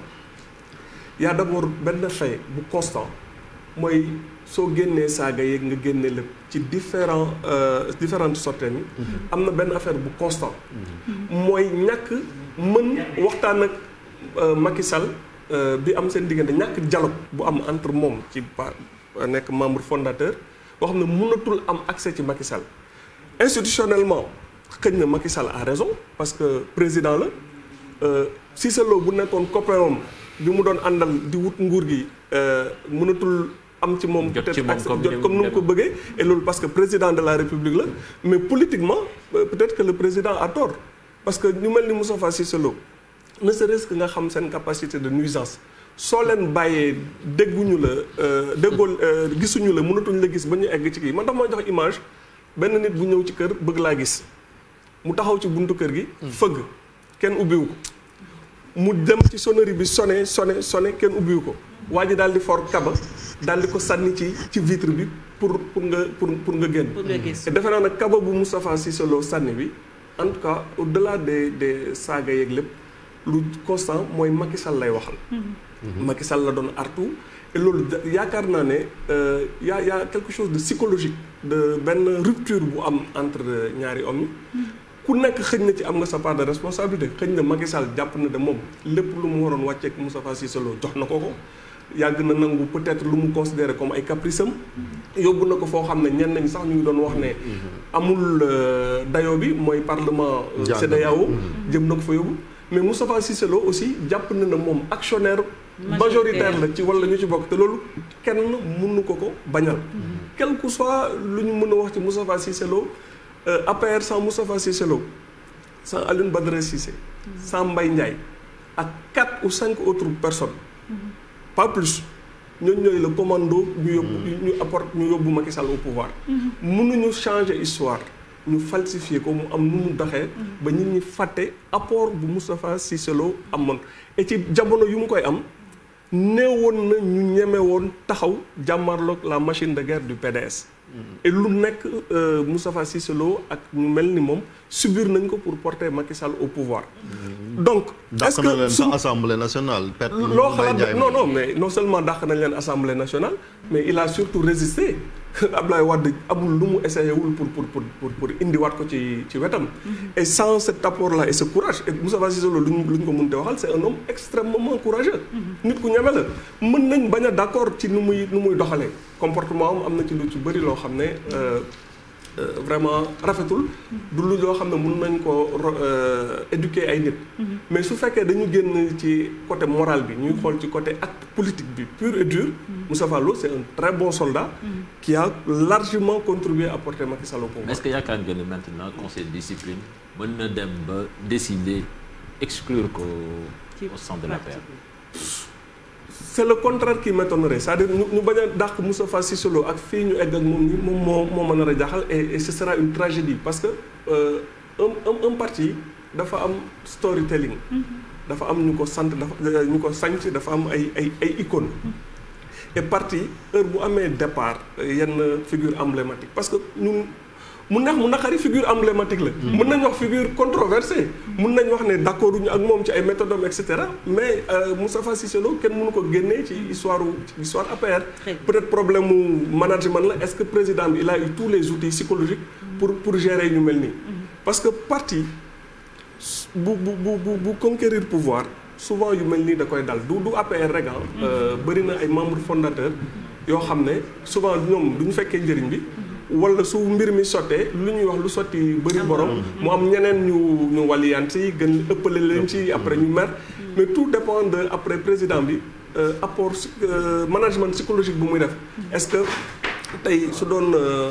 y a d'abord benn fait bu constant mooy soo génnee saaga yeeg nga génne lépp ci différents euh, différentes sorties yi mm-hmm. am na benn affaire bu constant mm-hmm. mooy ñàkk mën waxtaan ak euh, Macky Sall euh, bi am seen diggante ñàkk dialogue bu am entre moom ci par nekk membre fondateur boo xam ne mënatul am accès ci Macky Sall institutionnellement xëñ na Macky Sall a raison parce que président la Cissé Lo bu nekkoon copain am bi mu doon àndal di wut nguur gi mënatul am ci moom peut-être jot comme ni mu ko bëggee loolu parce que président de la république la mais politiquement euh, peut-être que le président a tort parce que ñu mel ni Moustapha Cissé Lo ne serait-ce nga xam seen capacité de nuisance soo leen bàyyee dégguñu la euh, déggool euh, gisuñu la mënatuñ la gis ba ñu egg ci kii man tax mooy jox image benn nit bu ñëw ci kër bëgg laa gis mu taxaw ci buntu kër gi hmm. fëgg kenn ubbiwu ko mu dem ci sonnerie bi sonné sone sonné kenn ubbiwu ko waa ji daal di for kaba daal di ko sànni ci ci vitre bi pour pour nga pour pour nga génn. pour nga gis defe naa nag kaba bu Moustapha Cissé Lo sànni bi en tout cas de delà des des saaga yeeg lépp lu constant mooy Macky Sall lay waxal. Mhm. Macky Sall la doon artu. loolu yaakaar naa ne euh, y' yaa y' a quelque chose de psychologique de benn rupture bu am entre ñaari hommes yi. Mhm. ku nekk xëñ na ci am nga sa part de responsabilité xëñ na Macky Sall jàpp na de moom lépp lu mu waroon wàcceeg Moustapha Cissé Lo jox na ko ko. yàgg na nangu peut-être lu mu considéré comme ay caprice am yóbbu na ko foo xam ne ñenn nañ sax ñu ngi doon wax ne amul euh, dayo bi mooy parlement euh, CEDEAO mm-hmm. jëm na ko fa yóbbu mais Moustapha Cissé Lo aussi jàpp na ne moom actionnaire majoritaire la ci wala ñu ci bokk te loolu kenn mënu ko ko bañal mm-hmm. quel que soit lu ñu mën a wax ci Moustapha selo Lo euh, APR sans Moustapha Cissé Lo sans Alioune Badara Cissé mm-hmm. sans Mbaye Ndiaye ak quatre ou cinq autres personnes pas plus ñooñu la le commando. ñu yóbbu mm. ñu apporte ñu yóbbu Macky Sall au pouvoir. Mm-hmm. mënuñu changer histoire ñu falsifier ko mu am lu mu doxee. Mm-hmm. ba nit ñi fàtte apport bu Moustapha Cissé Lo amoon et jamono yu mu koy am. neewoon na ñu ñeme woon taxaw jàmmarloog la machine de guerre du PDS. Mm-hmm. lu nekk euh, Moustapha Cissé Lo ak ñu mel ni moom. subir nañ ko pour porter Macky Sall au pouvoir. Mm-hmm. donc est-ce que su assemblée nationale. perte loo xalaat non non mais non seulement dàq nañ leen assemblée nationale. mais il a surtout résisté Ablaye Wade amul lu mu essayé wul pour pour pour pour indiwaat ko ci ci wetam. Mm-hmm. et sans cet apport là et ce courage et Moustapha Cissé Lo luñ luñ ko mënte waxal c'est un homme extrêmement courageux. Mm-hmm. nit ku ñeme la mën nañ bañ a d'accord ci nu muy nu muy doxalee comportement am am na ci lu ci bëri loo xam ne. Euh, Euh, vraiment rafetul du lu loo xam ne mun nañ ko euh, éduquer ay nit mm-hmm. mais su fekkee dañu génn ci côté moral bi ñuy mm-hmm. xool ci côté acte politique bi pur et dur mm-hmm. Moussa Fallou c'est un très bon soldat qui a largement contribué à porter Macky Sall au pouvoir est-ce que yaakaar nga ne maintenant conseil de discipline mën na dem ba décider exclure ko au centre de la paix c'est le contraire qui m'étonnerait c'est-à-dire ñu bañ a dàq Moustapha Cissé ak fii ñu egg ak moom ni moom moo moo mën a jaaxal et ce sera une tragédie parce que euh, un un un parti dafa am storytelling mm-hmm. dafa am ko sant dafa euh, ñu ko sanc dafa am ay ay ay mm-hmm. et parti heure bu amee départ euh, yenn figure emblématique parce que ñun mu neex mu naqari figure emblématique la. mën mm. nañu wax figure controversée. Mm. mun nañ wax ne d' accord ak moom ci ay méthodom et cetera mais euh, Moustapha Cissé Lo kenn mënu ko génnee ci histoire ci histoire APR. peut-être problème mu management la est-ce que président bi il a eu tous les outils psychologiques. Mm. pour pour gérer ñu mel nii. parce que parti bu bu bu bu conquérir pouvoir souvent yu mel nii da koy dal du du APR rek ah. Euh, bëri na ay membres fondateurs yoo xam ne souvent ñoom du ñu fekkee njëriñ bi. wala su mbir mi sottee lu ñuy wax lu sotti bëri borom mu am ñeneen ñu ñu waliyaan si gën ëppale leen ci après ñu mer mais tout dépend de après président bi euh, apport euh, management psychologique bu muy def est-ce que tey su doon euh,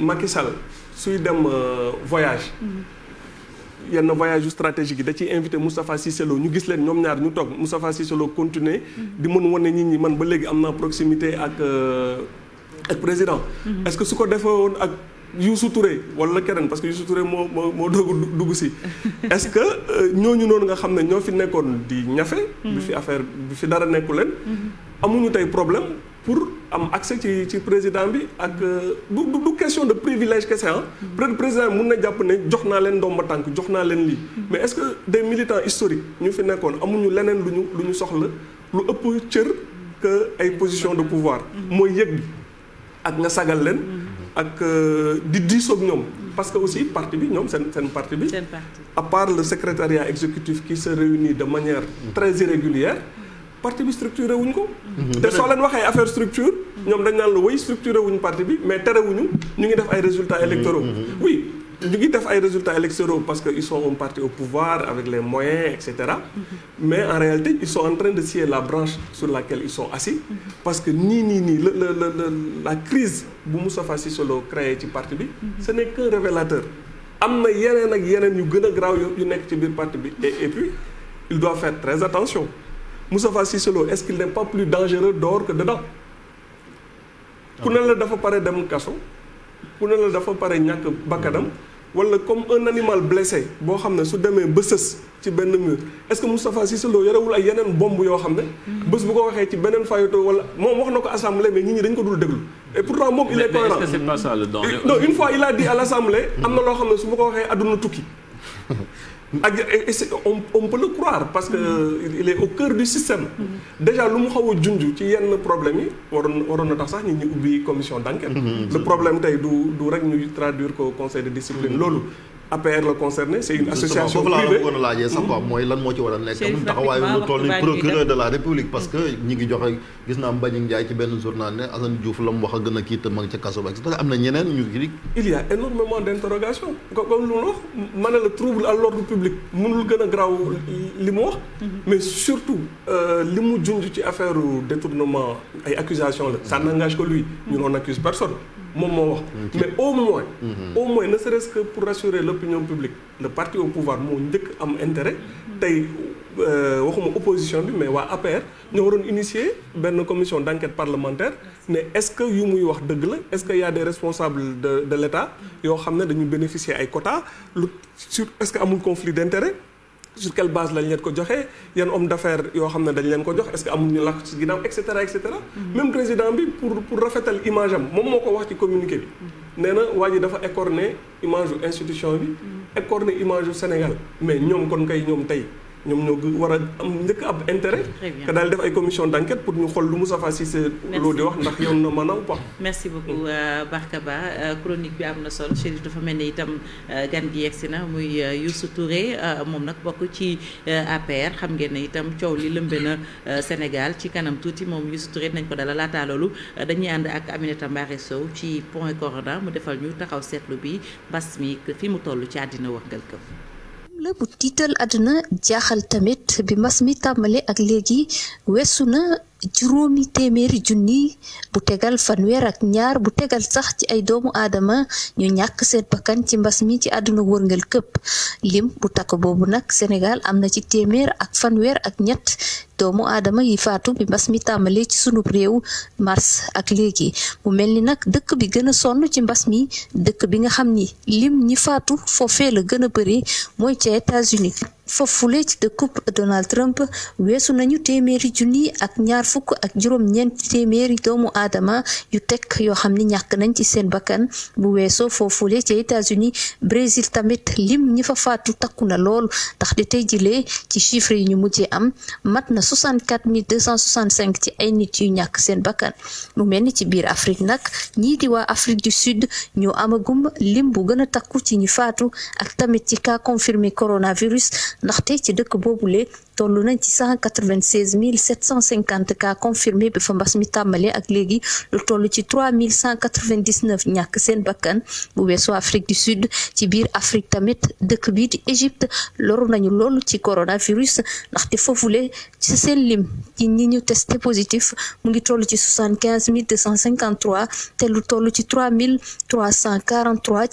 Macky Sall suy dem voyage mm-hmm. yenn voyage stratégique yi da ciy invité Moustapha Cissé Lo ñu gis leen ñoom ñaar ñu toog Moustapha Cissé Lo continuer mm-hmm. di mën wane nit ñi man ba léegi am na proximité ak ak président. Mhm. est-ce que su ko defee woon ak Youssou Touré wala keneen parce que Youssou Touré moo moo moo doog dugg si. est-ce que euh, ñooñu noonu nga xam ne ñoo fi nekkoon di ñafe. Mhm. bi fi affaire bi fi dara nekku leen. Mhm. amuñu tey problème pour am accès ci ci président bi ak euh, du du question de privilège kese ah. président mun na jàpp ne jox naa leen ndomba tànk jox naa leen lii. mais est-ce que des militants historiques ñu fi nekkoon amuñu leneen lu ñu lu ñu soxla lu ëpp cër ay position de pouvoir. mooy yëg bi. ak nga sagal leen. ak euh, di diisoog ñoom. parce que aussi parti bi ñoom seen seen parti bi. à part le secrétariat exécutif qui se réunit de manière très irrégulière. parti bi structuré wuñ ko. Mhm. te soo leen waxee affaire structure. ñoom dañ naan la woy structuré wuñ parti bi mais terewuñu ñu ngi def ay résultats électoraux. Mhm. oui ñu ngi def ay résultats électoraux parce que ils sont un parti au pouvoir avec les moyens et cetera mais en réalité ils sont en train de scier la branche sur laquelle ils sont assis parce que nii nii nii la la la la crise bu Moustapha Cissé solo créer ci parti bi ce n'est qu'un révélateur am na yeneen ak yeneen yu gën a graaw yu nekk ci biir parti bi et et puis il doit faire très attention Moustapha Cissé Lo est-ce qu'il n'est pas plus dangereux dehors que dedans ku ne la dafa pare dem kaso ku ne la dafa pare ñàkk bakkanam wala comme un animal blessé boo xam ne su demee ba sës ci benn mur est-ce que Moustapha Cissé Lo yorewul ay yeneen bomb yoo xam ne. Mm-hmm. bés bu ko waxee ci beneen fayoto wala moom wax na ko assemblée mais nit ñi dañ ko dul déglu. et pourtant moom il est cohérent mais est-ce fois il a dit à l'assemblée. am na loo xam ne su ma ko waxee àdduna tukki. ak on on peut le croire parce que il est au cœur du système. déjà lu mu xaw a junj ci yenn problème yi waroon waroon na tax sax nit ñi ubbi commission d'enquête. Mm-hmm. le problème tey du du rek ñu traduire ko conseil de discipline mm-hmm. loolu. APR la concerné c'est une association privée foofu laa bëggoon a laajee sax quoi mm-hmm. mooy lan moo ci war a nekk am taxawaay lu toll ni procureur de la république parce que ñi ngi joxe gis naa Mbagnick Ndiaye ci benn journal ne Assane Diouf la mu wax a gën a kii te ca kaso ba am na ñeneen ñu ngi il y a énormément d'interrogations comme lu gën a graw li mu wax mm-hmm. mais surtout euh, li mu junj ci affaire détournement ay accusations la ça mm-hmm. n'engage que lui ñu moom moo wax mm-hmm. mais au moins mm-hmm. au moins ne serait-ce que pour rassurer l'opinion publique le parti au pouvoir moo njëkk am intérêt mm-hmm. tey euh, waxuma opposition bi mais waa APR ñoo waroon initier benn commission d'enquête parlementaire ne est-ce que yu muy wax dëgg la es ce que y a des responsables de de yoo xam ne dañu bénéficier ay quotas lu sur est-ce que amul conflit d'intérêt sur quelle lañ leen ko joxe yan homme d'affaires yoo xam ne dañ leen ko jox est-ce que amuñu làkk ci ginnaaw et cetera et cetera. Mm-hmm. même président bi pour pour rafetal image am moom moo ko wax ci communiqué bi. Mm-hmm. nee na waa ji dafa écorné image yu institution bi. Mm-hmm. écorné image yu Sénégal mais ñoom kon kay ñoom tey. ñoom ñoo war a am njëkk ab intérêt que daal def ay commission d' pour ñu xool lu Moustapha Cissé Lo di wax ndax yoon na maanaam quoi merci beaucoup mm. euh, Barka Ba euh, chronique bi am na sol Chérif dafa mel ni itam euh, gan gi yegsi na muy Youssou Touré moom nag bokk ci APR xam ngeen ne itam coow li lëmbe na Sénégal ci kanam tuuti moom Youssou Touré nañ ko dala laataa loolu dañuy ànd ak Aminata Mbaare soow ci point corona mu defal ñu taxaw seetlu bi mbas mi fi mu toll ci àddina wax ngal la bu tiital àdduna jaaxal tamit bi mbas mi tàmbale ak léegi weesu na juróomi téeméeri junni bu tegal fanweer ak ñaar bu tegal sax ci ay doomu aadama ñu ñàkk seen bakkan ci mbas mi ci àdduna wërngal këpp lim bu takk boobu nag Sénégal am na ci téeméer ak fanweer ak ñett doomu aadama yi faatu bi mbas mi tàmbalee ci sunu réew mars ak léegi mu mel ni nag dëkk bi gën a sonn ci mbas mi dëkk bi nga xam ni lim ñi faatu foofee la gën a bëri mooy ca foofule ci dëkkub Donald Trump weesu nañu téeméeri junni ak ñaar fukk ak juróom ñeenti aadama yu teg yoo xam ni ñàkk nañ ci seen bakkan bu weesoo foofule ci états Brésil tamit lim ñi fa faatu takku na lool ndax di tey jilee ci chiffre yi ñu mujjee am mat na 64 265 ci ay nit yu ñàkk seen bakkan mu mel ni ci biir Afrique nag ñii di waa Afrique du Sud ñoo amagum lim bu gën a takku ci ñu faatu ak tamit ci cas confirmé coronavirus ndaxte ci dëkk boobule tollu nañ ci cent quatre vingt seize mille sept cent cinquante cas confirmés ba fa mbas mi tàmbalee ak léegi lu tollu ci trois mille cent quatre vingt dix neuf ñàkk seen bakkan bu weesoo Afrique du Sud ci biir Afrique tamit dëkk bii di Égypte loru nañu lool ci coronavirus ndaxte foofule ci seen lim ñi ñu testé positif mu ngi toll ci soixante quinze mille deux cent cinquante te lu toll ci trois mille trois cent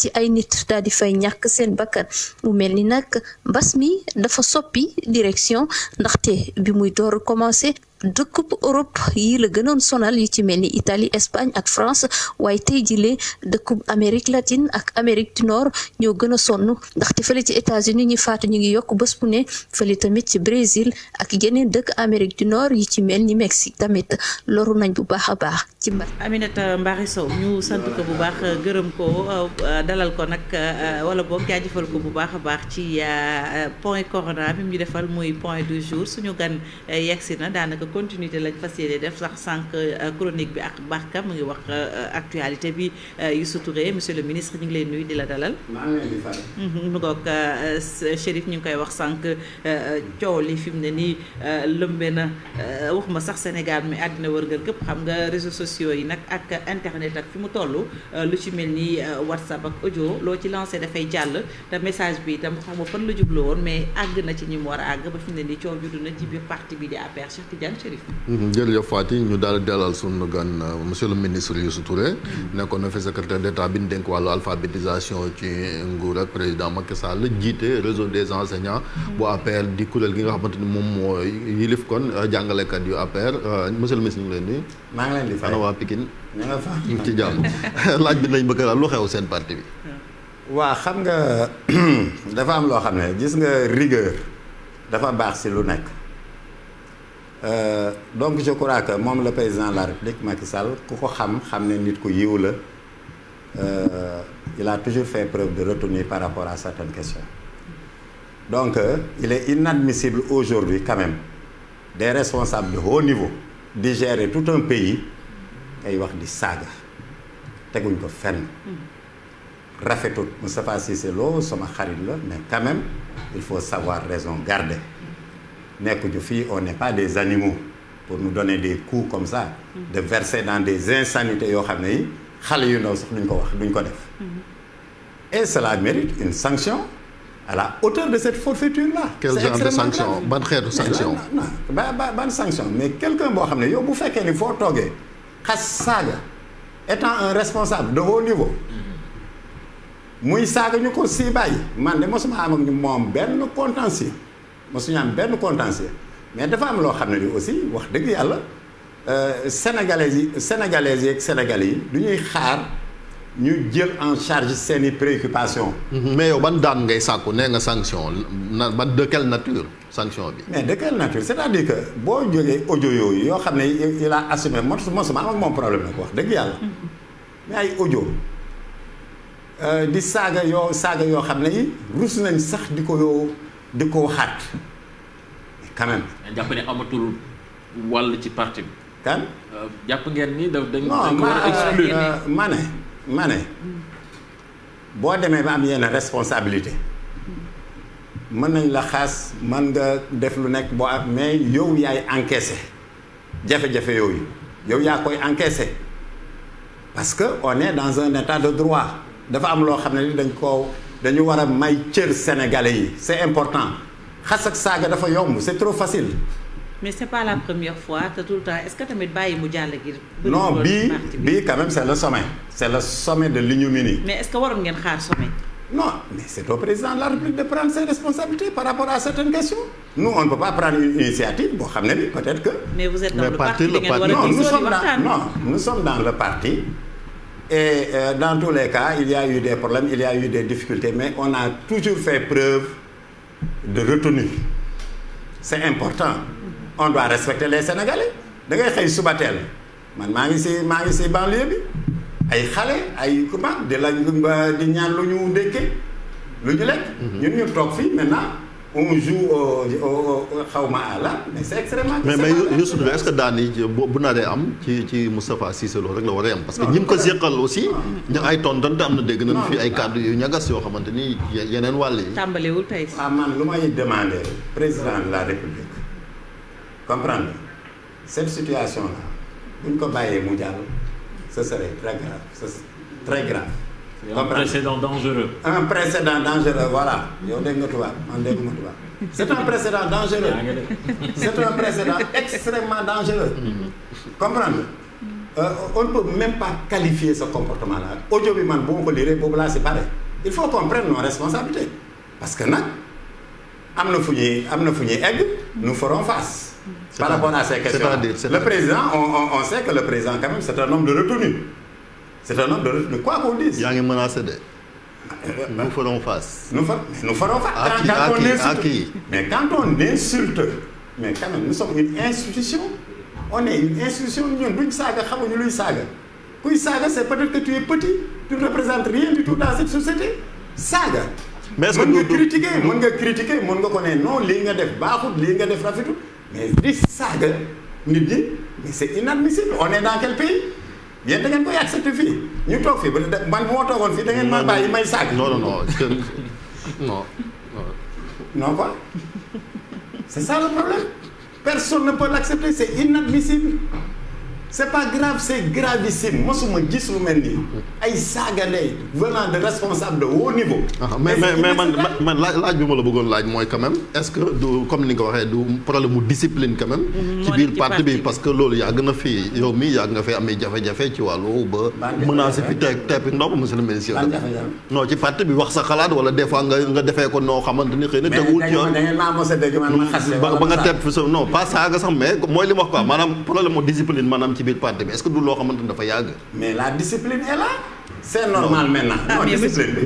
ci ay nit di fay ñàkk seen bakkan mu mel ni nag mbas mi dafa soppi direction ndaxte bi muy door commencé dëkku bu Europe yi la gënoon sonal yi ci mel ni Italie Espagne ak France waaye tey jilee dëkkub Amérique latine ak Amérique du Nord ñoo gën a sonn te fële ci États-Unis ñi faatu ñu ngi yokk bës bu ne fële tamit ci Brésil ak yeneen dëkk Amérique du Nord yi ci mel ni Mexique tamit loru nañ bu baax a baax ci mbar Aminata Mbaye Sow ñu sant ko bu baax gërëm ko euh, dalal ko nag euh, wala boog jaajëfal ko bu baax a baax ci euh, point corona bi mu ñu defal muy point du jour suñu gan yegsi na continuité lañ fas yéene def sax sànq euh, chronique bi ak Barka mu ngi wax euh, actualité bi euh, Youssou Touré monsieur le ministre ñu ngi lay nuyu di la dalal. maa ngi lay fay. Mm-hmm, mu ngoog Chérif ñu ngi koy wax sànq coow li fi mu ne nii lëmbe na wax ma sax Sénégal mi àddina wërngal képp xam nga réseaux sociaux yi nag ak internet ak fi mu toll lu ci mel ni WhatsApp ak audio loo ci lancé dafay jàll te message bi itam xam nga fan la jubloo woon mais àgg na ci ñi war àgg ba fi ne nii coow bi di Sénégal Chérif. Mhm, jërëjëf Faty ñu daal dalal sunu gan euh, monsieur le ministre Youssou Touré. Mhm. nekkoon na fi secrétaire d' état bi ñu dénk wàllu alphabétisation ci nguur ak président Macky jiite réseau des enseignants. Mhm. bu APR di kuréel gi nga xamante ni moom moo yilif kon euh, jàngalekat yu APR euh, monsieur le ministre ñu ngi leen di. maa ngi leen di fay ana waa Pikine. ci jàmm laaj bi lañ bëgg a lu xew seen parti bi. waa xam nga dafa am loo xam ne gis nga rigueur dafa baax si lu nekk. Euh, donc je crois que moom le président de la République Macky Sall ku ko xam xam ne nit ku yiw la euh, il a toujours fait preuve de retenue par rapport à certaines questions donc euh, il est inadmissible aujourd'hui quand même des responsables de haut niveau di gérer tout un pays ngay wax di saaga teguñ ko fenn rafetul Moustapha Cissé Lo sama xarit la mais quand il faut savoir raison garde nekkuñu fii on n'est pas des animaux pour nous donner des coups comme ça de verser dans des insanités yoo xam ne yi xale yu ndaw sax duñ ko wax duñ ko def mm-hmm. et cela mérite une sanction à la hauteur de cette forfaiture là. quel genre de sanction ban xeetu sanction. ba ba ban sanction mais quelqu'un boo xam ne yow bu fekkee ni foo toogee xas saaga étant un responsable de haut niveau. Mm-hmm. muy saaga ñu ko sii bàyyi man de mosuma am ak ñu moom benn contentieux. mosuñu am benn contentieux mais dafa am loo xam ne li aussi wax dëgg yàlla euh, sénégalais yi sénégalais yi ak yi du ñuy xaar ñu jël en charge seeni préoccupation mm-hmm. mais yow ban daan ngay sàkku nee nga sanction na ban de quelle nature sanction bi. mais de quelle boo jógee audio yooyu yoo xam ne il a assumé mo mosuma am ak moom problème na ko wax dëgg yàlla mm-hmm. mais ay audio euh, di saaga yoo saaga yoo xam ne yi rus nañ sax di ko yoo di ko waxaat quand même. jàpp amatul wàll ci parti bi. kan. Euh, jàpp ngeen ni da dañ ko war a euh, boo demee ba am yenn responsabilité mën nañ la xaas mën nga def lu nekk boo am mais yow yaay encaissé jafe-jafe yooyu yow yaa koy encaissé parce que on est dans un état de droit dafa am loo xam ne ni dañ ko dañu war a may cër sénégalais yi c'est important xas ak saaga dafa yomb c'est trop facile. mais c'est pas la première fois te tout le temps est-ce que tamit bàyyi mu jàll gi. non bii bii quand c'est le sommet. c'est le sommet de l'ignominie. mais est-ce que waroon ngeen xaar sommet. non mais c'est au président de la République de prendre ses responsabilités par rapport à certaines questions. nous on ne pas prendre une initiative boo xam ne bi peut-être que. mais vous êtes dans l parti. Et euh, dans tous les cas, il y a eu des problèmes, il y eu des difficultés, mais on a toujours fait preuve de retenue. C'est important. On doit respecter les Sénégalais. da ngay xëy suba teel man maa ngi si maa ngi si banlieue bi ay xale ay comment di la di ñaan lu ñu ndékkee lu ñu lekk. Mhm. ñun ñu toog fii maintenant. on joue au euh, euh, euh, xaw ma à l'arme mais c'est extrêmement mais mais Youssou Ndour est-ce que daan yi bu naree am ci ci Moustapha Cissé Lo rek la war a am parce que ñi mu ko séqal aussi ñu ay tontonte am na dégg nañu fii ay kàddu yu ñagas yoo xamante ni yeneen wàll yi tàmbalewul tey ah man lu may demandé président de la république comprendre cette situation là buñ ko bàyyee mu jàll ce serait très grave ce serait très un précédent dangereux. un précédent dangereux voilà yow dégg nga tubaab man dégg nga tubaab c'est un précédent dangereux c'est un précédent extrêmement dangereux mm-hmm. comprendre euh, on ne même pas qualifier ce comportement là audio man bu ma ko liree boobu laa si il faut qu'on prenne nos parce que nag am na fu ñuy am na fu ñuy egg nous ferons face par rapport à ces questions le président on, on, on sait de retenue c'est a homme de de quoi qu'on dise. yaa ngi menacé de. Ah, nous ferons face. nous fa nous ferons face. quand quand mais quand on insulte. mais quand même nous sommes une institution. on est une institution ñun duñ saaga xamuñu luy saaga kuy saaga c'est peut-être que tu es petit tu ne rien du tout dans cette société saaga. mais est-ce que mën nga critiquer mën nga ko ne non lii nga def baaxut lii nga def rafetul mais di saaga nit ñi mais c'est inadmissible on est pays. yéen da ngeen koy accepté fii ñu toog fii ba man bu ma toogoon fii da ngeen bàyyi may saag. non non non non non quoi c'est ça le problème personne ne peut l'accepter c'est inadmissible c'est pas grave c'est gravissime mosuma gis lu mel nii ay saaga ndey venant de responsable de haut niveau. Ah, mais mais man man laaj bi ma la bëggoon laaj mooy quand même est-ce que du comme ni nga ko waxee du problème mu discipline quand même. Mm-hmm. ci biir parti bi parce que loolu yàgg na fi yow mi yàgg nga fi amee jafe-jafe ci wàllu ba. menace fi teg teppi ndox monsieur le ministre. non ci parti bi wax sa xalaat wala des fois nga nga defee ko noo xamante ni xëy na. teguwul ci yoon ba nga tepp fi sa non pas saaga sax mais mooy li ma wax quoi maanaam problème mu discipline maanaam ci biir parti bi est-ce du loo xamante dafa yàgg. mais la discipline est là. c'est normal maintenant.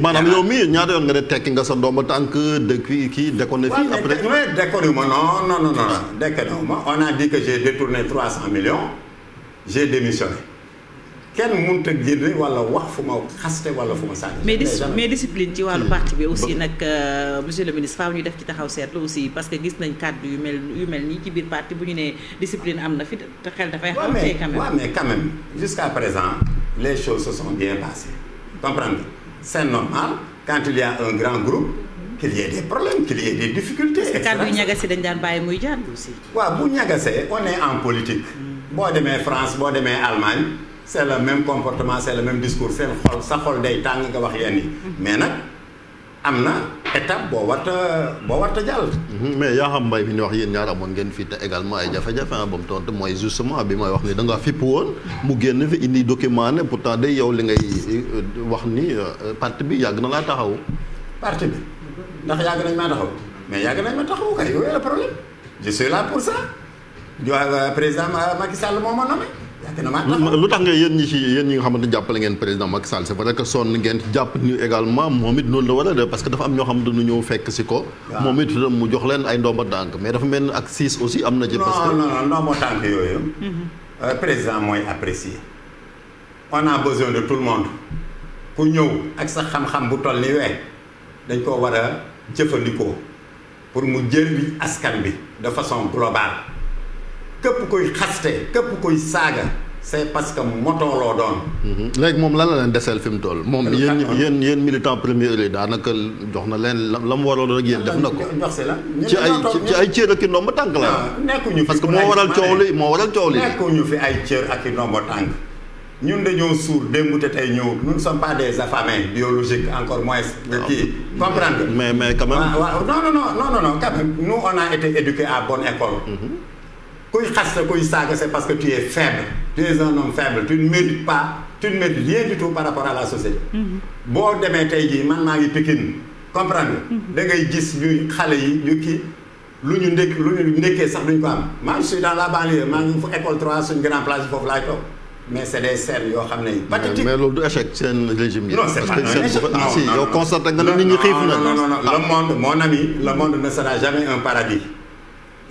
maanaam ah. yow mii ñaata yoon nga de tekki nga sa ndomba tànk dëkk kii déconné fii après. waaw mais déconné wu ma non non non non déconné wu ma on a dit que j'ai détourné trois cent millions j'ai démissionné. kenn mënut a génne wala wax fu ma xaste wala fu ma sànni. mais mais discipline ci wàllu parti bi aussi nag euh, monsieur le ministre faaw ñu def ci taxaw seetlu aussi parce que gis nañ kàddu yu mel yu mel nii ci biir parti bu ñu nee discipline am na fi te xel dafay. xam tey quand même waaw se sont bien passées comprendre c'est normal quand il y a un grand groupe. qu'il y ait des problèmes difficultés. et cetera yu ñagase dañ daan bàyyi muy jàll aussi. waaw bu ñagasee on en politique. Hmm. boo demee France boo demee Allemagne. c'est le même comportement c'est le même discours seen xol sa xol day tàng nga wax yenn yi mais nag am na étape boo warta boo warta jàll mhm, mais yaa xam mbay bi ñu wax yéen ñaar amoon ngeen fii te également ay jafe-jafe ah, ba mu tontu mooy justement bi mooy wax ni da ngaa fipp woon mu génn fi indi document ne pourtant day yow li ngay euh, wax ni euh, parti bi yàgg na laa taxaw parti bi ndax yàgg nañ maa taxaw mais yàgg nañ ma taxaw kay yooyu la problème je suis là pour lu tax nga yéen ñi ci yéen ñi nga xamante ne jàppale ngeen président Macky Sall c'est vrai que sonn ngeen jàpp ni également moom it noonu la war a def parce que dafa am ñoo xam ne ñëw fekk si ko moom it mu jox leen ay ndomba tànk mais dafa mel ni ak siis aussi am na ci parce que non non ndomba yooyu euh, président mooy apprécié on a besoin de tout le ku ñëw ak sa xam-xam bu toll ni wee dañ ko war a jëfandikoo pour mu jëriñ askan bi de façon globale képp koy xaste képp koy saaga c'est parce que moton loo doon. Mhm. léegi moom lan la leen deseel fi mu toll. moom yéen yéen yéen militant premier li daanaka jox na leen la mu waroon rek yéen def na ko. ci ay ci ay cër ak i tànk la. nekkuñu fi parce que moo waral coow li moo waral coow li. nekkuñu fi ay cër ak i ndomba tànk ñun dañoo suur démb te tey ñëw nous ne sommes pas des affamés biologiques encore moins. waaw ah, kii comprendre mais mais quand même. Ah, waaw non a été éduqués kuy xas sa kuy saaga c'est parce que tu es faible tu es un homme faible tu ne mérites tu ne mérites par rapport à la société mm-hmm. boo demee tey jii man maa ngi Pikine comprendre mm-hmm. da ngay gis ñuy xale yi ñu kii lu ñu ndékk lu ñu ndékkee sax duñ ko am maa ngi suis dans la maa ngi fu école 3 suñ grand place foofu laay toog mais c'est des scènes yoo xam ne pathétique mais loolu du échec seen régime yi non c'est pas un échec non ah, si yow constaté nga ne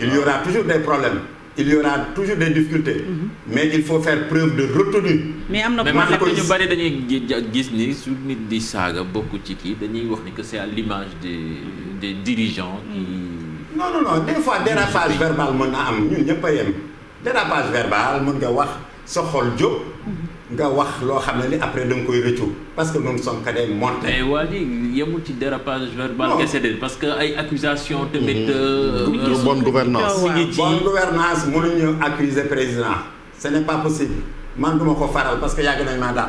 nit toujours des problèmes il y aura toujours des difficultés. Mhm. mais il faut faire preuve de retenue. mais am na problème ñu bari dañuy gis ni su nit di saaga bokk ci kii dañuy wax ni que c'est à l'image des des dirigeants. Mm. non non non des fois dérapage verbal mën na am ñun ñëpp a yem dérapage verbal mën nga wax sa xol jóg. Mhm. nga wax loo xam ne ni après da koy rëccu parce que nous sommes que des montagnes. mais waa ji yemul verbal kese de parce que ay accusations mm-hmm. tamit. Euh, euh, bonne gouvernance mi ngi ci bonne gouvernance mënuñu accuser président ce n'est pas possible man duma ko faral parce que yàgg nañ maa dàq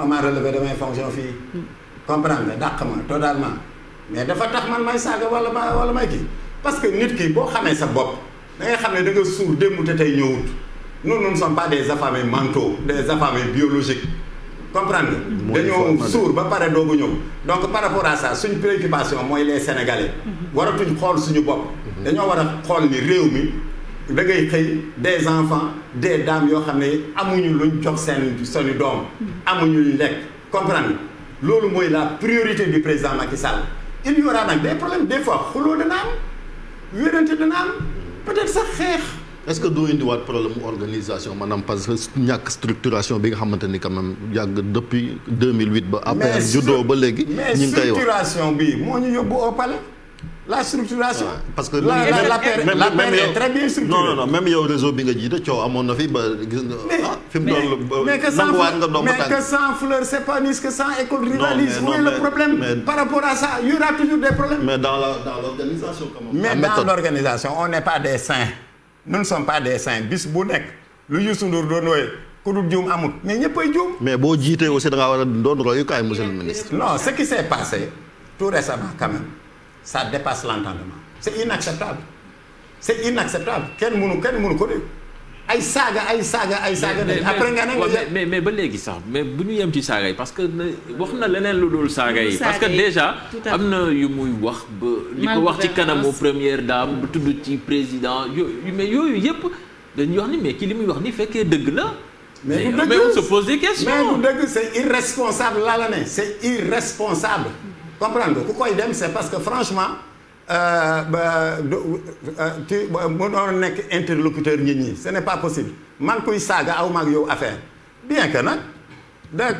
on m'a relevé de mes fonctions fii mm. comprendre nga dàq ma totalement mais dafa tax man may saaga wala ma wala may kii parce que nit ki boo xamee sa bopp da nga xam ne da nga suur démb te nous nous ne sommes pas des affamés mentaux des affamés biologiques comprendre nga dañoo ba pare doogu ñëw donc par rapport à ça suñ préoccupation mooy les sénégalais mhm. waratuñ xool suñu bopp mhm. dañoo war a xool ni réew mi da ngay xëy des enfants des dames yoo xam ne amuñu luñ jox seen soni doom mhm. amuñu luñ lekk comprendre loolu mooy la priorité du président Macky Sall il y aura nag des problèmes des fois xuloo dana wérante dana am peut-être sax xeex est-ce que doo indiwaat problème mu organisation parce que ñàkk structuration bi nga xamante ni quand même yàgg depuis 2008 ba. après juddoo ba léegi. ñu ngi koy wax mais parce que la yow très réseau bi nga jiite coow amoon na fi ba gis nga. ah fi mu doon mais que sans mais mais le problème par rapport mais dans la organisation l'organisation. mais dans on n'est pas des saints. nous ne pas des saints bis bu nekk lu Youssou Ndour doon wooye ku dul juum amul mais ñëppay juum. mais boo jiitee aussi da war a doon royukaay monsieur le ministre. non ce qui s'est passé tout récemment quand même ça dépasse l'entendement c'est inacceptable c'est inacceptable kenn mënu kenn munu ko dégg. ay saaga ay saaga ay saaga de après nga ne mais mais ba léegi sax mais bu ñu yem ci saaga yi parce que wax na leneen lu dul saaga yi parce que déjà am na yu muy wax ba li ko wax ci kanamu première daam bu tudd ci président yooyu mais yooyu yëpp dañ wax ni mais ki li muy wax ni fekkee dëgg la mais bu dëgg on se pose des questions mais bu dëgg c'est irresponsable laa la ne c'est irresponsable comprendre ku koy dem c'est parce que franchement ci euh, euh, mu doon nekk interlocuteur nit ñi ce n'est pas possible man kuy saaga aw maag yow affaire bien que nag da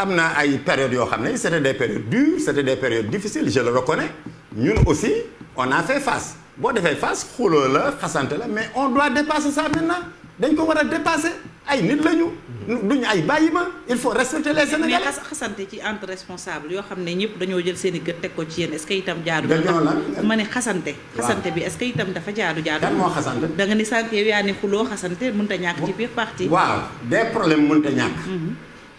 am na ay période yoo xam ne c'était des périodes dures c'était des périodes difficiles je le reconnais ñun aussi on a fait face boo defee face xuloo la xasante la mais on doit dépasser ça maintenant dañ ko war a dépasser ay nit lañu. duñ ay bàyyi ma il faut respecter les Sénégalais. mais xasante ci entre responsable yoo xam ne ñëpp dañoo jël seen i gët teg ko ci yéen est ce que itam jaadu. dañoo ma ne xasante. xasante bi est ce itam dafa jaadu jaadu. kan moo xasante. da nga ni sànq yow yaa ne xuloo xasante mënut a ñàkk ci biir parti. waaw des problèmes mënut a ñàkk. Mhm.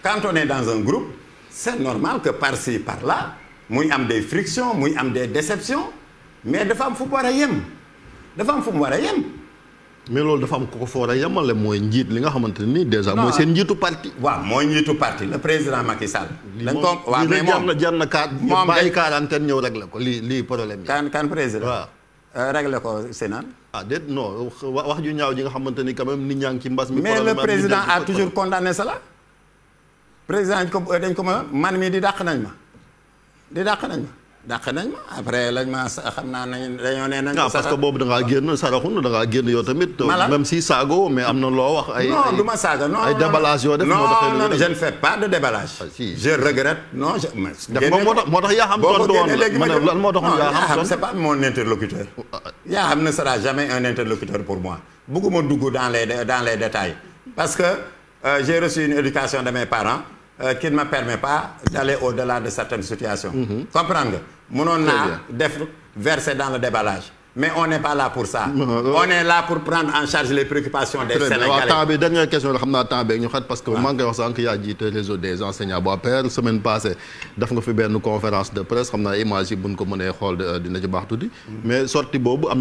quand on est dans un groupe. c' est normal que par ci par là muy am des frictions muy am des déceptions mais dafa am fu mu war a yem dafa am fu mu war a yem. mais loolu dafa am ko ko foora yamale mooy njiit li nga xamante ni déjà. mooy seen njiitu parti. waaw mooy njiitu parti le président Macky Sall. dañ ko waaw mais moom jar na jar na bàyyi quarantaine ñëw réglé ko lii lii problème yi. kan kan président waaw. Euh, réglé ko Sénat. ah déet non wax ju ñaaw ji nga xamante ni quand même ñaa ngi ci mbas mi. mais le président a toujours condamné cela. président dañ ko dañ ko ma man mii di dàq nañ ma di dàq nañ ma. dàq nañ ma après lañ ma xam naa nañ dañoo nee nañ. boobu da ngaa génn saraxun da ngaa génn yow tamit. même si saago mais am na loo wax. ay non du ma saaga non yoo def. moo tax non non je ne fais pas de déballage. Ah, si je regrette non je. génne moo tax moo tax yaa xam tontu woon la moo taxoon yaa xam tontu. c'est pas mon interlocuteur. Ah, ah. yaa xam ne sera jamais un interlocuteur pour moi. bëgguma dugg dans les détails parce que euh, j'ai reçu une éducation de mes parents. euh, qui ne me permet pas d'aller au-delà de certaines situations. Mm nga mënoon naa def verser dans le déballage. mais on n'est pas là pour ça. on est là pour prendre en charge les préoccupations des Sénégalais. temps bi question la xam naa temps beeg ñu xat parce que maa wax sànq yaa jiite réseau des enseignants bu APR semaine passée def nga fi benn conférence de presse xam naa image yi buñ ko mënee xool euh, dina ci baax tuuti. Mhm. mais sortie boobu am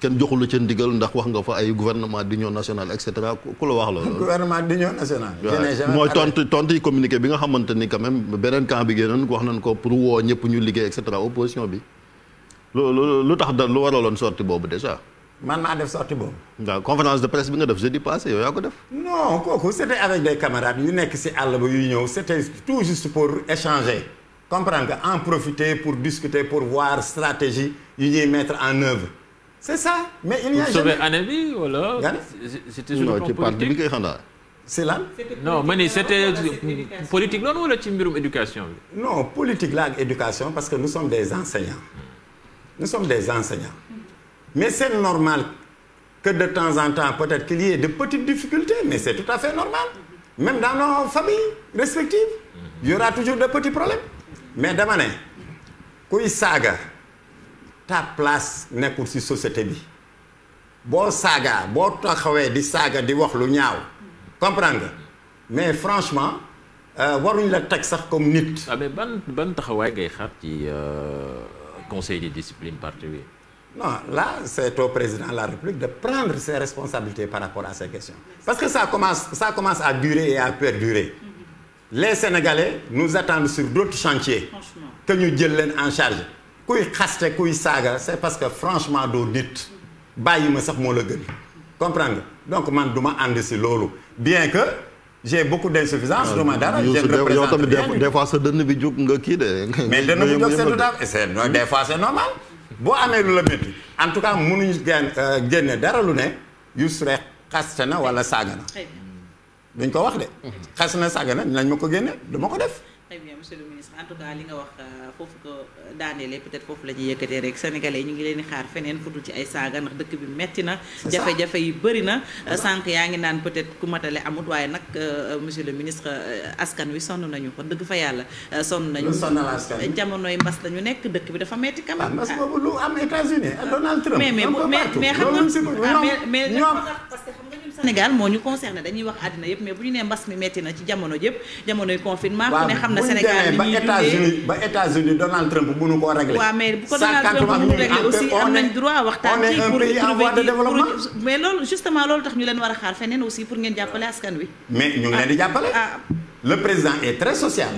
kenn joxul la ndigal ndax wax nga fa ay gouvernement d'union nationale et cetera ku la wax loolu. gouvernement d'union nationale. mooy tontu tontu communiqué bi nga xamante ni quand même beneen camp bi génnoon wax nañ ko pour woo ñëpp ñu liggéey et cetera opposition bi lu lu tax da sorti boobu déjà. man maa def sorti boobu. waaw conférence de presse bi nga def jeudi passé yow yaa ko def. non kooku c'était avec des camarades yu nekk ci àll ba yuy ñëw c'était tout juste pour échanger. comprendre nga en profiter pour discuter pour voir stratégie yu ñuy mettre en c'est ça mais il n'y a jamais année bi wala. c'était sur le plan c'est lan. non ma c'était politique loolu wala ci mbirum éducation bi. non politique la ak éducation parce que nous sommes des enseignants. Hmm. nous sommes des enseignants. mais c'est normal que de temps en temps peut-être qu'il y ait de petites difficultés mais c'est tout à fait normal. même dans nos familles respectives. il y aura toujours de petits problèmes. mais damane ne kuy saaga. ta place nekkul ci société bi boo saaga boo taxawee di saaga di wax lu ñaaw comprendre nga mais franchement euh, waruñ la teg sax comme nit. ah mais ban ban taxawaay ngay xaar ci euh, conseil de discipline parti bi. non là c'est au président de la République de prendre ses responsabilités par rapport à ces questions parce que ça commence ça commence à durer et à perdurer mm-hmm. les Sénégalais nous attendent sur d'autres chantiers que ñu jël leen en charge. kuy xaste kuy saaga c'est parce que franchement doo nit bàyyi ma sax moo la gën comprendre donc man du ma ànd si loolu bien que jee beaucoup d'insuffisance du ma ah, dara yow tamit des sa dënn bi jóg nga kii de mais dënn bi jóg c'est tout à fait c'est des fois c'est normal boo amee lu la métti en tout cas mënuñu génn euh, génne dara lu ne Youssou Reek xaste na wala saaga na duñ ko wax de xas na saaga na nañ ma ko génne du ko def monsieur le ministre en tout cas li nga wax euh, foofu ko euh, daaneele peut-être foofu la ñuy yëkkatee rek sénégalais ñu ngi leen di xaar feneen fudul ci ay saaga ndax dëkk bi metti na jafe-jafe yi bëri na euh, sànq yaa ngi naan peut-être ku matale amut waaye nag monsieur le ministre askan wi sonn nañu ko dëgg fa yàlla sonn nañu jamonoy mbas la ñu nekk dëkk bi dafa metti quand même ah, lu am États-Unis Donald Trump mais mais mais xam nga ah, mais parce que xam nga ñun Sénégal moo ñu concerné dañuy wax àddina yëpp mais bu ñu nee mbas mi metti na ci jamono yëpp jamonoy confinement ku ne xam na Sénégal demee eh, ba États-Unis ba États-Unis Donald Trump mënu koo régler. waaw mais bu ko Donald aussi am nañ droit waxtaan ci pour trouver mais loolu justement loolu tax ñu leen war a xaar pour ngeen jàppale askan wi. mais ñu leen di ah, jàppale. Ah. le président est très social.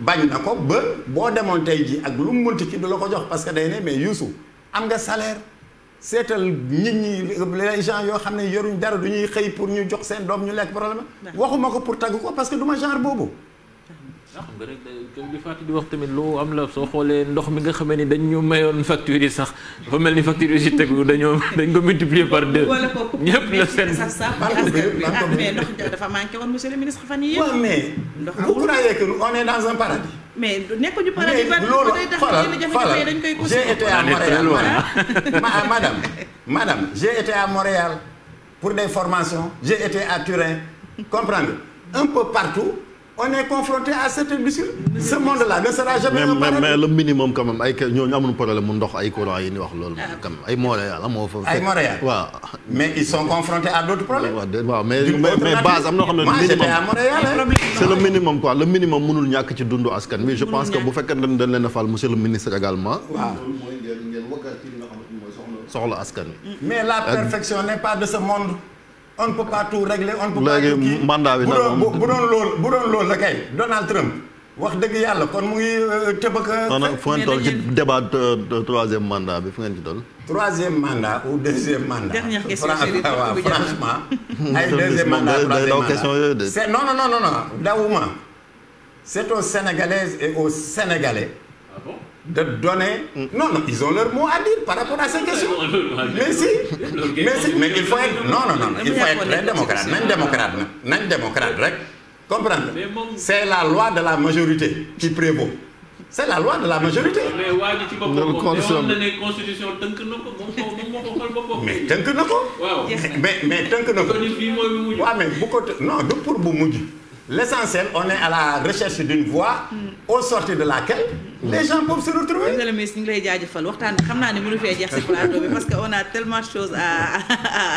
bañ na ko ba boo demoon tey jii ak lu mu mënti kii du la ko jox parce que day ne mais Youssou am nga salaire. seetal nit ñi les yoo xam ne yoruñ dara du ñuy xëy pour ñu jox seen doom ñu lekk problème waxuma ko pour tagg ko parce xam nga rek comme li Fatou di wax tamit lu am la soo xoolee ndox mi nga xamee ni dañ ñu mayoon facture yi sax dafa mel ni facture yi si tegu dañoo dañ ko multiplier par deux. ñëpp la seen sax sax mais ndox dafa manqué woon monsieur le ministre fan yëpp. mais nekkuñu paradis. mais loolu faral faral ah, j'ai été à Montréal pour des formation j'ai été à Turin comprendre un peu partout. on est confronté à cette blessure. ce monde-là ne sera jamais. mais mais le minimum quand même ay kay ñooñu amuñu problème mu ndox ay courant yi ni wax loolu. quand même ay Montréal moo fa. ay Montréal waaw. mais ils sont confrontés à d'autres problèmes. waaw mais mais base am na xam ne minimum c'est le minimum quoi le minimum mënul ñàkk ci dundu askan wi. je pense que bu fekkee dañ dañ leen a fal monsieur le ministre également. waaw soxla askan wi. mais la euh, perfection n'est pas de ce monde. on ne peut pas tout régler on ne peut bu doon loolu bu doon loolu la kay Donald Trump wax dëgg yàlla kon mu ngi euh, tëb ak. Euh, fu ngeen toll ci euh, troisième mandat bi fu ngeen ci toll. troisième mandat ou deuxième mandat. franchement. ay deuxième mandat troisième mandat c'est non non non non dawuma c'est aux Sénégalaises et aux ah de donner. Non, non, ils ont leur mot à dire par rapport à ces questions. Mais si, mais si, mais il faut être. Non, non, non, il faut être très démocrate. Nañ démocrate nag nañ démocrate rek. comprendre c'est la loi de la majorité qui prévaut. c'est la loi de la majorité. mais waa ji ci boppam na ko moom ko mais na ko. waaw mais mais na ko. waaw mais bu ko non du pour bu mujj. le on est à la recherche d'une voie au sorti de laquelle les gens peuvent se retrouver monsieur le ministre ñu ngi lay jaajëfal waxtaan bi xam naa ne mënu fee jeex si plateau bi parce que on a tellement de choses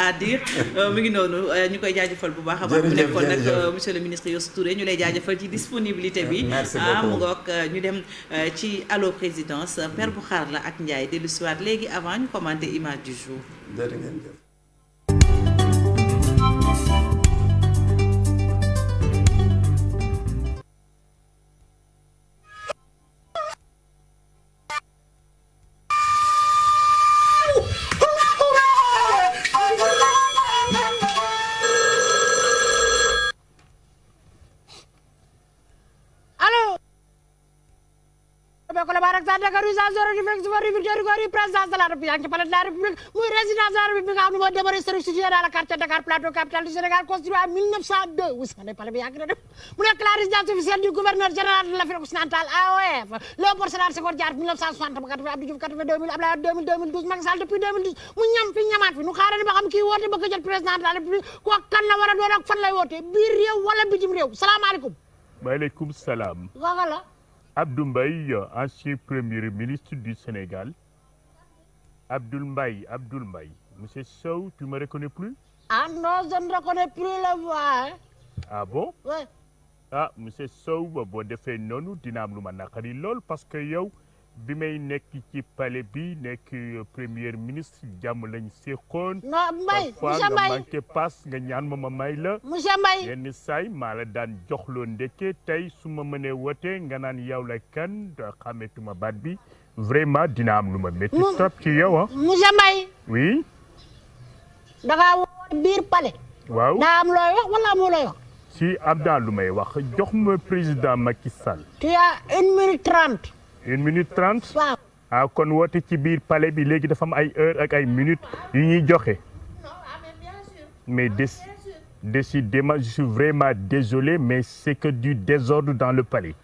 à dire euh, mu ngi noonu euh, ñu koy jaajëfal bu baax a baax bu nekkoon nag euh, monsieur le ministre Youssou Touré ñu lay jaajëfal ci disponibilité bi ah mu ñu dem ci allo présidence Père Boukhar la ak Ndiaye dellu si léegi avant ñu commenter image du jour Baraka Dakarisation de l'Université de Rivière-du-Loup, présidence de la République, palais de la République, muy résidence de la République bi nga xam ne moo démarré situé dans le quartier Dakar Plateau capitale du Sénégal construit en 1902 Ousmane palais bi yàgg na def mu nekk la résidence officielle du de l'Afrique occidentale AOF depuis mu ñam fi nu xaaree ni ba xam kii woote bëgg a jot président de la République koo kan la war a doon ak fan lay biir réew wala bitim Abdou Mbaye ancien premier ministre du Sénégal Abdoul Mbaye Abdoul Mbaye monsieur Sow tu me reconnais plus. ah non je ne reconnais plus la voix. ah bon. oui. ah monsieur Sow boo defee noonu dina am lu ma naqari lool parce que yow. bi may nekk ci pale bi nekk euh, premier ministre jàmm lañ séqoon. non Mbaye monsieur Mbaye nga paas nga ñaan ma may la. monsieur Mbaye yenn saay maa la daan jox loo ndekkee tey su ma mënee woote nga naan yow la kan xametuma baat bi vraiment dina am lu ma métti trop ci yow ah. monsieur Mbaye. oui. da woo biir palais. waaw am looy wax wala amoo looy si am naa lu may wax jox ma président Macky Sall. tu as une minute une minute trente. waaw ah, kon woote ci biir palais bi léegi dafa am ay heure ak ay minutes yu ñuy joxe. mais dé décidément je suis vraiment désolé mais c'est que du désordre dans le palais.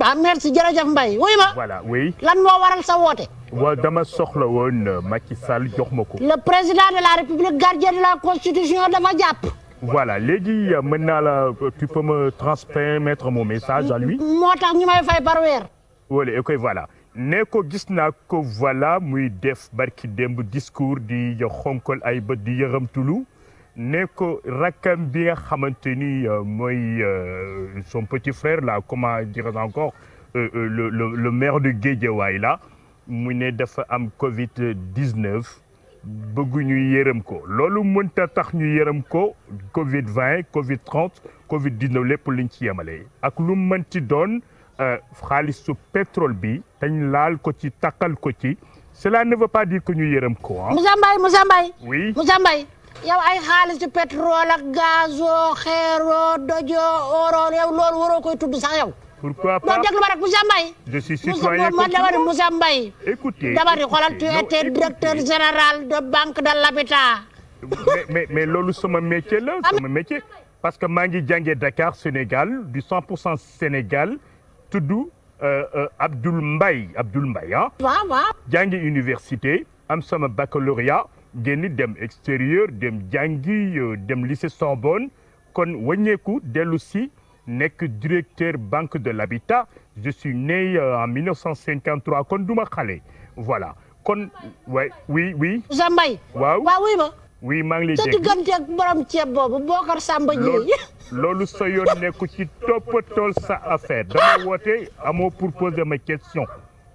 ah merci jërëjëf Mbaye wuy ma. voilà oui. lan waral sa woote. waaw dama soxla woon euh, Macky Sall jox ma ko. le président de la République gardien de la Constitution dama jàpp. voilà léegi euh, mën naa la euh, tu peux me transmettre mon message à lui. moo tax ñu may par weer. wala voilà ne ko gis naa ko voilà muy def barki démb discours di xonkol ay bët di yërëmtulu ne ko rakkam bi nga xamante ni euh, mooy euh, son petit frère là comment dire encore euh, le le le maire de Guédiawaye là mu ne dafa am Covid 19 bëgguñu yërëm ko loolu mënta tax ñu yërëm ko Covid 20 Covid 30 Covid 19 lépp luñ ci yemale ak lu mënti doon. Euh, xaalisu pétrole bi dañ laal ko ci takkal ko ci cela ne veut pas dire que ñu yërëm ko ah. Moussa Mbaye Moussa Mbaye. oui Moussa Mbaye yow ay xaalisu pétrole ak gazo xeeroo dojoo oro yow loolu waroo koy tudd sax yow. pourquoi pas non déglu ma rek Moussa Mbaye. je suis citoyen comme vous Moussa Mbaye. écoutez damay xoolal tu étais directeur général de banque de l'habitat mais mais mais loolu sama métier la ah, sama métier. parce que maa ngi jàngee Dakar Sénégal du 100 pour cent Sénégal. tudd euh, euh, Abdoul Mbaye Abdoul Mbaye ah. waaw waaw. jàngi université am sama baccalauréat génn dem extérieur dem jàngi euh, dem lycée Sorbonne kon wàññeeku dellu si nekk directeur banque de l'habitat je suis né en 1953 kon du ma xale voilà kon. oui oui oui. Jean Mbaye. waaw waaw wuy ma. oui maa ngi lay dégg sa diggante borom ceeb boobu Bokar Samba ji. loolu sa nekku ci toppatool sa affaire dama woote amoo pour poser ma question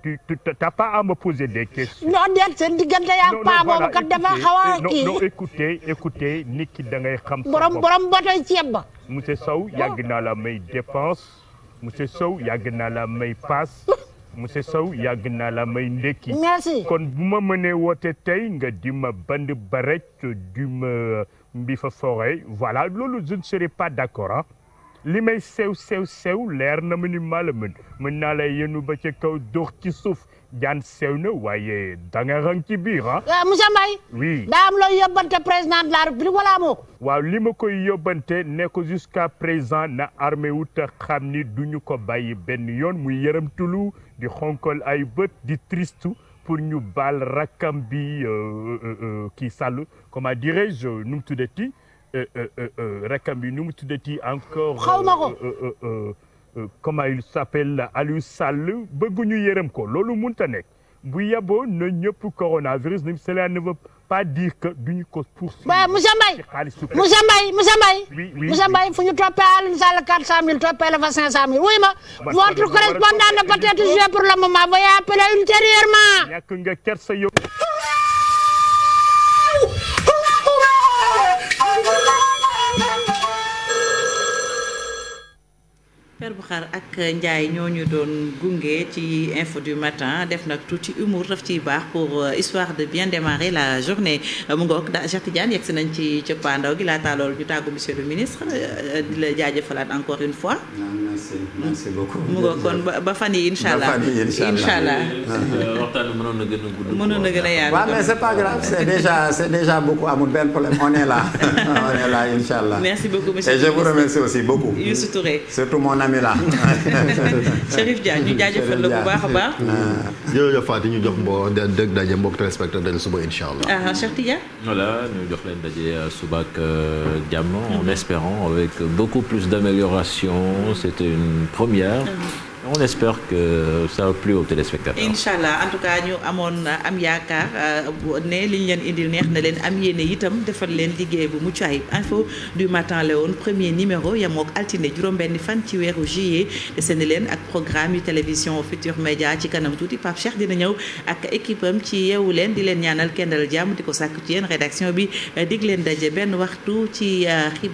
tu tu t'as pas à me poser des questions. yaa paa boobu kat dafa xaw a eh, kii. non non écoutez écoutez da ngay xam. borom borom ceeb ba. monsieur Sow yàgg naa la may dépense monsieur Sow yàgg naa la may passe. monsieur sew yàgg naa la may ndekki. kon bu ma mën woote tey nga di ma band ba rek di ma mbi fa foree voilà loolu je ne serai pas d'accord li may sew sew sew leer na ma ni maa mën mën naa la yenu ba ca kaw dóor ci suuf jaan sew na waaye da nga rang ci biir ah. monsieur Mbaye. oui daa am looy yóbbante président de la république wala amoo waaw li ma koy yóbbante ne ko jusqu'à présent na armée wut xam ni duñu ko bàyyi benn yoon muy yërëm di xonkol ay bët di triste pour ñu baal rakkam bi euh, euh, euh, kii Sall comment dirais-je nu mu tuddati rakkam bi nu mu tuddati encore. xaw ma ko comment il s'appelle Aliou Sall bëgguñu yërëm ko loolu mënut a nekk bu yeboo na ñëpp coronavirus ni cela ne veut pas dire que duñu ko poursuivre. waaw monsieur Mbaye monsieur Mbaye monsieur Mbaye. oui oui monsieur Mbaye fu ñu toppee Alioune Sall 400000 toppee la fa 500000 votre correspondant ne peut être pour le moment veuillez appeler ultérieurement. ñàkk Père Boukhar ak Ndiaye ñoo ñu doon gunge ci info du matin def nag tuuti humour daf ciy baax pour euh, histoire de bien démarrer la journée euh, mu ngoog da Cheikh Tidiane yegg nañ ci cëppaandaw gi laataa loolu ñu tàggu monsieur le ministre euh, di la jaajëfalaat encore une fois. merci merci mu ngoog kon ba fan yi incha allah ba fan yi incha allah. a a yaatu. waaw mais c'est pas grave c'est déjà c'est déjà beaucoup amul benn problème on est là on est merci beaucoup monsieur le ministre et Amina. Chérif Dia ñu jaajëfal la bu baax a baax. Ah. jërëjëf Fatou ñu jox mbo dëgg daje mbokk téléspectateur suba incha allah. ah, ah Cheikh Tidia. voilà ñu jox leen daje euh, suba ak euh, jàmm en mm-hmm. espérant avec beaucoup plus d'amélioration c'était une première. Ah on espère que ça va plus aux téléspectateurs. incha allah en tout cas ñu amoon euh, am yaakaar euh, ne li ñu leen indil neex na leen am yéene itam defal leen liggéey bu mucc ayib info du matin la woon premier numéro yamook altine juróom-benni fan ci weeru juillet desandi leen ak programme yu télévision Futur Média ci kanam tuuti Pape Cheikh dina ñëw ak équipe ci yeewu leen di leen ñaanal kenn dal jàmm di ko sàkku ci yéen rédaction bi dig leen daje benn waxtu ci euh, xibaar.